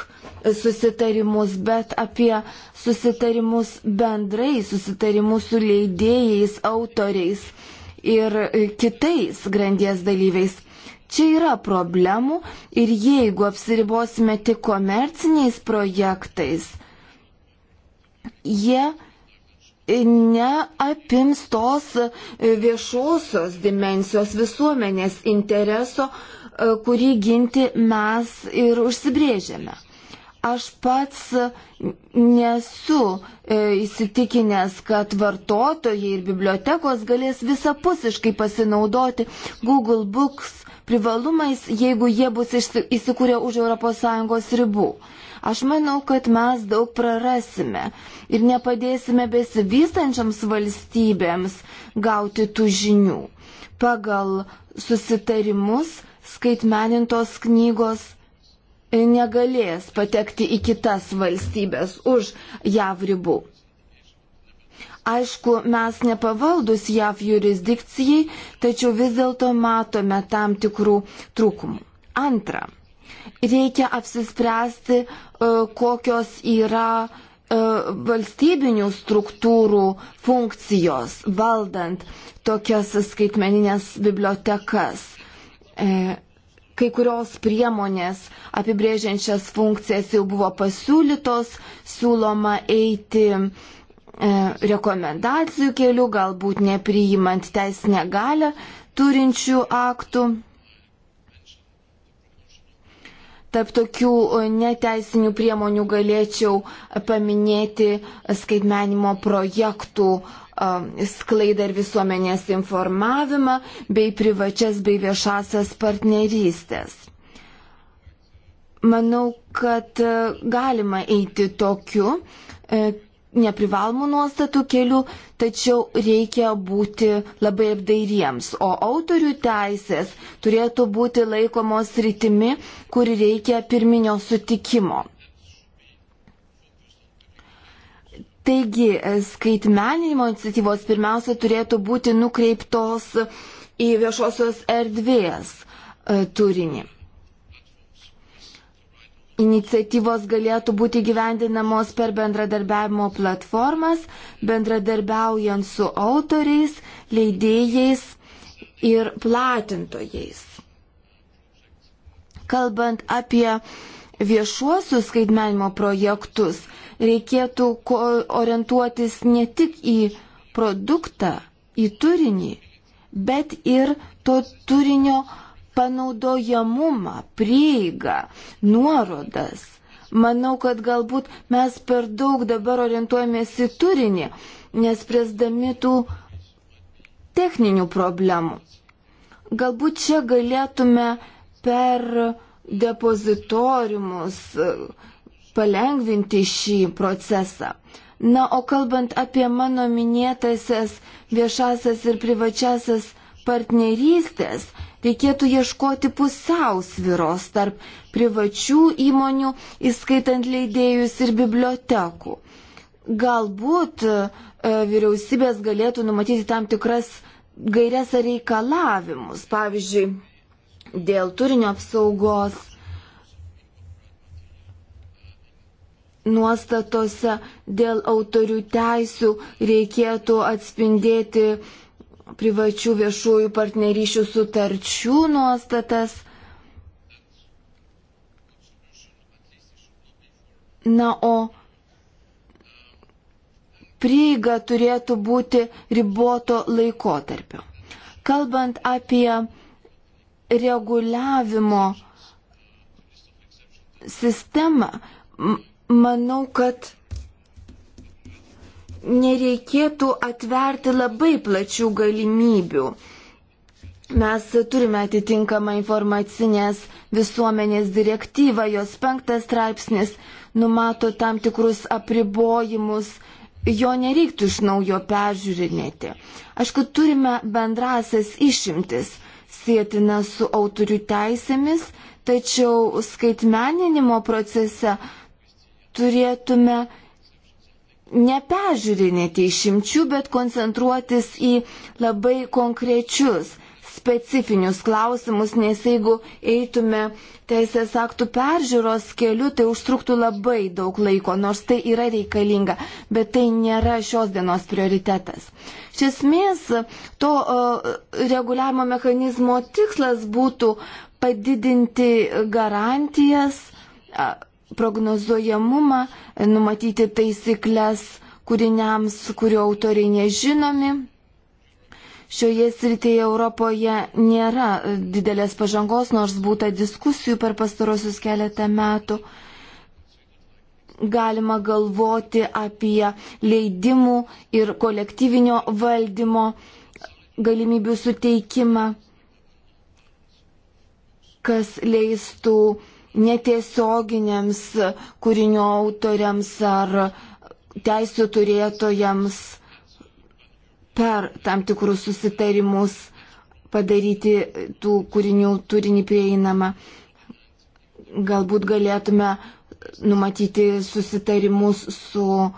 susitarimus, bet apie susitarimus bendrai, susitarimus su leidėjais, autoriais ir kitais grandies dalyviais. Čia yra problemų ir jeigu apsiribosime tik komerciniais projektais, jie neapims tos e, viešosios dimensijos visuomenės intereso, e, kurį ginti mes ir užsibrėžėme. Aš pats nesu e, įsitikinęs, kad vartotojai ir bibliotekos galės visapusiškai pasinaudoti Google Books privalumais, jeigu jie bus įsikūrę už ES ribų. Aš manau, kad mes daug prarasime ir nepadėsime besivystančiams valstybėms gauti tų žinių. Pagal susitarimus skaitmenintos knygos negalės patekti į kitas valstybės už JAV ribų. Aišku, mes nepavaldus JAV jurisdikcijai, tačiau vis dėlto matome tam tikrų trūkumų. Antra, reikia apsispręsti, e, kokios yra e, valstybinių struktūrų funkcijos valdant tokias skaitmeninės bibliotekas. E, kai kurios priemonės apibrėžiančias funkcijas jau buvo pasiūlytos, siūloma eiti rekomendacijų keliu, galbūt nepriimant teisinę galę turinčių aktų. Tarp tokių e, neteisinių priemonių galėčiau paminėti skaitmenimo projektų e, sklaidą ir visuomenės informavimą bei privačias bei viešasias partnerystės. Manau, kad e, galima eiti tokiu neprivalomų nuostatų keliu, tačiau reikia būti labai apdairiems. O autorių teisės turėtų būti laikomos rytimi, kur reikia pirminio sutikimo. Taigi, skaitmeninimo iniciatyvos pirmiausia turėtų būti nukreiptos į viešosios erdvės e, turinį iniciatyvos galėtų būti gyvendinamos per bendradarbiavimo platformas, bendradarbiaujant su autoriais, leidėjais ir platintojais. Kalbant apie viešuosius skaitmenimo projektus, reikėtų orientuotis ne tik į produktą, į turinį, bet ir to turinio panaudojamumą, prieigą, nuorodas. Manau, kad galbūt mes per daug dabar orientuojamės į turinį, nes priesdami tų techninių problemų. Galbūt čia galėtume per depozitoriumus e, palengvinti šį procesą. Na, o kalbant apie mano minėtasias viešasias ir privačiasias partnerystės, reikėtų ieškoti pusiausviros tarp privačių įmonių, įskaitant leidėjus ir bibliotekų. Galbūt e, vyriausybės galėtų numatyti tam tikras gairias ar reikalavimus, pavyzdžiui, dėl turinio apsaugos nuostatose, dėl autorių teisių reikėtų atspindėti privačių viešųjų partnerysčių sutarčių nuostatas. Na, o prieiga turėtų būti riboto laikotarpio. Kalbant apie reguliavimo sistemą, manau, kad nereikėtų atverti labai plačių galimybių. Mes turime atitinkamą informacinės visuomenės direktyvą, jos penktas straipsnis numato tam tikrus apribojimus, jo nereiktų iš naujo peržiūrinėti. Aišku, turime bendrasias išimtis sėtina su autorių teisėmis, tačiau skaitmeninimo procese turėtume neperžiūrinėti išimčių, bet koncentruotis į labai konkrečius, specifinius klausimus, nes jeigu eitume teisės aktų peržiūros keliu, tai užtruktų labai daug laiko, nors tai yra reikalinga, bet tai nėra šios dienos prioritetas. Iš esmės, to o, e, reguliavimo mechanizmo tikslas būtų padidinti garantijas prognozuojamumą, numatyti taisyklės kūriniams, kurio autoriai nežinomi. Šioje srityje Europoje nėra didelės pažangos, nors būta diskusijų per pastarosius keletą metų. Galima galvoti apie leidimų ir kolektyvinio valdymo galimybių suteikimą, kas leistų uh, netiesioginiams kūrinio autoriams ar teisų turėtojams per tam tikrus susitarimus padaryti tų kūrinių turinį prieinamą. Galbūt galėtume numatyti susitarimus su o,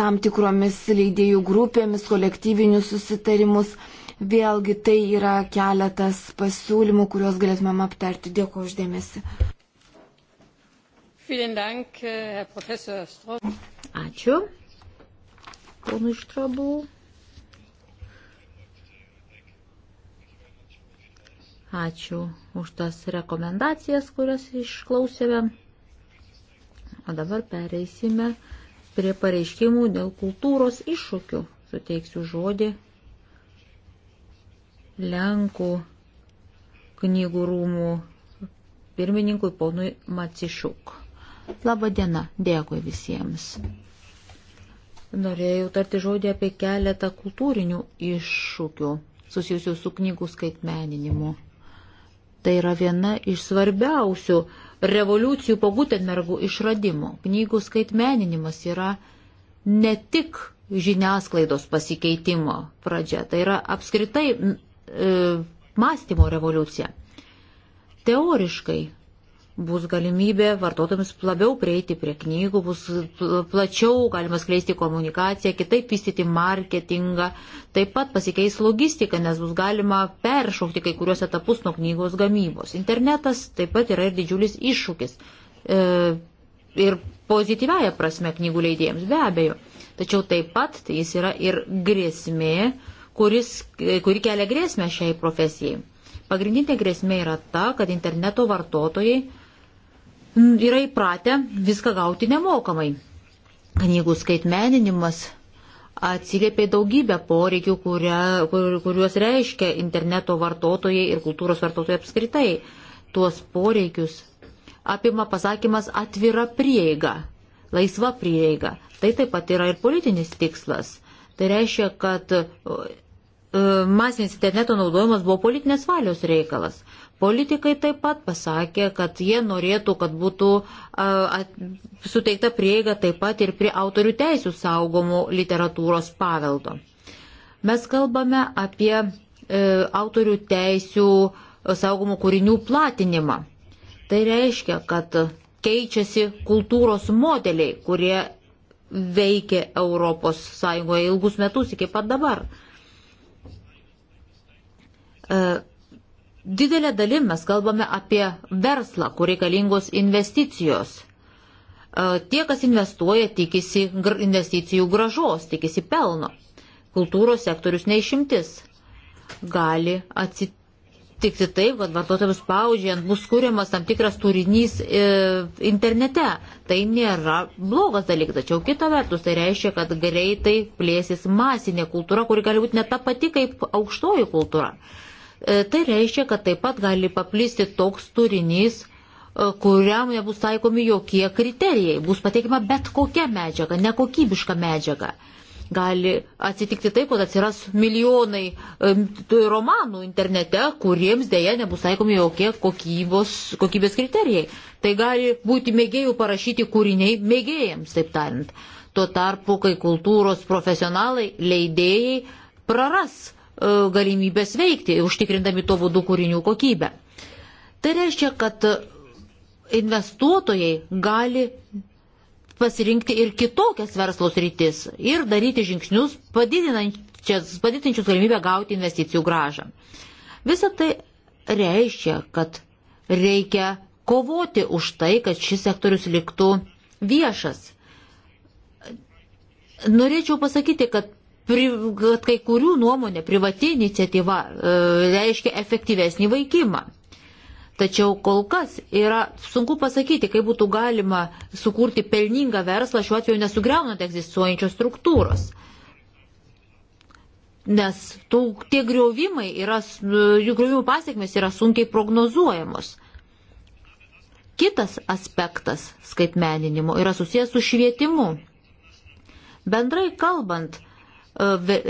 tam tikromis leidėjų grupėmis, kolektyvinius susitarimus. O, Vėlgi tai yra keletas pasiūlymų, kuriuos galėtumėm aptarti. Dėkuoju uždėmesi. Äh, Ačiū. Ponui Štrabu. Ačiū už tas rekomendacijas, kurias išklausėme. O dabar pereisime prie pareiškimų dėl kultūros iššūkių. Suteiksiu žodį Lenkų knygų rūmų pirmininkui ponui Macišuk. Labą dieną, dėkui visiems. Norėjau tarti žodį apie keletą kultūrinių iššūkių susijusių su knygų skaitmeninimu. Tai yra viena iš svarbiausių revoliucijų po Gutenbergų išradimo. Knygų skaitmeninimas yra ne tik žiniasklaidos pasikeitimo pradžia, tai yra apskritai e, mąstymo revoliucija. Teoriškai bus galimybė vartotojams labiau prieiti prie knygų, bus plačiau galima skleisti komunikaciją, kitaip vystyti marketingą, taip pat pasikeis logistika, nes bus galima peršaukti kai kuriuos etapus nuo knygos gamybos. Internetas taip pat yra ir didžiulis iššūkis. E, ir pozityvėja prasme knygų leidėjams, be abejo. Tačiau taip pat tai jis yra ir grėsmė kuris, kuri kelia grėsmę šiai profesijai. Pagrindinė grėsmė yra ta, kad interneto vartotojai yra įpratę viską gauti nemokamai. Knygų skaitmeninimas atsiliepia daugybę poreikių, kuria, kur, kuriuos reiškia interneto vartotojai ir kultūros vartotojai apskritai. Tuos poreikius apima pasakymas atvira prieiga, laisva prieiga. Tai taip pat yra ir politinis tikslas. Tai reiškia, kad E, masinis interneto naudojimas buvo politinės valios reikalas. Politikai taip pat pasakė, kad jie norėtų, kad būtų a, a, suteikta prieiga taip pat ir prie autorių teisų saugomų literatūros paveldo. Mes kalbame apie e, autorių teisų saugomų kūrinių platinimą. Tai reiškia, kad keičiasi kultūros modeliai, kurie veikia ES ilgus metus iki pat dabar. E, didelė dalim mes kalbame apie verslą, kur reikalingos investicijos. E, tie, kas investuoja, tikisi investicijų gražos, tikisi pelno. Kultūros sektorius neišimtis. Gali atsitikti taip, kad vartotojams spaudžiant bus kuriamas tam tikras turinys e, internete. Tai nėra blogas dalykas, tačiau kita vertus tai reiškia, kad greitai plėsis masinė kultūra, kuri gali būti ne ta pati kaip aukštoji kultūra. E, E, tai reiškia, kad taip pat gali paplisti toks turinys, e, kuriam nebus taikomi jokie kriterijai. Bus pateikima bet kokia medžiaga, nekokybiška medžiaga. Gali atsitikti taip, kad atsiras milijonai e, romanų internete, kuriems dėja nebus taikomi jokie kokybos, kokybės kriterijai. Tai gali būti mėgėjų parašyti kūriniai mėgėjams, taip tariant. Tuo tarpu, kai kultūros profesionalai, leidėjai praras E, galimybės veikti, užtikrindami tuo būdu kūrinių kokybę. Tai reiškia, kad investuotojai gali pasirinkti ir kitokias verslos rytis ir daryti žingsnius padidinančius galimybę gauti investicijų gražą. Visą tai reiškia, kad reikia kovoti už tai, kad šis sektorius liktų viešas. Norėčiau pasakyti, kad pri, kad kai kurių nuomonė privati iniciatyva e, reiškia efektyvesnį vaikymą. Tačiau kol kas yra sunku pasakyti, kaip būtų galima sukurti pelningą verslą, šiuo atveju nesugriaunant egzistuojančios struktūros. Nes tų, tie griovimai, yra, e, jų griovimų pasiekmes yra sunkiai prognozuojamos. Kitas aspektas skaitmeninimo yra susijęs su švietimu. Bendrai kalbant, E,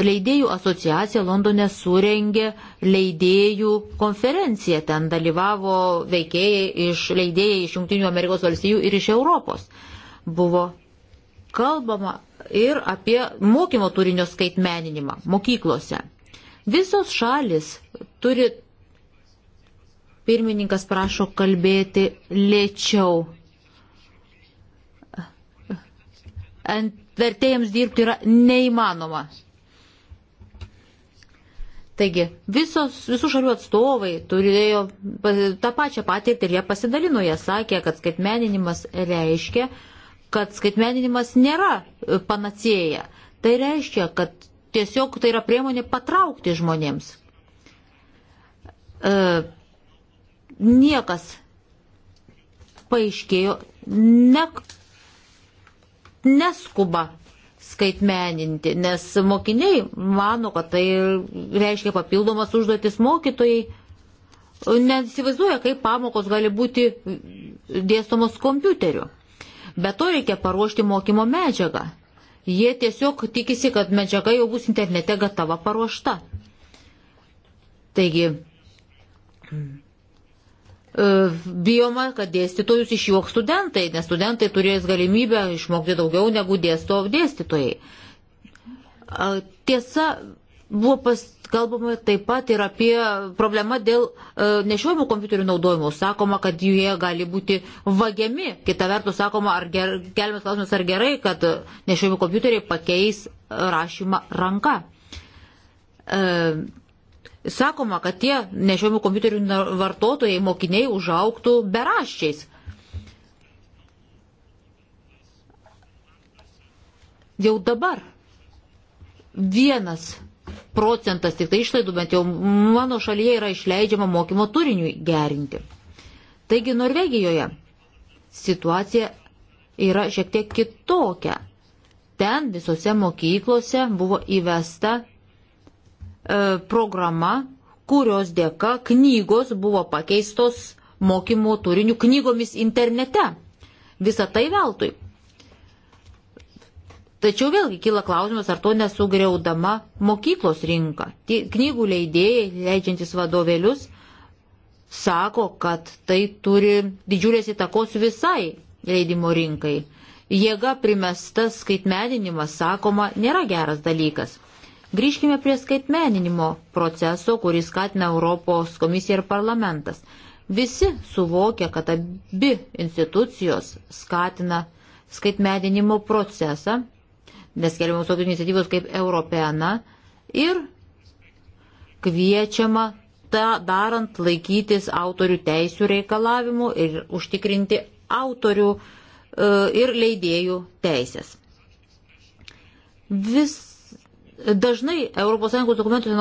leidėjų asociacija Londone surengė leidėjų konferenciją. Ten dalyvavo veikėjai iš leidėjai iš Junktinių Amerikos valstijų ir iš Europos. Buvo kalbama ir apie mokymo turinio skaitmeninimą mokyklose. Visos šalis turi. Pirmininkas prašo kalbėti lėčiau. Ant vertėjams dirbti yra neįmanoma. Taigi visos, visų šalių atstovai turėjo tą pačią patirtį ir jie pasidalino, jie sakė, kad skaitmeninimas reiškia, kad skaitmeninimas nėra panacėja. Tai reiškia, kad tiesiog tai yra priemonė patraukti žmonėms. E, niekas paaiškėjo, ne neskuba skaitmeninti, nes mokiniai mano, kad tai reiškia papildomas užduotis mokytojai. Nesivaizduoja, kaip pamokos gali būti dėstomos kompiuteriu. Be to reikia paruošti mokymo medžiagą. Jie tiesiog tikisi, kad medžiaga jau bus internete gatava paruošta. Taigi, E, bijoma, kad dėstytojus išjuoks studentai, nes studentai turės galimybę išmokti daugiau negu dėsto dėstytojai. Tiesa, buvo pas, kalbama taip pat ir apie problemą dėl e, nešiojimų kompiuterių naudojimo. Sakoma, kad jie gali būti vagiami. Kita vertus, sakoma, ar ger, keliamas klausimas, ar gerai, kad nešiojimų kompiuteriai pakeis rašymą ranka. E, sakoma, kad tie nešiojimų kompiuterių vartotojai, mokiniai užauktų beraščiais. Jau dabar vienas procentas tik tai išlaidų, bent jau mano šalyje yra išleidžiama mokymo turiniui gerinti. Taigi Norvegijoje situacija yra šiek tiek kitokia. Ten visose mokyklose buvo įvesta E, programa, kurios dėka knygos buvo pakeistos mokymo turiniu knygomis internete. Visą tai veltui. Tačiau vėlgi kyla klausimas, ar to nesugriaudama mokyklos rinka. Knygų leidėjai, leidžiantis vadovėlius, sako, kad tai turi didžiulės įtakos visai leidimo rinkai. Jėga primestas skaitmeninimas, sakoma, nėra geras dalykas. Grįžkime prie skaitmeninimo proceso, kurį skatina Europos komisija ir parlamentas. Visi suvokia, kad abi institucijos skatina skaitmeninimo procesą, nes keliamos tokios iniciatyvos kaip Europeana ir kviečiama tą darant laikytis autorių teisių reikalavimų ir užtikrinti autorių e, ir leidėjų teisės. Vis Dažnai ES dokumentuose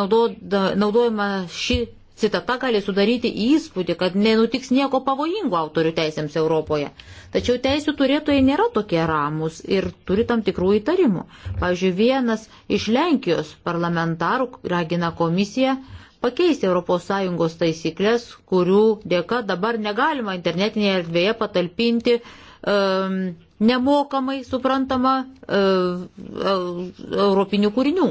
naudojama ši citata gali sudaryti įspūdį, kad nenutiks nieko pavojingo autorių teisėms Europoje. Tačiau teisų turėtojai nėra tokie ramus ir turi tam tikrų įtarimų. Pavyzdžiui, vienas iš Lenkijos parlamentarų ragina komisiją pakeisti ES taisyklės, kurių dėka dabar negalima internetinėje erdvėje patalpinti um, nemokamai suprantama e, e, europinių kūrinių.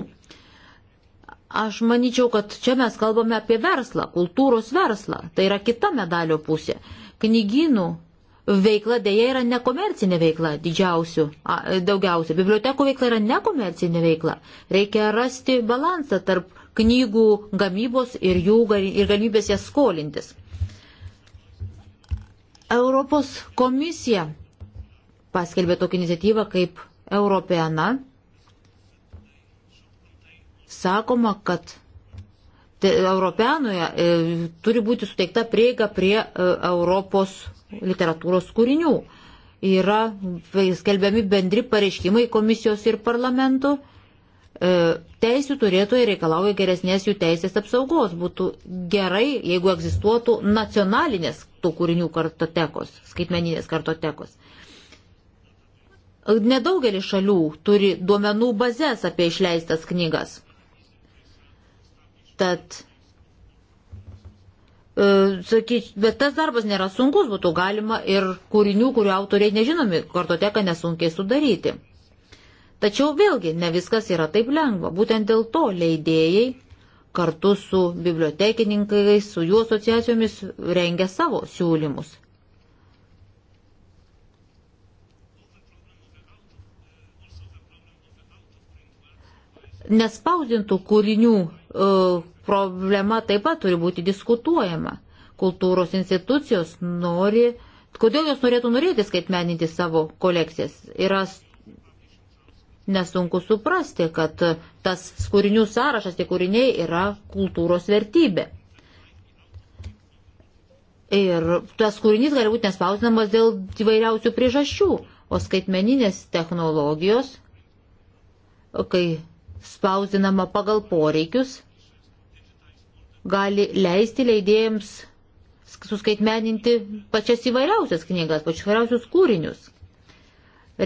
Aš manyčiau, kad čia mes kalbame apie verslą, kultūros verslą. Tai yra kita medalio pusė. Knygynų veikla dėja yra nekomercinė veikla didžiausių, daugiausia. Bibliotekų veikla yra nekomercinė veikla. Reikia rasti balansą tarp knygų gamybos ir jų ir galimybės jas skolintis. Europos komisija paskelbė tokią iniciatyvą kaip Europeana. Sakoma, kad Europeanoje e, turi būti suteikta prieiga prie e, Europos literatūros kūrinių. Yra skelbiami bendri pareiškimai komisijos ir parlamentų. E, teisių turėtojai reikalauja geresnės jų teisės apsaugos. Būtų gerai, jeigu egzistuotų nacionalinės tų kūrinių kartotekos, skaitmeninės kartotekos. E, Nedaugelis šalių turi duomenų bazės apie išleistas knygas. Tad, e, sakyč, bet tas darbas nėra sunkus, būtų galima ir kūrinių, kurių autoriai nežinomi, kartoteką nesunkiai sudaryti. Tačiau vėlgi ne viskas yra taip lengva. Būtent dėl to leidėjai kartu su bibliotekininkais, su jų asociacijomis rengia savo siūlymus. Nespausdintų kūrinių e, problema taip pat turi būti diskutuojama. Kultūros institucijos nori, kodėl jos norėtų norėti skaitmeninti savo kolekcijas. Yra nesunku suprasti, kad tas kūrinių sąrašas, tie kūriniai yra kultūros vertybė. Ir tas kūrinys gali būti nespausdinamas dėl įvairiausių priežasčių, o skaitmeninės technologijos, kai spausdinama pagal poreikius, gali leisti leidėjams suskaitmeninti pačias įvairiausias knygas, pačius įvairiausius kūrinius.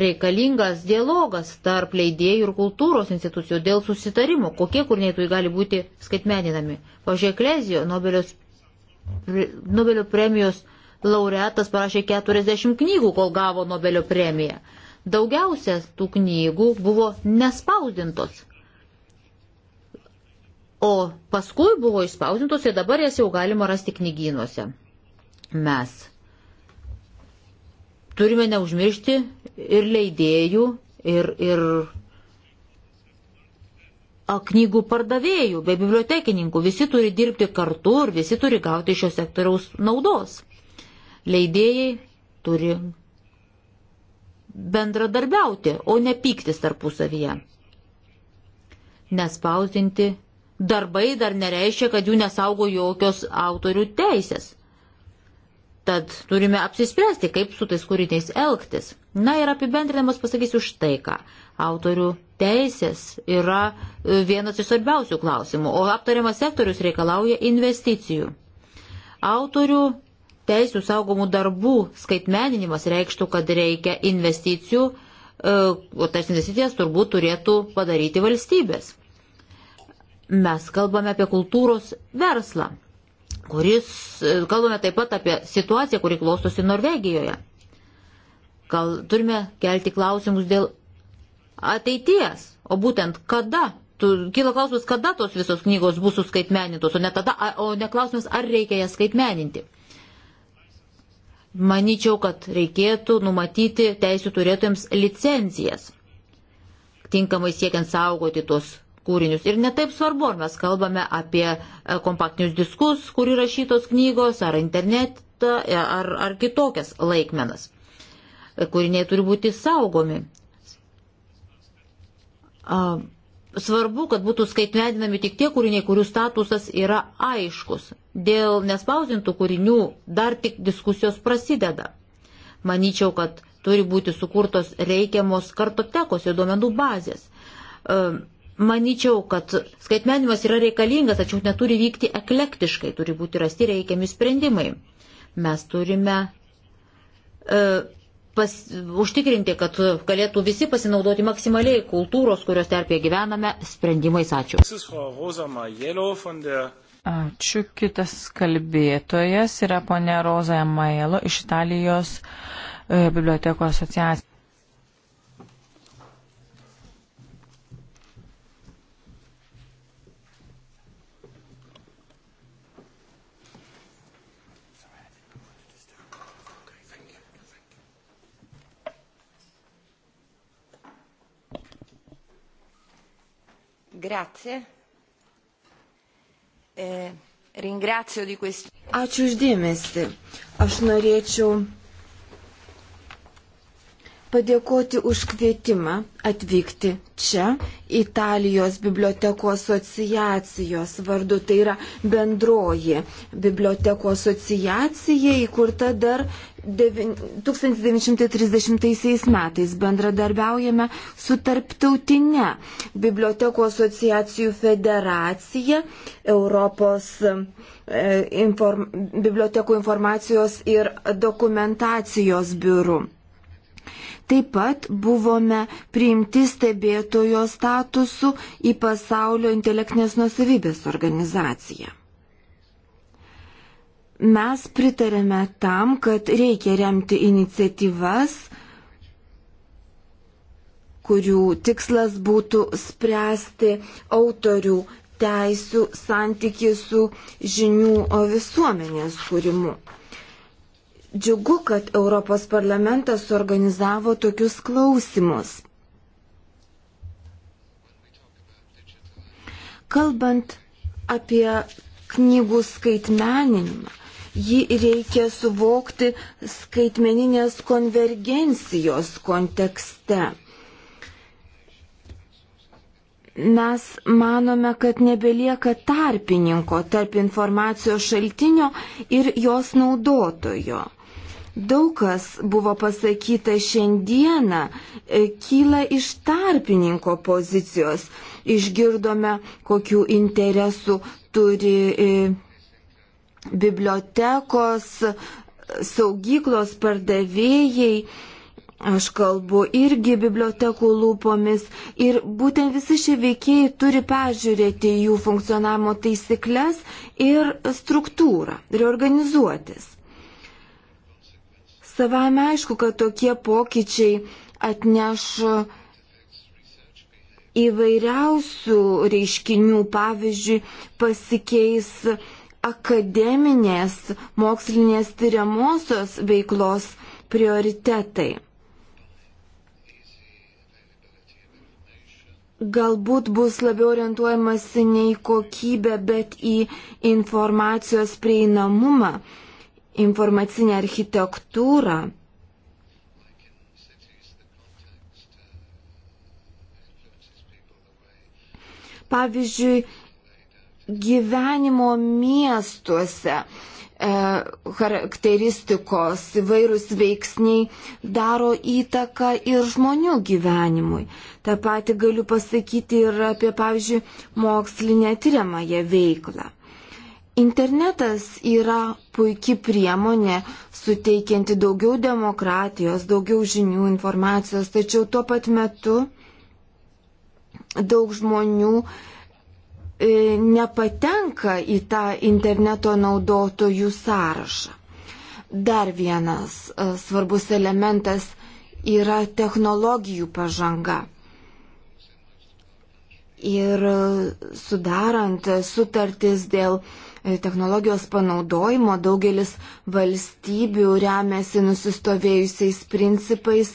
Reikalingas dialogas tarp leidėjų ir kultūros institucijų dėl susitarimo, kokie kūriniai gali būti skaitmeninami. Pavyzdžiui, Klezio Nobelio premijos laureatas parašė 40 knygų, kol gavo Nobelio premiją. Daugiausia tų knygų buvo nespausdintos o paskui buvo išspausdintos ir dabar jas jau galima rasti knygynuose. Mes turime neužmiršti ir leidėjų, ir, ir knygų pardavėjų, bei bibliotekininkų. Visi turi dirbti kartu ir visi turi gauti šio sektoriaus naudos. Leidėjai turi bendradarbiauti, o ne pyktis tarpusavyje. Nespausdinti darbai dar nereiškia, kad jų nesaugo jokios autorių teisės. Tad turime apsispręsti, kaip su tais kūriniais elgtis. Na ir apibendrinamas pasakysiu štai ką. Autorių teisės yra e, vienas iš svarbiausių klausimų, o aptariamas sektorius reikalauja investicijų. Autorių teisų saugomų darbų skaitmeninimas reikštų, kad reikia investicijų, e, o tas investicijas turbūt turėtų padaryti valstybės. Mes kalbame apie kultūros verslą, kuris, e, kalbame taip pat apie situaciją, kuri klostosi Norvegijoje. Gal turime kelti klausimus dėl ateities, o būtent kada kyla klausimas, kada tos visos knygos bus suskaitmenintos, o ne, tada, o ne klausimas, ar reikia jas skaitmeninti. Maničiau, kad reikėtų numatyti teisų turėtojams licencijas, tinkamai siekiant saugoti tos kūrinius. Ir netaip svarbu, ar mes kalbame apie e, kompaktinius diskus, kur įrašytos knygos, ar internetą, e, ar, ar kitokias laikmenas. E, kūriniai turi būti saugomi. Svarbu, kad būtų skaitmedinami tik tie kūriniai, kurių statusas yra aiškus. Dėl nespausdintų kūrinių dar tik diskusijos prasideda. Manyčiau, kad turi būti sukurtos reikiamos kartotekos ir duomenų bazės Maničiau, kad skaitmenimas yra reikalingas, tačiau neturi vykti eklektiškai, turi būti rasti reikiami sprendimai. Mes turime e, pas, užtikrinti, kad galėtų visi pasinaudoti maksimaliai kultūros, kurios terpėje gyvename, sprendimais. Ačiū. Ačiū. Kitas kalbėtojas yra ponė Roza Maelo iš Italijos e, bibliotekų asociacijos. Grazie. E, ringrazio di questo. Ačiū uždėmesi. Aš norėčiau padėkoti už kvietimą atvykti čia Italijos bibliotekų asociacijos vardu. Tai yra bendroji bibliotekų asociacija įkurta dar 1930 metais bendradarbiaujame su tarptautinė bibliotekų asociacijų federacija, Europos e, inform, bibliotekų informacijos ir dokumentacijos biuru. Taip pat buvome priimti stebėtojo statusu į pasaulio intelektinės nusavybės organizaciją. Mes pritarėme tam, kad reikia remti iniciatyvas, kurių tikslas būtų spręsti autorių teisų santyki su žinių visuomenės kūrimu. Džiugu, kad Europos parlamentas organizavo tokius klausimus. Kalbant apie knygų skaitmeninimą, jį reikia suvokti skaitmeninės konvergencijos kontekste. Mes manome, kad nebelieka tarpininko tarp informacijos šaltinio ir jos naudotojo. Daug kas buvo pasakyta šiandieną, e, kyla iš tarpininko pozicijos. Išgirdome, kokių interesų turi e, bibliotekos, saugyklos pardavėjai. Aš kalbu irgi bibliotekų lūpomis ir būtent visi šie veikėjai turi peržiūrėti jų funkcionavimo taisyklės ir struktūrą, reorganizuotis. Savame aišku, kad tokie pokyčiai atneš įvairiausių reiškinių, pavyzdžiui, pasikeis akademinės mokslinės tyriamosios veiklos prioritetai. Galbūt bus labiau orientuojamasi ne į kokybę, bet į informacijos prieinamumą, informacinę architektūrą. Pavyzdžiui, gyvenimo miestuose e, charakteristikos, įvairūs veiksniai daro įtaką ir žmonių gyvenimui. Ta pati galiu pasakyti ir apie, pavyzdžiui, mokslinę tyriamąją veiklą. Internetas yra puikia priemonė, suteikianti daugiau demokratijos, daugiau žinių, informacijos, tačiau tuo pat metu daug žmonių uh, E, nepatenka į tą interneto naudotojų sąrašą. Dar vienas e, svarbus elementas yra technologijų pažanga. Ir sudarant sutartis dėl e, technologijos panaudojimo daugelis valstybių remiasi nusistovėjusiais principais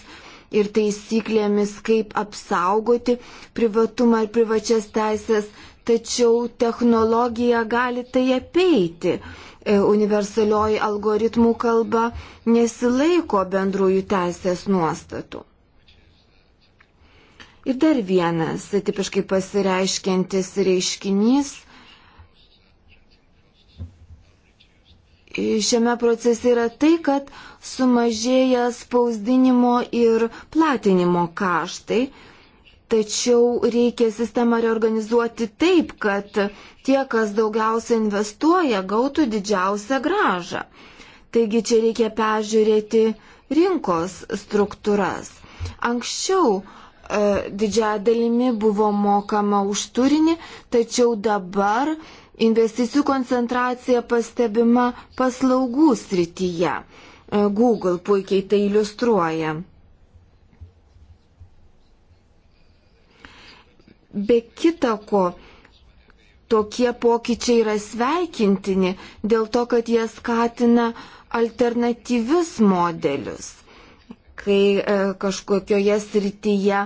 ir taisyklėmis, kaip apsaugoti privatumą ir privačias teisės tačiau technologija gali tai apeiti. E, universalioji algoritmų kalba nesilaiko bendrųjų teisės nuostatų. Ir dar vienas tipiškai pasireiškiantis reiškinys. Šiame procese yra tai, kad sumažėja spausdinimo ir platinimo kaštai, Tačiau reikia sistemą reorganizuoti taip, kad tie, kas daugiausia investuoja, gautų didžiausią gražą. Taigi čia reikia peržiūrėti rinkos struktūras. Anksčiau e, didžiąją dalimi buvo mokama už turinį, tačiau dabar investicijų koncentracija pastebima paslaugų srityje. E, Google puikiai tai iliustruoja. Be kita ko, tokie pokyčiai yra sveikintini dėl to, kad jie skatina alternatyvius modelius, kai e, kažkokioje srityje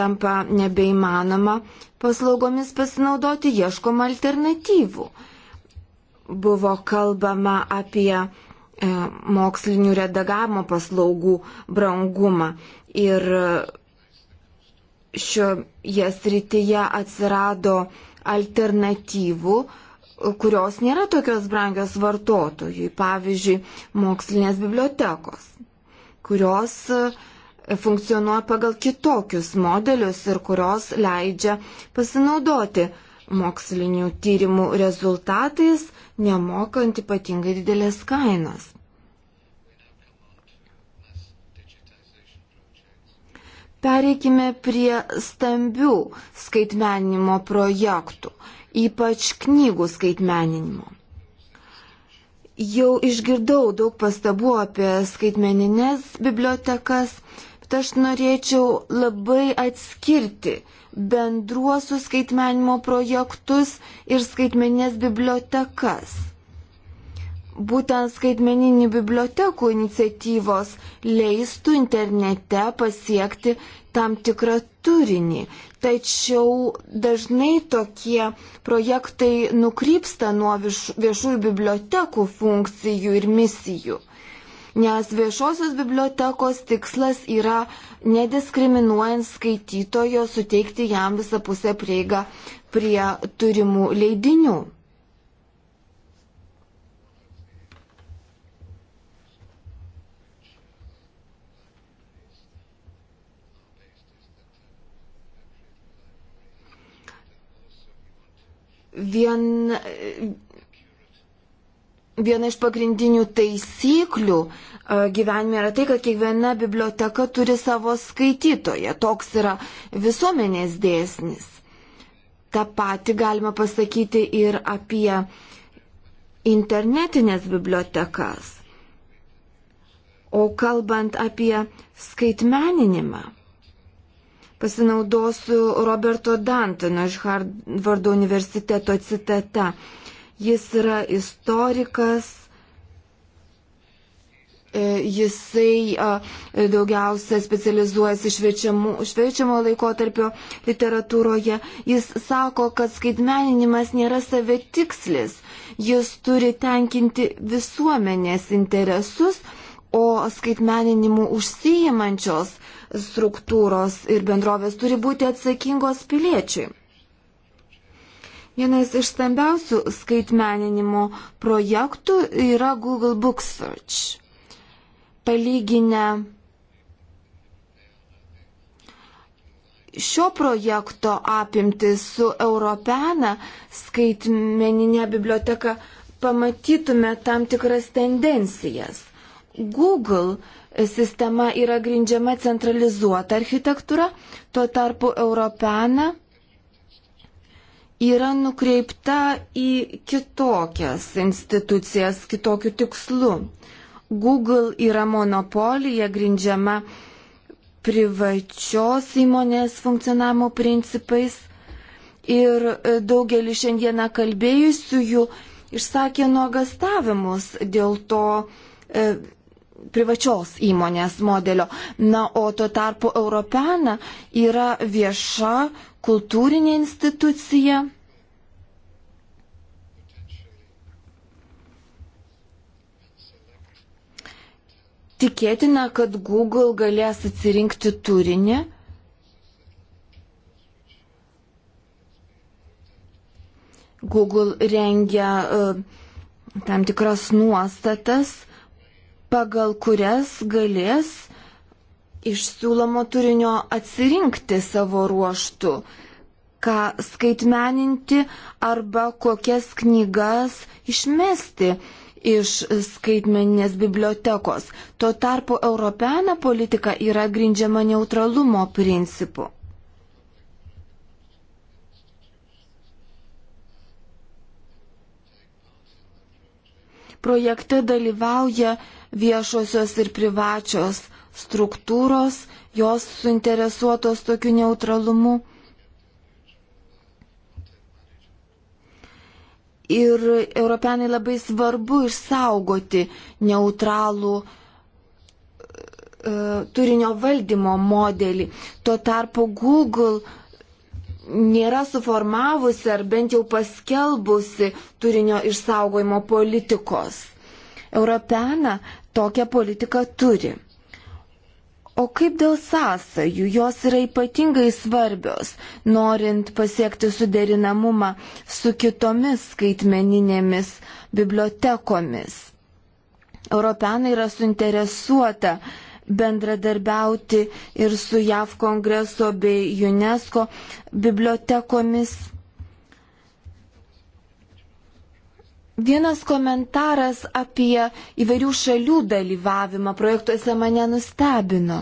tampa nebeįmanoma paslaugomis pasinaudoti, ieškoma alternatyvų. Buvo kalbama apie e, mokslinių redagavimo paslaugų brangumą ir e, šioje srityje atsirado alternatyvų, kurios nėra tokios brangios vartotojui, pavyzdžiui, mokslinės bibliotekos, kurios e, funkcionuoja pagal kitokius modelius ir kurios leidžia pasinaudoti mokslinių tyrimų rezultatais, nemokant ypatingai didelės kainos. Pereikime prie stambių skaitmeninimo projektų, ypač knygų skaitmeninimo. Jau išgirdau daug pastabų apie skaitmeninės bibliotekas, bet aš norėčiau labai atskirti bendruosius skaitmenimo projektus ir skaitmeninės bibliotekas būtent skaitmeninių bibliotekų iniciatyvos leistų internete pasiekti tam tikrą turinį. Tačiau dažnai tokie projektai nukrypsta nuo viešųjų bibliotekų funkcijų ir misijų. Nes viešosios bibliotekos tikslas yra nediskriminuojant skaitytojo suteikti jam visapusę prieigą prie turimų leidinių. vien, viena iš pagrindinių taisyklių e, gyvenime yra tai, kad kiekviena biblioteka turi savo skaitytoją. Toks yra visuomenės dėsnis. Ta pati galima pasakyti ir apie internetinės bibliotekas. O kalbant apie skaitmeninimą, Pasinaudosiu Roberto Dantino iš Harvardo universiteto citata. Jis yra istorikas, e, jisai daugiausia specializuojasi šveičiamo laikotarpio literatūroje. Jis sako, kad skaitmeninimas nėra savitikslis, jis turi tenkinti visuomenės interesus, o skaitmeninimu užsijimančios struktūros ir bendrovės turi būti atsakingos piliečiui. Vienas iš stambiausių skaitmeninimo projektų yra Google Book Search. Palyginę šio projekto apimti su Europena skaitmeninė biblioteka pamatytume tam tikras tendencijas. Google sistema yra grindžiama centralizuota architektūra, tuo tarpu Europena yra nukreipta į kitokias institucijas, kitokių tikslų. Google yra monopolija grindžiama privačios įmonės funkcionavimo principais ir e, daugelis šiandieną kalbėjusiųjų išsakė nuogastavimus dėl to, e, privačios įmonės modelio. Na, o tuo tarpu Europena yra vieša kultūrinė institucija. Tikėtina, kad Google galės atsirinkti turinį. Google rengia uh, tam tikras nuostatas pagal kurias galės iš siūlomo turinio atsirinkti savo ruoštų, ką skaitmeninti arba kokias knygas išmesti iš skaitmeninės bibliotekos. Tuo tarpu europena politika yra grindžiama neutralumo principu. Projekte dalyvauja viešosios ir privačios struktūros, jos suinteresuotos tokiu neutralumu. Ir europenai labai svarbu išsaugoti neutralų e, turinio valdymo modelį. Tuo tarpu Google nėra suformavusi ar bent jau paskelbusi turinio išsaugojimo politikos. Europena tokią politiką turi. O kaip dėl sąsajų, jos yra ypatingai svarbios, norint pasiekti suderinamumą su kitomis skaitmeninėmis bibliotekomis. Europenai yra suinteresuota uh, bendradarbiauti ir su JAV kongreso bei UNESCO bibliotekomis. Vienas komentaras apie įvairių šalių dalyvavimą projektuose mane nustebino.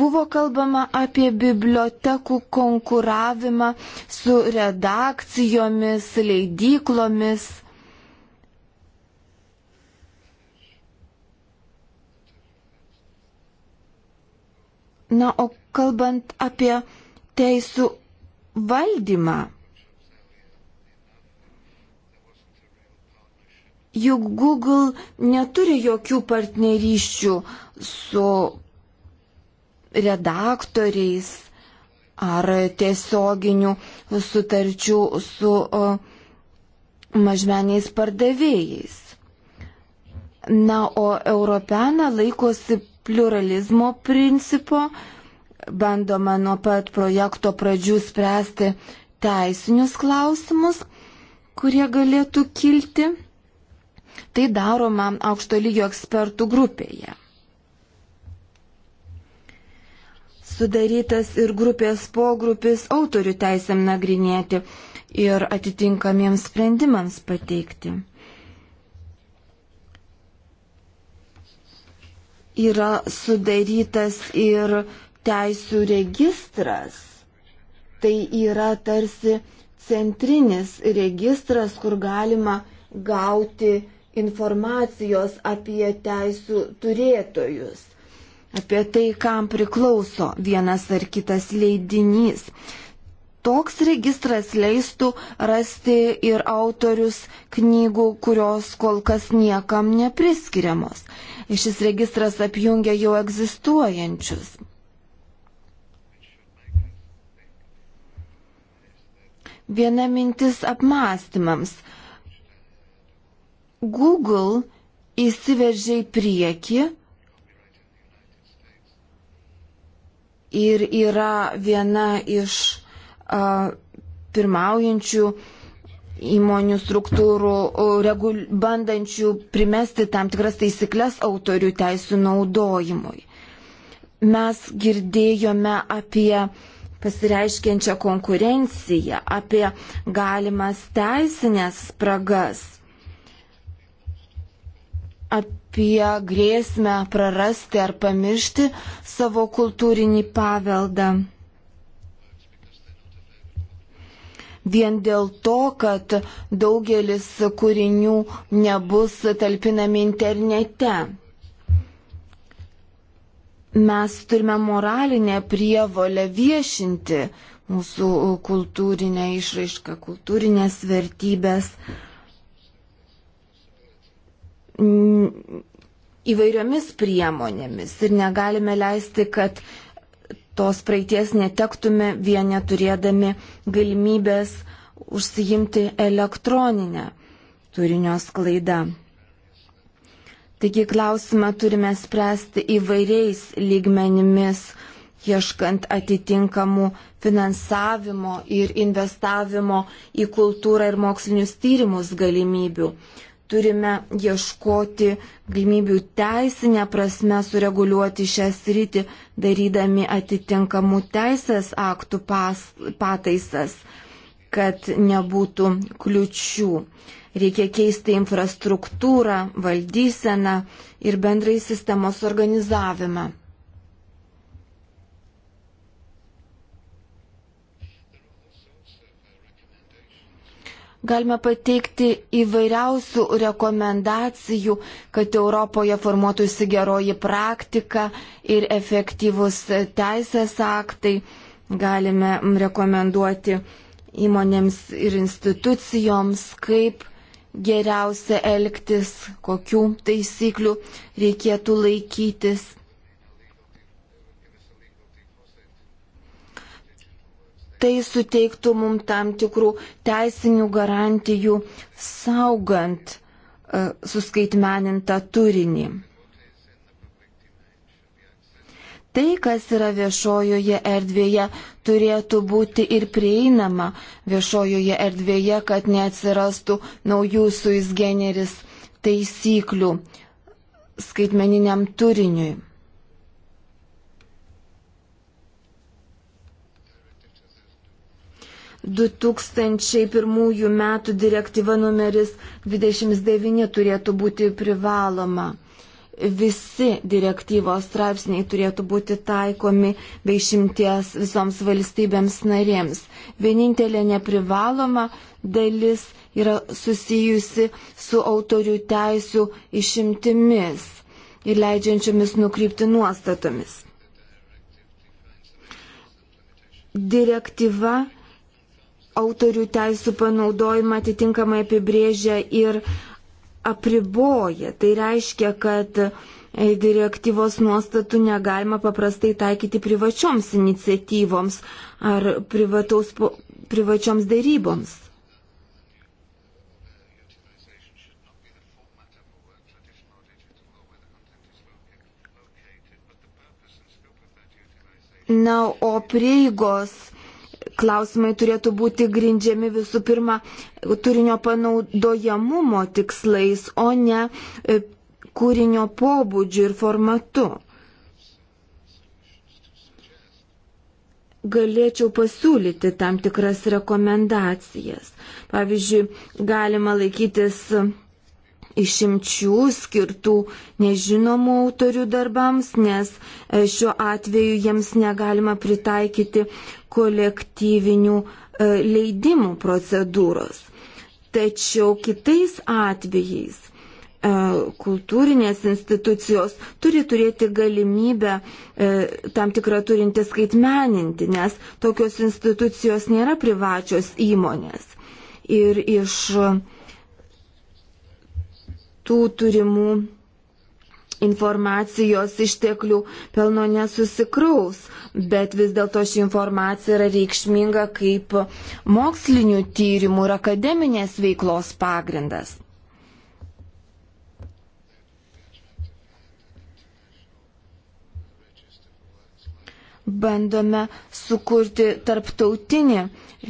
Buvo kalbama apie bibliotekų konkuravimą su redakcijomis, leidyklomis. Na, o kalbant apie teisų valdymą, juk Google neturi jokių partnerysčių su redaktoriais ar tiesioginių sutarčių su mažmeniais pardavėjais. Na, o Europena laikosi pluralizmo principo, bandoma nuo pat projekto pradžių spręsti teisinius klausimus, kurie galėtų kilti. Tai daroma aukšto lygio ekspertų grupėje. Sudarytas ir grupės pogrupis autorių teisėm nagrinėti ir atitinkamiems sprendimams pateikti. yra sudarytas ir teisų registras. Tai yra tarsi centrinis registras, kur galima gauti informacijos apie teisų turėtojus, apie tai, kam priklauso vienas ar kitas leidinys. Toks registras leistų rasti ir autorius knygų, kurios kol kas niekam nepriskiriamos. Šis registras apjungia jau egzistuojančius. Viena mintis apmąstymams. Google įsiveržė į priekį ir yra viena iš pirmaujančių įmonių struktūrų, regul, bandančių primesti tam tikras taisyklės autorių teisų naudojimui. Mes girdėjome apie pasireiškiančią konkurenciją, apie galimas teisinės spragas, apie grėsmę prarasti ar pamiršti savo kultūrinį paveldą. vien dėl to, kad daugelis kūrinių nebus talpinami internete. Mes turime moralinę prievolę viešinti mūsų kultūrinę išraišką, kultūrinės vertybės įvairiomis priemonėmis ir negalime leisti, kad tos praeities netektume vien neturėdami galimybės užsijimti elektroninę turinio sklaidą. Taigi klausimą turime spręsti įvairiais lygmenimis, ieškant atitinkamų finansavimo ir investavimo į kultūrą ir mokslinius tyrimus galimybių turime ieškoti galimybių teisinę prasme sureguliuoti šią sritį, darydami atitinkamų teisės aktų pas, pataisas, kad nebūtų kliučių. Reikia keisti infrastruktūrą, valdyseną ir bendrai sistemos organizavimą. galime pateikti įvairiausių rekomendacijų, kad Europoje formuotųsi geroji praktika ir efektyvus teisės aktai. Galime rekomenduoti įmonėms ir institucijoms, kaip geriausia elgtis, kokių taisyklių reikėtų laikytis. tai suteiktų mums tam tikrų teisinių garantijų saugant e, suskaitmenintą turinį. Tai, kas yra viešojoje erdvėje, turėtų būti ir prieinama viešojoje erdvėje, kad neatsirastų naujų suizgeneris taisyklių skaitmeniniam turiniui. 2001 metų direktyva numeris 29 turėtų būti privaloma. Visi direktyvos straipsniai turėtų būti taikomi bei šimties visoms valstybėms narėms. Vienintelė neprivaloma dalis yra susijusi su autorių teisų išimtimis ir leidžiančiomis nukrypti nuostatomis. Direktyva autorių teisų panaudojimą atitinkamai apibrėžia ir apriboja. Tai reiškia, kad e, direktyvos nuostatų negalima paprastai taikyti privačioms iniciatyvoms ar privataus, privačioms daryboms. Na, o prieigos klausimai turėtų būti grindžiami visų pirma turinio panaudojamumo tikslais, o ne e, kūrinio pobūdžiu ir formatu. Galėčiau pasiūlyti tam tikras rekomendacijas. Pavyzdžiui, galima laikytis išimčių skirtų nežinomų autorių darbams, nes e, šiuo atveju jiems negalima pritaikyti kolektyvinių e, leidimų procedūros. Tačiau kitais atvejais e, kultūrinės institucijos turi turėti galimybę tam tikrą turinti skaitmeninti, nes tokios institucijos nėra privačios įmonės. Ir iš uh, tų turimų informacijos išteklių pelno nesusikraus, bet vis dėlto ši informacija yra reikšminga kaip mokslinių tyrimų ir akademinės veiklos pagrindas. Bandome sukurti tarptautinį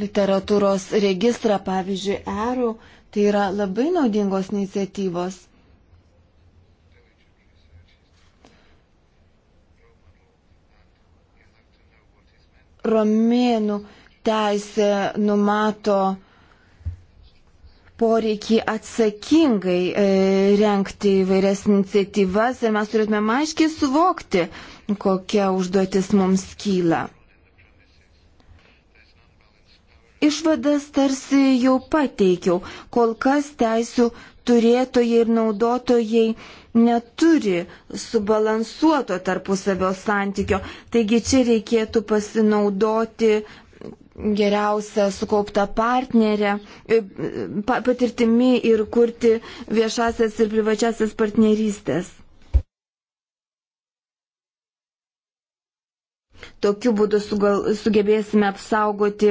literatūros registrą, pavyzdžiui, ERU Tai yra labai naudingos iniciatyvos. Romėnų teisė numato poreikį atsakingai e, renkti įvairias iniciatyvas ir mes turėtume aiškiai suvokti, kokia užduotis mums kyla. Išvadas tarsi jau pateikiau, kol kas teisų turėtojai ir naudotojai neturi subalansuoto tarpusavio santykio, taigi čia reikėtų pasinaudoti geriausią sukauptą partnerę, e, patirtimi ir kurti viešasias ir privačiasias partnerystės. Tokiu būdu sugal, sugebėsime apsaugoti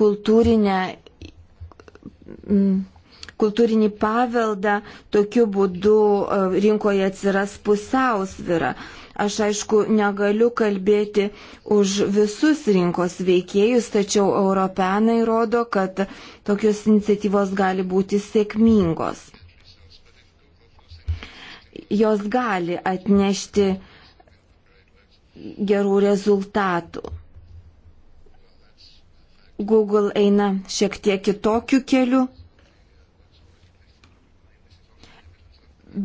kultūrinę, kultūrinį paveldą, tokiu būdu e, rinkoje atsiras pusiausvyra. Aš aišku negaliu kalbėti už visus rinkos veikėjus, tačiau europenai rodo, kad tokios iniciatyvos gali būti sėkmingos. Jos gali atnešti uh, gerų rezultatų. Google eina šiek tiek kitokiu keliu,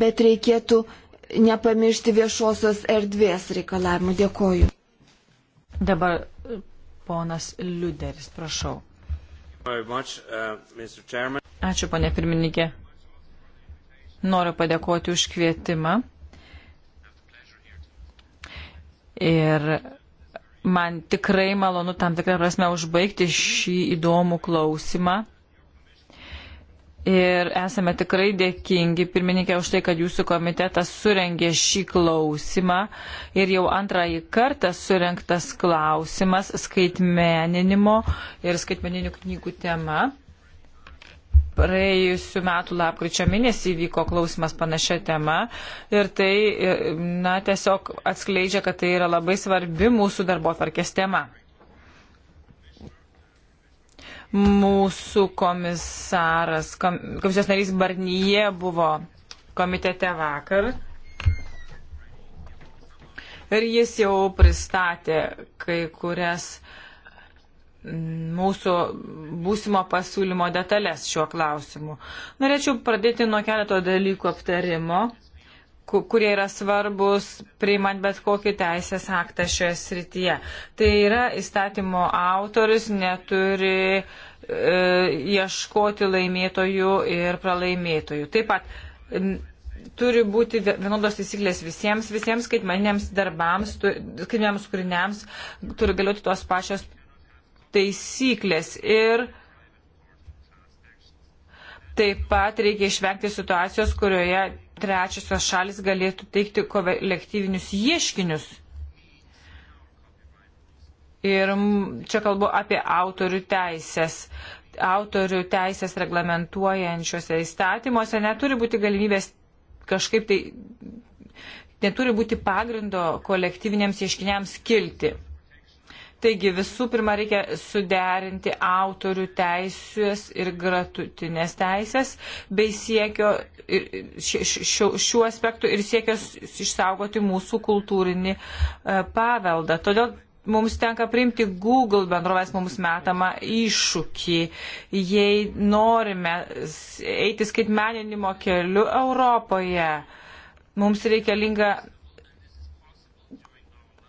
bet reikėtų nepamiršti viešosios erdvės reikalavimų. Dėkoju. Dabar e, ponas Liuderis, prašau. Uh, Ačiū, ponė pirmininkė. Noriu padėkoti už kvietimą Ir man tikrai malonu tam tikrą prasme užbaigti šį įdomų klausimą. Ir esame tikrai dėkingi, pirmininkė, už tai, kad jūsų komitetas surengė šį klausimą. Ir jau antrąjį kartą surinktas klausimas skaitmeninimo ir skaitmeninių knygų tema praėjusiu metu lapkričio mėnesį vyko klausimas panašia tema ir tai na, tiesiog atskleidžia, kad tai yra labai svarbi mūsų darbo tvarkės tema. Mūsų komisaras, komisijos narys Barnyje buvo komitete vakar ir jis jau pristatė kai kurias uh, mūsų būsimo pasiūlymo detalės šiuo klausimu. Norėčiau pradėti nuo keleto dalykų aptarimo, kurie yra svarbus priimant bet kokį teisės aktą šioje srityje. Tai yra įstatymo autorius neturi e, ieškoti laimėtojų ir pralaimėtojų. Taip pat turi būti vienodos taisyklės visiems, visiems skaitmeniniams darbams, skaitmeniniams kūriniams turi galioti tos pačios taisyklės ir taip pat reikia išvengti situacijos, kurioje trečiosios šalis galėtų teikti kolektyvinius ieškinius. Ir čia kalbu apie autorių teisės. Autorių teisės reglamentuojančiose įstatymuose neturi būti galimybės kažkaip tai neturi būti pagrindo kolektyviniams ieškiniams kilti. Taigi visų pirma reikia suderinti autorių teisės ir gratutinės teisės bei siekio šiuo aspektu ir siekio išsaugoti mūsų kultūrinį e, paveldą. Todėl mums tenka priimti Google bendrovės mums metamą iššūkį. Jei norime eiti skaitmeninimo keliu Europoje, mums reikalinga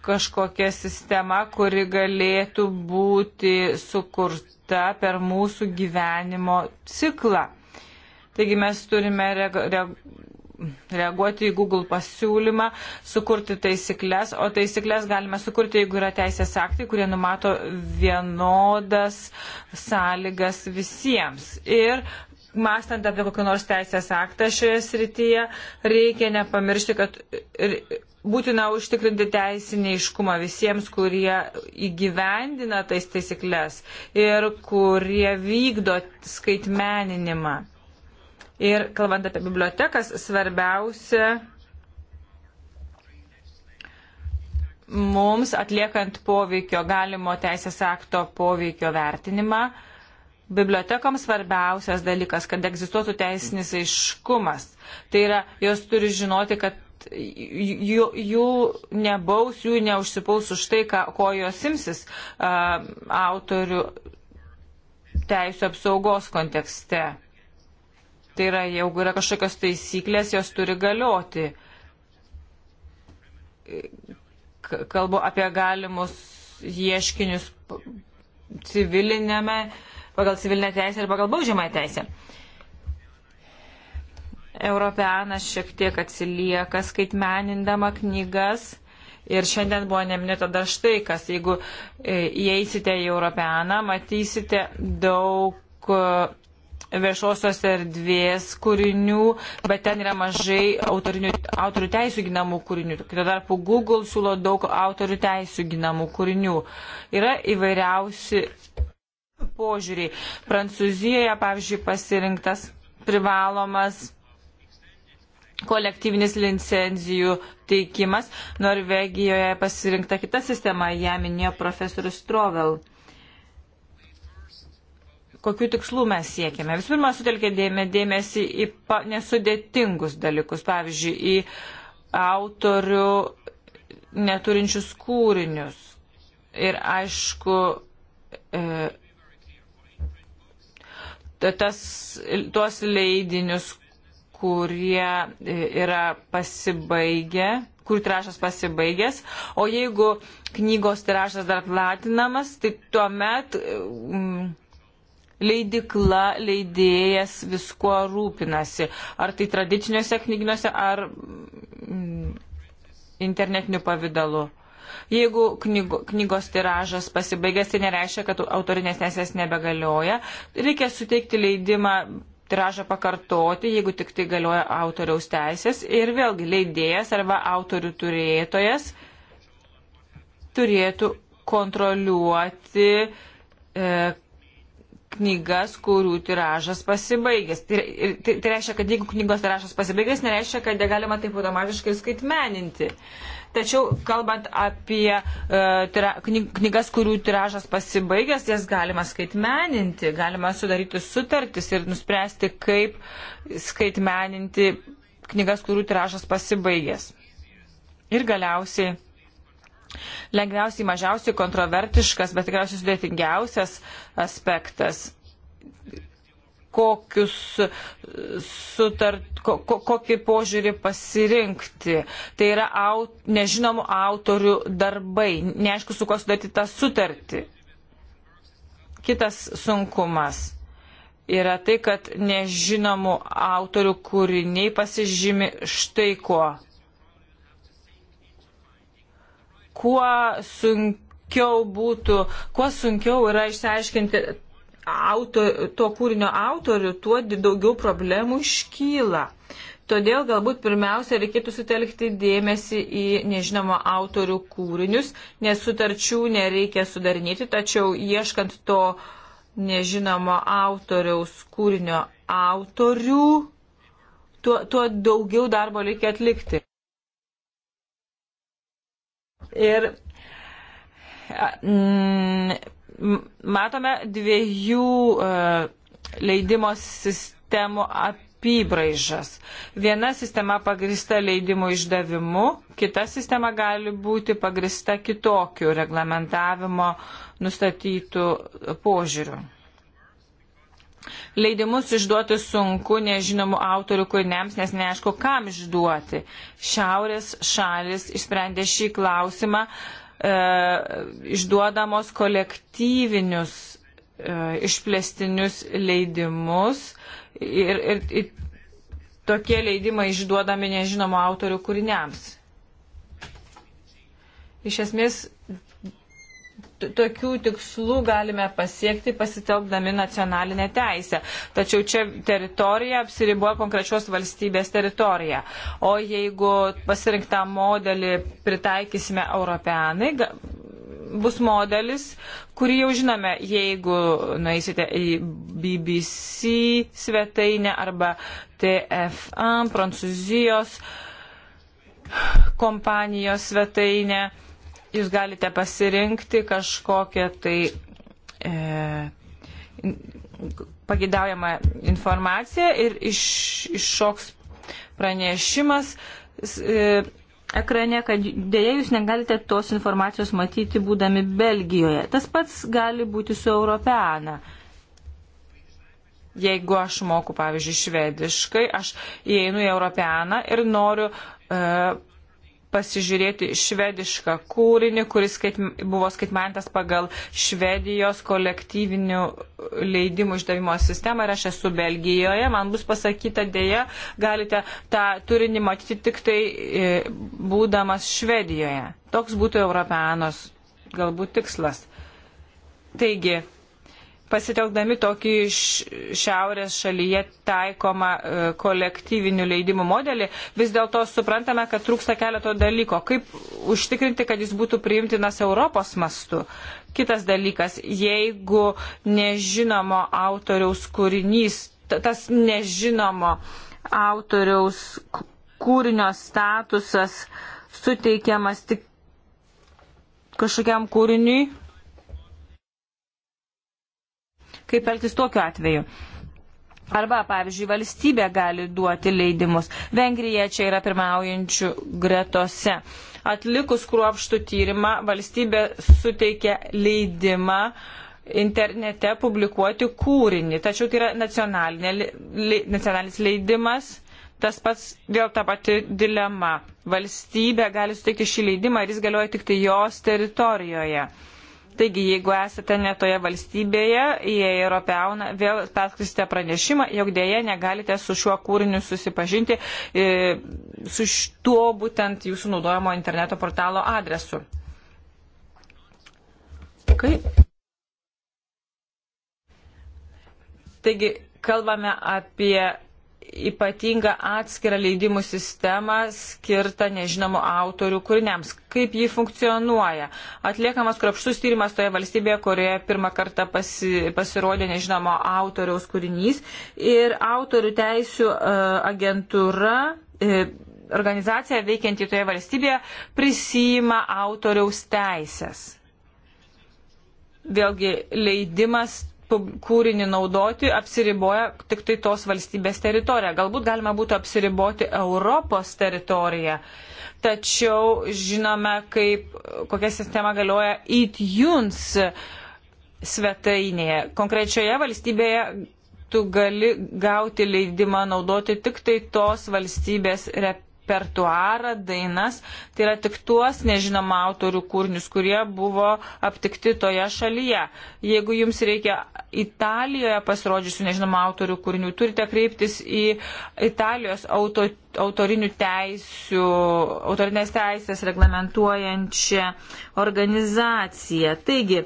kažkokia sistema, kuri galėtų būti sukurta per mūsų gyvenimo ciklą. Taigi mes turime reaguoti į Google pasiūlymą, sukurti taisyklės, o taisyklės galime sukurti, jeigu yra teisės aktai, kurie numato vienodas sąlygas visiems. Ir mąstant apie kokį nors teisės aktą šioje srityje, reikia nepamiršti, kad būtina užtikrinti teisinį iškumą visiems, kurie įgyvendina tais taisyklės ir kurie vykdo skaitmeninimą. Ir kalbant apie bibliotekas, svarbiausia mums atliekant poveikio galimo teisės akto poveikio vertinimą, bibliotekoms svarbiausias dalykas, kad egzistuotų teisinis aiškumas. Tai yra, jos turi žinoti, kad jų, jų nebaus, jų neužsipaus už tai, ką, ko jos imsis uh, autorių teisų apsaugos kontekste. Tai yra, jeigu yra kažkokios taisyklės, jos turi galioti. Kalbu apie galimus ieškinius civilinėme, pagal civilinę teisę ir pagal baudžiamą teisę. Uh, Europeanas šiek tiek atsilieka skaitmenindama knygas. Ir šiandien buvo neminėta dar štai, kas jeigu e, įeisite į Europeaną, matysite daug e, viešosios erdvės kūrinių, bet ten yra mažai autorinių, autorių teisų ginamų kūrinių. Kita tarpu Google siūlo daug autorių teisų ginamų kūrinių. Yra įvairiausi požiūriai. Prancūzijoje, pavyzdžiui, pasirinktas privalomas kolektyvinis licenzijų teikimas. Norvegijoje pasirinkta kita sistema, ją minėjo profesorius Strovel. Kokiu tikslu mes siekime? Visų pirma, sutelkė dėmesį į nesudėtingus dalykus, pavyzdžiui, į autorių neturinčius kūrinius. Ir aišku, e, tas, tuos leidinius, kurie e, yra pasibaigę, kur tirašas pasibaigęs, o jeigu knygos tirašas dar platinamas, tai tuomet mm, leidikla, leidėjas viskuo rūpinasi. Ar tai tradiciniuose knyginiuose, ar mm, internetiniu pavydalu. Jeigu knygo, knygos tiražas pasibaigęs, tai nereiškia, kad autorinės nesės nebegalioja. Reikia suteikti leidimą tiražą pakartoti, jeigu tik tai galioja autoriaus teisės. Ir vėlgi leidėjas arba autorių turėtojas turėtų kontroliuoti e, knygas, kurių tiražas pasibaigęs. Tai, tai, tai reiškia, kad jeigu knygos tiražas pasibaigęs, nereiškia, kad ją galima taip automatiškai skaitmeninti. E, Tačiau, kalbant apie uh, tira, knygas, kurių tiražas pasibaigęs, jas galima skaitmeninti, galima sudaryti sutartis ir nuspręsti, kaip skaitmeninti knygas, kurių tiražas pasibaigęs. Ir galiausiai lengviausiai mažiausiai kontrovertiškas, bet tikriausiai sudėtingiausias aspektas kokius e, sutart, ko, ko, kokį požiūrį pasirinkti. Tai yra aut, nežinomų autorių darbai, neaišku, su ko sudėti tą sutartį. Kitas sunkumas yra tai, kad nežinomų autorių kūriniai pasižymi štai kuo. Kuo sunkiau būtų, kuo sunkiau yra išsiaiškinti auto, to kūrinio autorių, tuo daugiau problemų iškyla. Todėl galbūt pirmiausia reikėtų sutelkti dėmesį į nežinomo autorių kūrinius, nes sutarčių nereikia sudarinėti, tačiau ieškant to nežinomo autoriaus kūrinio autorių, tuo, tuo daugiau darbo reikia atlikti. Ir mm, matome dviejų e, leidimo sistemų apibraižas. Viena sistema pagrista leidimų išdavimu, kita sistema gali būti pagrista kitokiu reglamentavimo nustatytų požiūriu. Leidimus išduoti sunku nežinomų autorių kūriniams, nes neaišku, kam išduoti. Šiaurės šalis išsprendė šį klausimą e, išduodamos kolektyvinius e, išplėstinius leidimus ir, ir, ir tokie leidimai išduodami nežinomų autorių kūriniams. Iš esmės tokių tikslų galime pasiekti pasitelkdami nacionalinę teisę. Tačiau čia teritorija apsiriboja konkrečios valstybės teritorija. O jeigu pasirinktą modelį pritaikysime europeanai, bus modelis, kurį jau žinome, jeigu nueisite į BBC svetainę arba TF1 prancūzijos kompanijos svetainę jūs galite pasirinkti kažkokią tai e, pagidaujamą informaciją ir iš, iššoks pranešimas e, ekrane, kad dėja jūs negalite tos informacijos matyti būdami Belgijoje. Tas pats gali būti su Europeana. Jeigu aš moku, pavyzdžiui, švediškai, aš įeinu į Europeaną ir noriu e, pasižiūrėti švedišką kūrinį, kuris kaip, buvo skaitmantas pagal Švedijos kolektyvinių leidimų išdavimo sistemą ir aš esu Belgijoje. Man bus pasakyta dėja, galite tą turinį matyti tik tai e, būdamas Švedijoje. Toks būtų Europeanos galbūt tikslas. Taigi, pasitelkdami tokį šiaurės šalyje taikomą e, kolektyvinių leidimų modelį, vis dėlto suprantame, kad trūksta keleto dalyko. Kaip užtikrinti, kad jis būtų priimtinas Europos mastu? Kitas dalykas, jeigu nežinomo autoriaus kūrinys, tas nežinomo autoriaus kūrinio statusas suteikiamas tik kažkokiam kūriniui, Kaip elgtis tokiu atveju? Arba, pavyzdžiui, valstybė gali duoti leidimus. Vengrija čia yra pirmaujančių gretose. Atlikus kruopštų tyrimą, valstybė suteikia leidimą internete publikuoti kūrinį. Tačiau tai yra nacionalinis leidimas, tas pats vėl ta pati dilema. Valstybė gali suteikti šį leidimą ir jis galioja tik tai jos teritorijoje. Taigi, jeigu esate netoje valstybėje, jie yra peuna, vėl perskaisite pranešimą, jog dėje negalite su šiuo kūriniu susipažinti e, su tuo būtent jūsų naudojamo interneto portalo adresu. Kaip? Taigi, kalbame apie ypatingą atskirą leidimų sistemą skirtą nežinomų autorių kūriniams. Kaip ji funkcionuoja? Atliekamas krapštus tyrimas toje valstybėje, kurioje pirmą kartą pasi, pasirodė nežinomo autoriaus kūrinys. Ir autorių teisų e, agentūra. E, organizacija veikianti toje valstybėje prisima autoriaus teisės. Vėlgi leidimas kūrinį naudoti apsiriboja tik tai tos valstybės teritorija. Galbūt galima būtų apsiriboti Europos teritoriją, tačiau žinome, kaip, kokia sistema galioja įtjuns svetainėje. Konkrečioje valstybėje tu gali gauti leidimą naudoti tik tai tos valstybės rep repertuarą, dainas, tai yra tik tuos nežinoma autorių kūrinius, kurie buvo aptikti toje šalyje. Jeigu jums reikia Italijoje pasirodžiusių nežinoma autorių kūrinių, turite kreiptis į Italijos auto, autorinių teisių, autorinės teisės reglamentuojančią organizaciją. Taigi,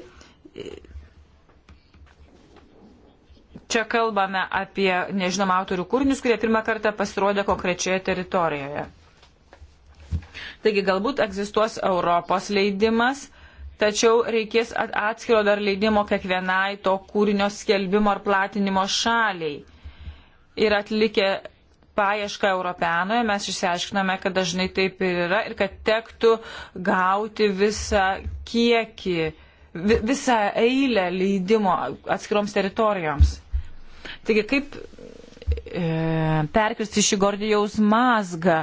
Čia kalbame apie nežinom autorių kūrinius, kurie pirmą kartą pasirodė konkrečioje teritorijoje. Taigi galbūt egzistuos Europos leidimas, tačiau reikės atskiro dar leidimo kiekvienai to kūrinio skelbimo ar platinimo šaliai. Ir atlikę paiešką Europenoje mes išsiaiškiname, kad dažnai taip ir yra ir kad tektų gauti visą kiekį, visą eilę leidimo atskiroms teritorijoms. Taigi kaip e, perkirsti šį Gordijaus mazgą.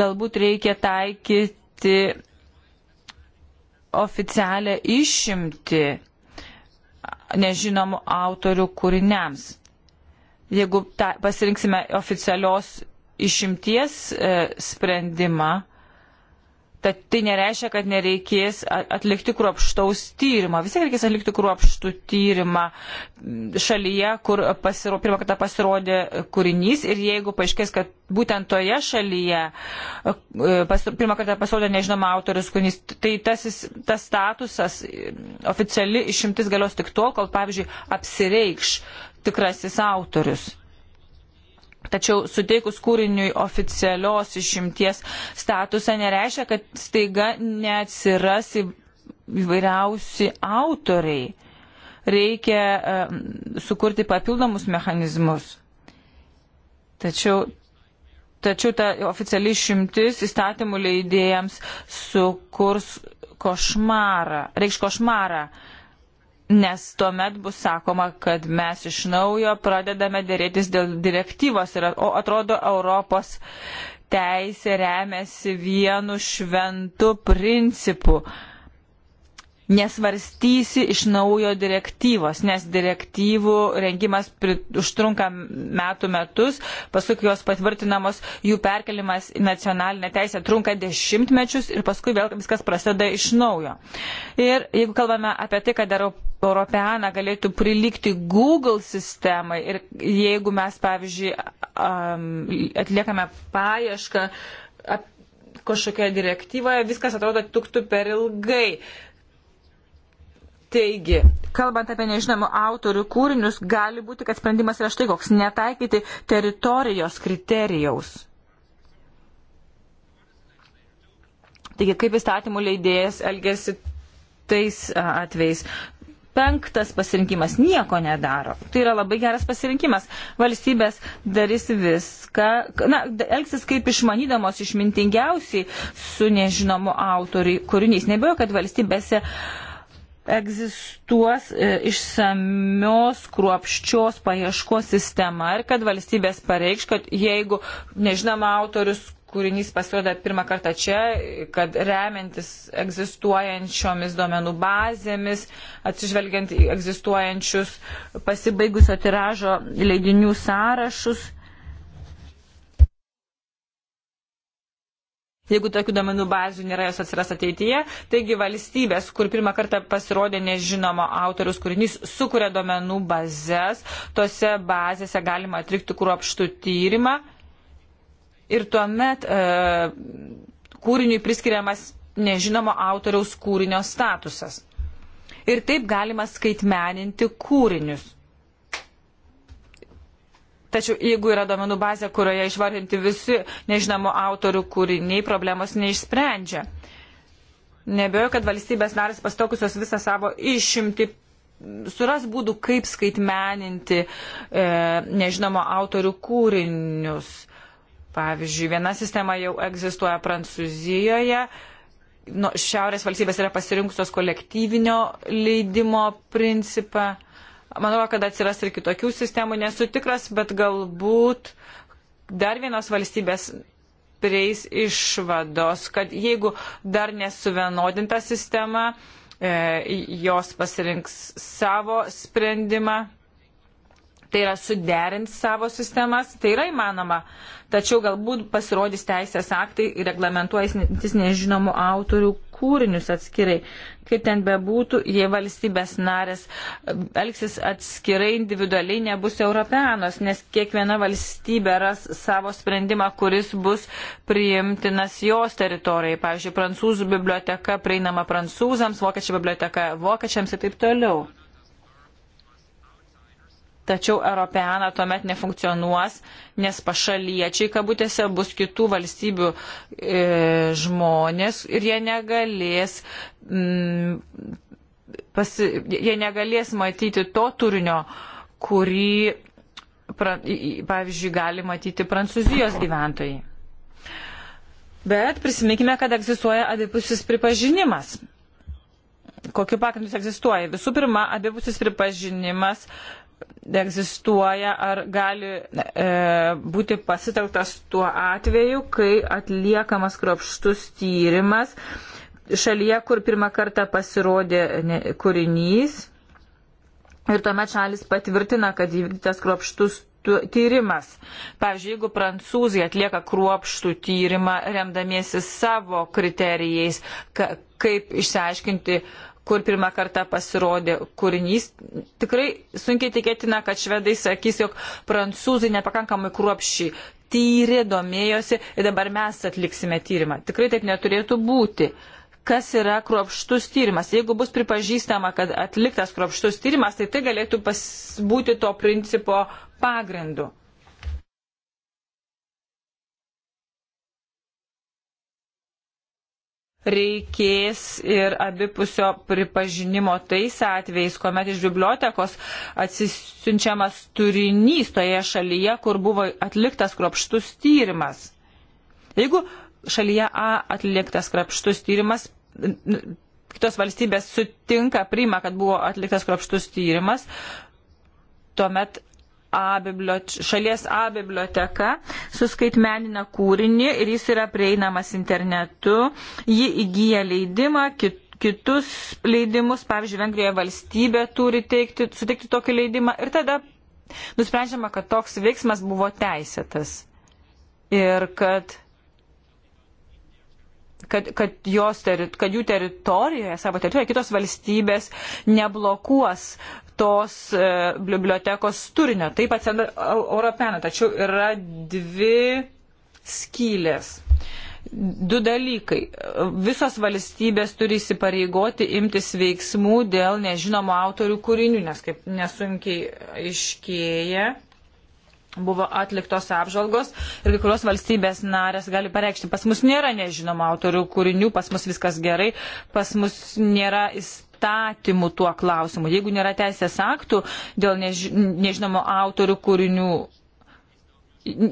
Galbūt reikia taikyti oficialią išimti nežinomų autorių kūriniams. Jeigu ta, pasirinksime oficialios išimties e, sprendimą, Tad tai nereiškia, kad nereikės atlikti kruopštaus tyrimą. Vis tiek reikės atlikti kruopštų tyrimą šalyje, kur pasiro, pirmą kartą pasirodė kūrinys ir jeigu paaiškės, kad būtent toje šalyje e, pas, pirmą kartą pasirodė nežinoma autorius kūrinys, tai tas, tas statusas e, oficiali išimtis galios tik tol, kol, pavyzdžiui, apsireikš tikrasis autorius. Tačiau suteikus kūriniui oficialios išimties statusą nereiškia, kad staiga neatsiras įvairiausi autoriai. Reikia um, sukurti papildomus mechanizmus. Tačiau, tačiau ta oficiali išimtis įstatymų leidėjams sukurs košmarą, reikš košmarą. Uh, nes tuomet bus sakoma, kad mes iš naujo pradedame dėrėtis dėl direktyvos, o atrodo Europos teisė remiasi vienu šventu principu. Uh, nesvarstysi iš naujo direktyvos, nes direktyvų rengimas užtrunka metų metus, paskui jos patvirtinamos, jų perkelimas į nacionalinę teisę trunka dešimtmečius ir paskui vėl viskas prasideda iš naujo. Ir jeigu kalbame apie tai, kad Europeana galėtų prilikti Google sistemai ir jeigu mes, pavyzdžiui, atliekame paiešką, kažkokioje direktyvoje, viskas atrodo tuktų per ilgai. Taigi, kalbant apie nežinomų autorių kūrinius, gali būti, kad sprendimas yra štai koks - netaikyti teritorijos kriterijaus. Taigi, kaip įstatymų leidėjas elgesi tais atvejais? Penktas pasirinkimas - nieko nedaro. Tai yra labai geras pasirinkimas. Valstybės darys viską, na, elgsis kaip išmanydamos išmintingiausiai su nežinomu autoriui kūriniais. Nebejoju, kad valstybėse uh, egzistuos e, išsamios kruopščios paieškos sistema ir kad valstybės pareikš, kad jeigu nežinoma autorius kūrinys pasirodo pirmą kartą čia, kad remiantis egzistuojančiomis duomenų bazėmis, atsižvelgiant į egzistuojančius pasibaigusio tiražo leidinių sąrašus, Jeigu tokių domenų bazių nėra, jos atsiras ateityje. Taigi valstybės, kur pirmą kartą pasirodė nežinomo autorius kūrinys, sukuria domenų bazės. Tose bazėse galima atlikti kruopštų tyrimą. Ir tuomet e, kūriniui priskiriamas nežinomo autoriaus kūrinio statusas. Ir taip galima skaitmeninti kūrinius. Tačiau jeigu yra domenų bazė, kurioje išvardinti visi nežinomų autorių kūriniai, problemos neišsprendžia. Nebejoju, kad valstybės narės pastokusios visą savo išimti suras būdų, kaip skaitmeninti e, nežinomo autorių kūrinius. Pavyzdžiui, viena sistema jau egzistuoja Prancūzijoje. Nu, šiaurės valstybės yra pasirinkusios kolektyvinio leidimo principą. Manau, kad atsiras ir kitokių sistemų, nesu tikras, bet galbūt dar vienos valstybės prieis išvados, kad jeigu dar nesuvienodinta sistema, e, jos pasirinks savo sprendimą tai yra suderinti savo sistemas, tai yra įmanoma. Tačiau galbūt pasirodys teisės aktai reglamentuojantis nežinomų autorių kūrinius atskirai kaip ten bebūtų, jei valstybės narės elgsis atskirai individualiai, nebus europeanos, nes kiekviena valstybė ras savo sprendimą, kuris bus priimtinas jos teritorijai. Pavyzdžiui, prancūzų biblioteka prieinama prancūzams, vokiečių biblioteka vokiečiams ir taip toliau. Tačiau Europeana tuomet nefunkcionuos, nes pašaliečiai, kabutėse, bus kitų valstybių e, žmonės ir jie negalės, mm, pasi, jie negalės matyti to turinio, kurį, pra, pavyzdžiui, gali matyti prancūzijos gyventojai. Bet prisiminkime, kad egzistuoja abipusis pripažinimas kokiu pagrindu jis egzistuoja. Visų pirma, abipusis pripažinimas egzistuoja ar gali e, būti pasitelktas tuo atveju, kai atliekamas kropštus tyrimas šalyje, kur pirmą kartą pasirodė ne, kūrinys ir tuomet šalis patvirtina, kad įvykdytas kropštus tyrimas. Pavyzdžiui, jeigu prancūzai atlieka kruopštų tyrimą, remdamiesi savo kriterijais, ka, kaip išsiaiškinti, kur pirmą kartą pasirodė kūrinys. Tikrai sunkiai tikėtina, kad švedai sakys, jog prancūzai nepakankamai kruopšiai tyri, domėjosi ir dabar mes atliksime tyrimą. Tikrai taip neturėtų būti. Kas yra kruopštus tyrimas? Jeigu bus pripažįstama, kad atliktas kruopštus tyrimas, tai tai galėtų būti to principo pagrindu. reikės ir abipusio pripažinimo tais atvejais, kuomet iš bibliotekos atsisiunčiamas turinys toje šalyje, kur buvo atliktas kropštus tyrimas. Jeigu šalyje A atliktas kropštus tyrimas, kitos valstybės sutinka, priima, kad buvo atliktas kropštus tyrimas, tuomet A bibliote, šalies A biblioteka suskaitmenina kūrinį ir jis yra prieinamas internetu. Ji įgyja leidimą kit, kitus leidimus, pavyzdžiui, Vengrijoje valstybė turi teikti, suteikti tokį leidimą ir tada nusprendžiama, kad toks veiksmas buvo teisėtas ir kad kad, kad, jos, kad jų teritorijoje, savo teritorijoje kitos valstybės neblokuos tos e, bibliotekos turinio. Taip atsiranda Europena, tačiau yra dvi skylės. Du dalykai. Visos valstybės turi įsipareigoti imtis veiksmų dėl nežinomų autorių kūrinių, nes kaip nesunkiai aiškėja, buvo atliktos apžvalgos ir kai kurios valstybės narės gali pareikšti, pas mus nėra nežinomų autorių kūrinių, pas mus viskas gerai, pas mus nėra įstatymų įstatymų tuo klausimu. Jeigu nėra teisės aktų dėl než, nežinomo autorių kūrinių,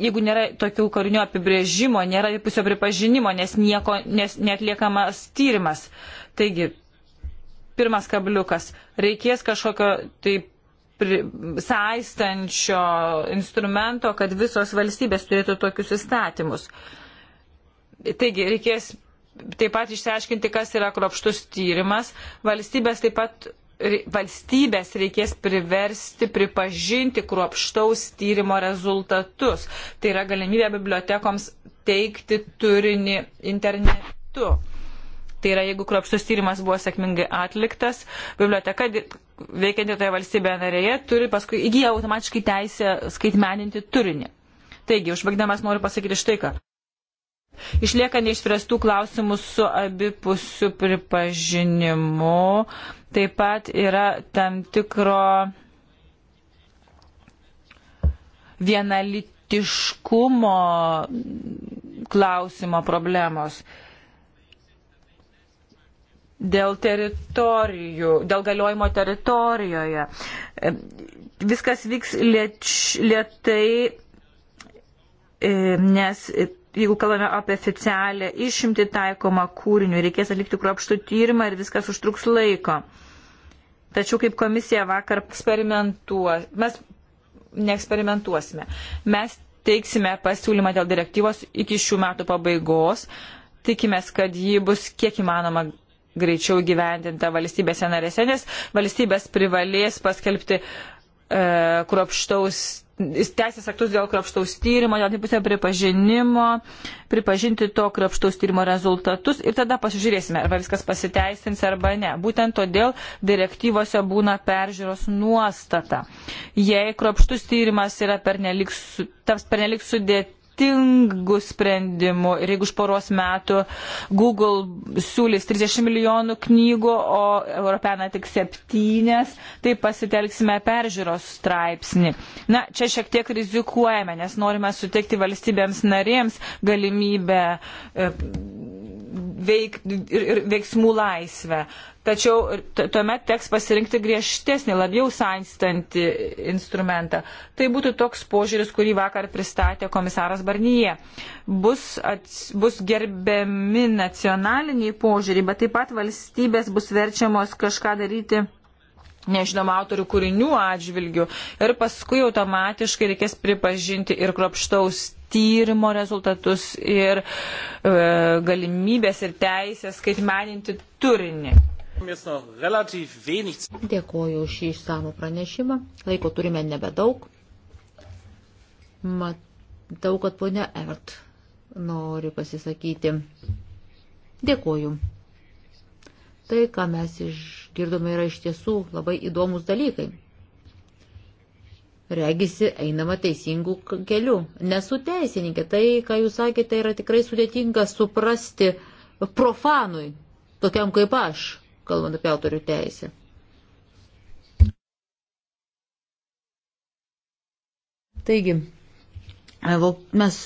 jeigu nėra tokių kūrinių apibrėžimo, nėra pusio pripažinimo, nes, nieko, nes netliekamas tyrimas. Taigi, pirmas kabliukas, reikės kažkokio taip saistančio instrumento, kad visos valstybės turėtų tokius įstatymus. Taigi reikės taip pat išsiaiškinti, kas yra kropštus tyrimas. Valstybės taip pat valstybės reikės priversti pripažinti kruopštaus tyrimo rezultatus. Tai yra galimybė bibliotekoms teikti turinį internetu. Tai yra, jeigu kruopštus tyrimas buvo sėkmingai atliktas, biblioteka veikianti toje valstybėje narėje turi paskui įgyja automatiškai teisę skaitmeninti turinį. Taigi, užbaigdamas noriu pasakyti štai ką. Išlieka neišspręstų klausimų su abipusiu pripažinimu. Taip pat yra tam tikro vienalitiškumo klausimo problemos. Dėl teritorijų, dėl galiojimo teritorijoje. Viskas vyks lieč, lietai, e, nes jeigu kalbame apie oficialią išimti taikomą kūrinių, reikės atlikti kruopštų tyrimą ir viskas užtruks laiko. Tačiau kaip komisija vakar eksperimentuos, mes neeksperimentuosime. Mes teiksime pasiūlymą dėl direktyvos iki šių metų pabaigos. Tikimės, kad ji bus kiek įmanoma greičiau gyvendinta valstybėse narėse, nes valstybės privalės paskelbti e, kruopštaus teisės aktus dėl krapštaus tyrimo, dėl nepusė pripažinimo, pripažinti to krapštaus tyrimo rezultatus ir tada pasižiūrėsime, ar viskas pasiteisins arba ne. Būtent todėl direktyvose būna peržiūros nuostata. Jei krapštus tyrimas yra pernelik, taps pernelik sudėtingas, protingų sprendimų. Ir jeigu už poros metų Google siūlys 30 milijonų knygų, o Europena tik septynės, tai pasitelksime peržiūros straipsnį. Na, čia šiek tiek rizikuojame, nes norime suteikti valstybėms narėms galimybę e, veik, ir, ir veiksmų laisvę. Tačiau tuomet teks pasirinkti griežtesnį, labiau sainstantį instrumentą. Tai būtų toks požiūris, kurį vakar pristatė komisaras Barnyje. Bus, ats, bus gerbiami nacionaliniai požiūriai, bet taip pat valstybės bus verčiamos kažką daryti nežinomų autorių kūrinių atžvilgių ir paskui automatiškai reikės pripažinti ir kropštaus tyrimo rezultatus ir e, galimybės ir teisės skaitmeninti turinį. Dėkuoju už šį išsamų pranešimą. Laiko turime nebedaug. Matau, kad ponia Evert nori pasisakyti. Dėkuoju. Tai, ką mes išgirdome, yra iš tiesų labai įdomus dalykai regisi einama teisingų kelių. Nesu teisininkė, tai, ką jūs sakėte, yra tikrai sudėtinga suprasti profanui, tokiam kaip aš, kalbant apie autorių teisę. Taigi, e, mes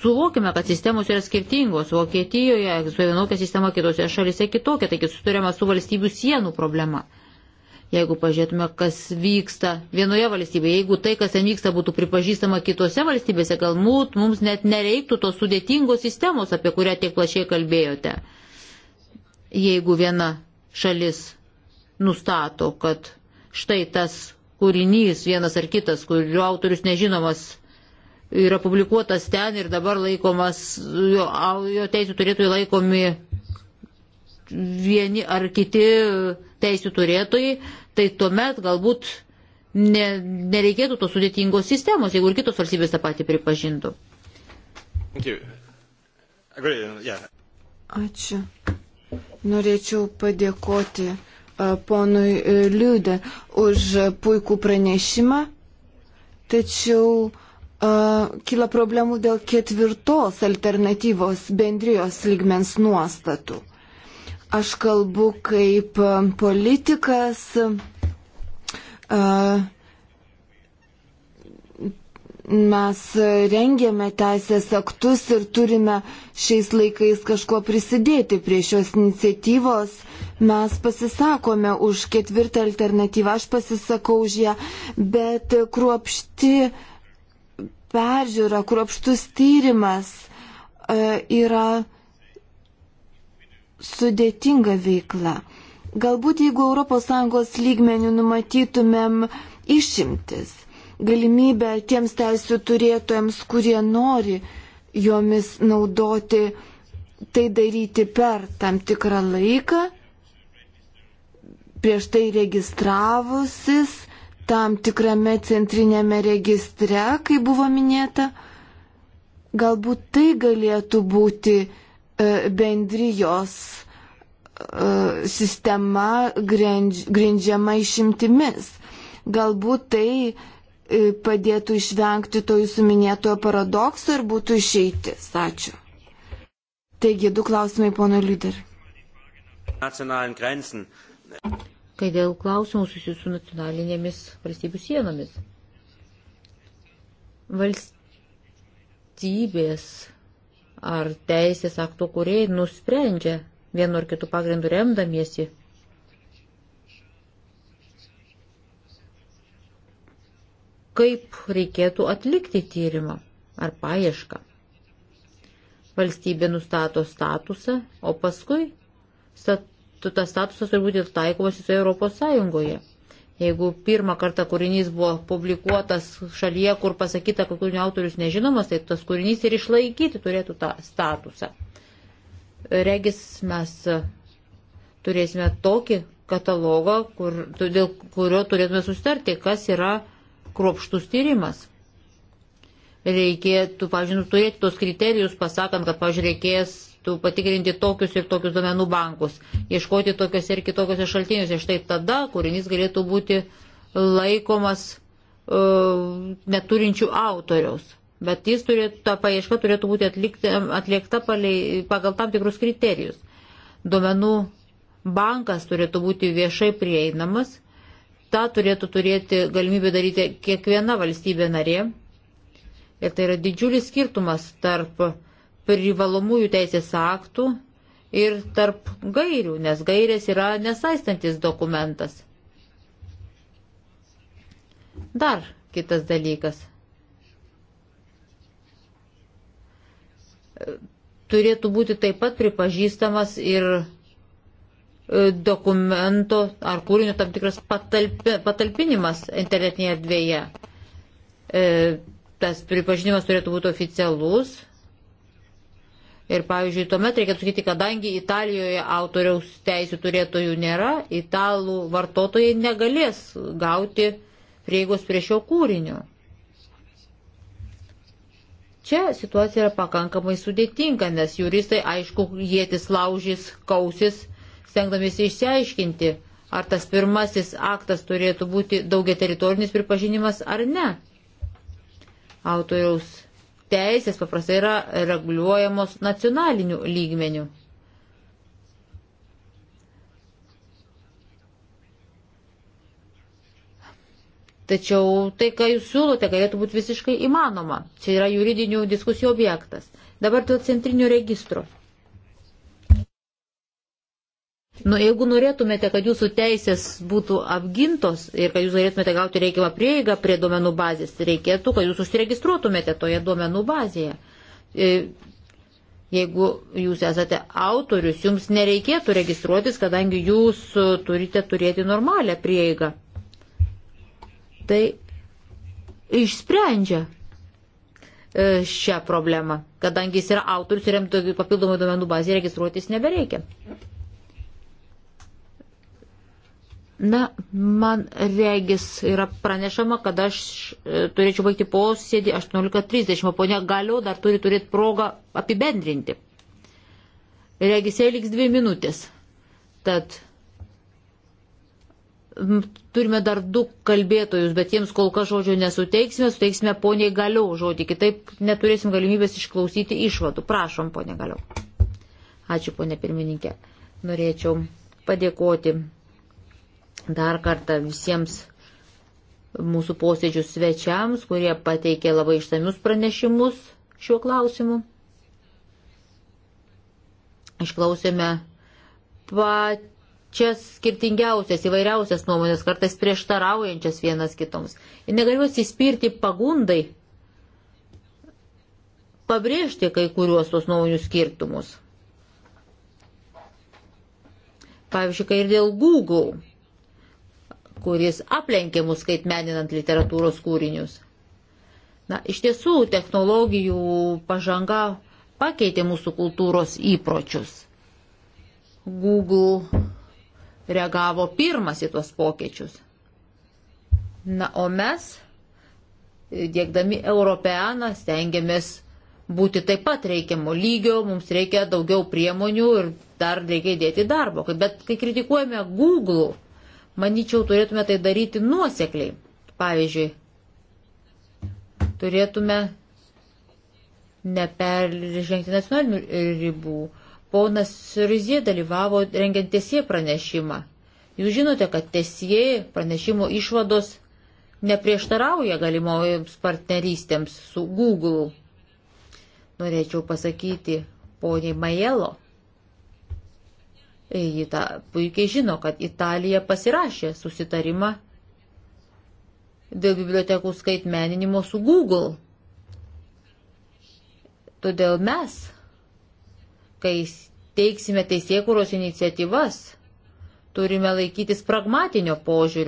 suvokime, kad sistemos yra skirtingos. Vokietijoje egzistuoja vienokia sistema, kitose šalise kitokia, taigi susidurėme su valstybių sienų problema. Jeigu pažiūrėtume, kas vyksta vienoje valstybėje, jeigu tai, kas ten vyksta, būtų pripažįstama kitose valstybėse, galbūt mums net nereiktų tos sudėtingos sistemos, apie kurią tiek plačiai kalbėjote. Jeigu viena šalis nustato, kad štai tas kūrinys, vienas ar kitas, kurio autorius nežinomas, yra publikuotas ten ir dabar laikomas, jo, jo teisų turėtojai laikomi vieni ar kiti teisų turėtojai, tai tuomet galbūt ne, nereikėtų tos sudėtingos sistemos, jeigu ir kitos valstybės tą patį pripažintų. Ačiū. Norėčiau padėkoti ponui e, Liūdė už puikų pranešimą, tačiau kyla problemų dėl ketvirtos alternatyvos bendrijos ligmens nuostatų. Aš kalbu kaip e, politikas. E, mes rengėme teisės aktus ir turime šiais laikais kažkuo prisidėti prie šios iniciatyvos. Mes pasisakome už ketvirtą alternatyvą, aš pasisakau už ją, bet kruopšti peržiūra, kruopštus tyrimas e, yra sudėtinga veikla. Galbūt jeigu ES lygmenių numatytumėm išimtis, galimybę tiems teisų turėtojams, kurie nori jomis naudoti, tai daryti per tam tikrą laiką, prieš tai registravusis tam tikrame centrinėme registre, kai buvo minėta, galbūt tai galėtų būti E, bendrijos e, sistema grindžiama išimtimis. Galbūt tai e, padėtų išvengti to jūsų minėtojo paradokso ir būtų išeitis. Ačiū. Taigi, du klausimai, pono Liuder. Kai dėl klausimų susijusių su nacionalinėmis valstybių sienomis. Valstybės ar teisės aktų kuriai nusprendžia vienu ar kitu pagrindu remdamiesi. Kaip reikėtų atlikti tyrimą ar paiešką? Valstybė nustato statusą, o paskui tas statusas turi būti taikomas visoje Europos Sąjungoje. Jeigu pirmą kartą kūrinys buvo publikuotas šalyje, kur pasakyta, kad kūrinio autorius nežinomas, tai tas kūrinys ir išlaikyti turėtų tą statusą. Regis mes turėsime tokį katalogą, kur, dėl kurio turėtume sustarti, kas yra kruopštus tyrimas. Reikėtų, pavyzdžiui, nu, turėti tos kriterijus, pasakant, kad, pavyzdžiui, reikės leistų patikrinti tokius ir tokius duomenų bankus, ieškoti tokiuose ir kitokiuose šaltiniuose. Štai tada kūrinys galėtų būti laikomas uh, neturinčių autoriaus. Bet jis turėtų, ta paieška turėtų būti atlikti, atliekta palei, pagal tam tikrus kriterijus. Duomenų bankas turėtų būti viešai prieinamas. Ta turėtų turėti galimybę daryti kiekviena valstybė narė. Ir tai yra didžiulis skirtumas tarp uh, privalomųjų teisės aktų ir tarp gairių, nes gairės yra nesaistantis dokumentas. Dar kitas dalykas. Turėtų būti taip pat pripažįstamas ir e, dokumento ar kūrinio tam tikras patalpi, patalpinimas internetinėje erdvėje. E, tas pripažinimas turėtų būti oficialus, Ir, pavyzdžiui, tuomet reikėtų sakyti, kadangi Italijoje autoriaus teisų turėtojų nėra, italų vartotojai negalės gauti prieigos prie šio kūrinio. Čia situacija yra pakankamai sudėtinga, nes juristai, aišku, jėtis laužys, kausis, stengdamėsi išsiaiškinti, ar tas pirmasis aktas turėtų būti daugia teritorinis pripažinimas ar ne. Autoriaus teisės paprastai yra reguliuojamos nacionaliniu lygmeniu. Tačiau tai, ką jūs siūlote, galėtų būti visiškai įmanoma. Čia yra juridinių diskusijų objektas. Dabar dėl centrinio registro. Nu, jeigu norėtumėte, kad jūsų teisės būtų apgintos ir kad jūs norėtumėte gauti reikiamą prieigą prie duomenų bazės, reikėtų, kad jūs užsiregistruotumėte toje duomenų bazėje. E, jeigu jūs esate autorius, jums nereikėtų registruotis, kadangi jūs turite turėti normalią prieigą. Tai išsprendžia e, šią problemą, kadangi jis yra autorius ir jam papildomai duomenų bazėje registruotis nebereikia. Na, man regis yra pranešama, kad aš e, turėčiau baigti posėdį 18.30, o ponia galiu dar turi turėti progą apibendrinti. Regis jai liks dvi minutės. Tad turime dar du kalbėtojus, bet jiems kol kas žodžio nesuteiksime, suteiksime poniai galiau žodį, kitaip neturėsim galimybės išklausyti išvadų. Prašom, ponia galiau. Ačiū, ponia pirmininkė. Norėčiau padėkoti dar kartą visiems mūsų posėdžių svečiams, kurie pateikė labai ištamius pranešimus šiuo klausimu. Išklausėme pačias skirtingiausias, įvairiausias nuomonės, kartais prieštaraujančias vienas kitoms. Ir negaliu atsispirti pagundai pabrėžti kai kuriuos tos nuomonių skirtumus. Pavyzdžiui, kai ir dėl Google kuris aplenkė mus skaitmeninant literatūros kūrinius. Na, iš tiesų, technologijų pažanga pakeitė mūsų kultūros įpročius. Google reagavo pirmas į tuos pokyčius. Na, o mes, dėkdami Europeaną, stengiamės būti taip pat reikiamo lygio, mums reikia daugiau priemonių ir dar reikia įdėti darbo. Bet kai kritikuojame Google, Manyčiau, turėtume tai daryti nuosekliai. Pavyzdžiui, turėtume neperžengti nacionalinių ribų. Ponas Rizie dalyvavo rengiant tiesie pranešimą. Jūs žinote, kad tiesie pranešimo išvados neprieštarauja galimoms partnerystėms su Google. Norėčiau pasakyti poniai Majelo, Ji tą puikiai žino, kad Italija pasirašė susitarimą dėl bibliotekų skaitmeninimo su Google. Todėl mes, kai teiksime teisėkūros iniciatyvas, turime laikytis pragmatinio požiūrio.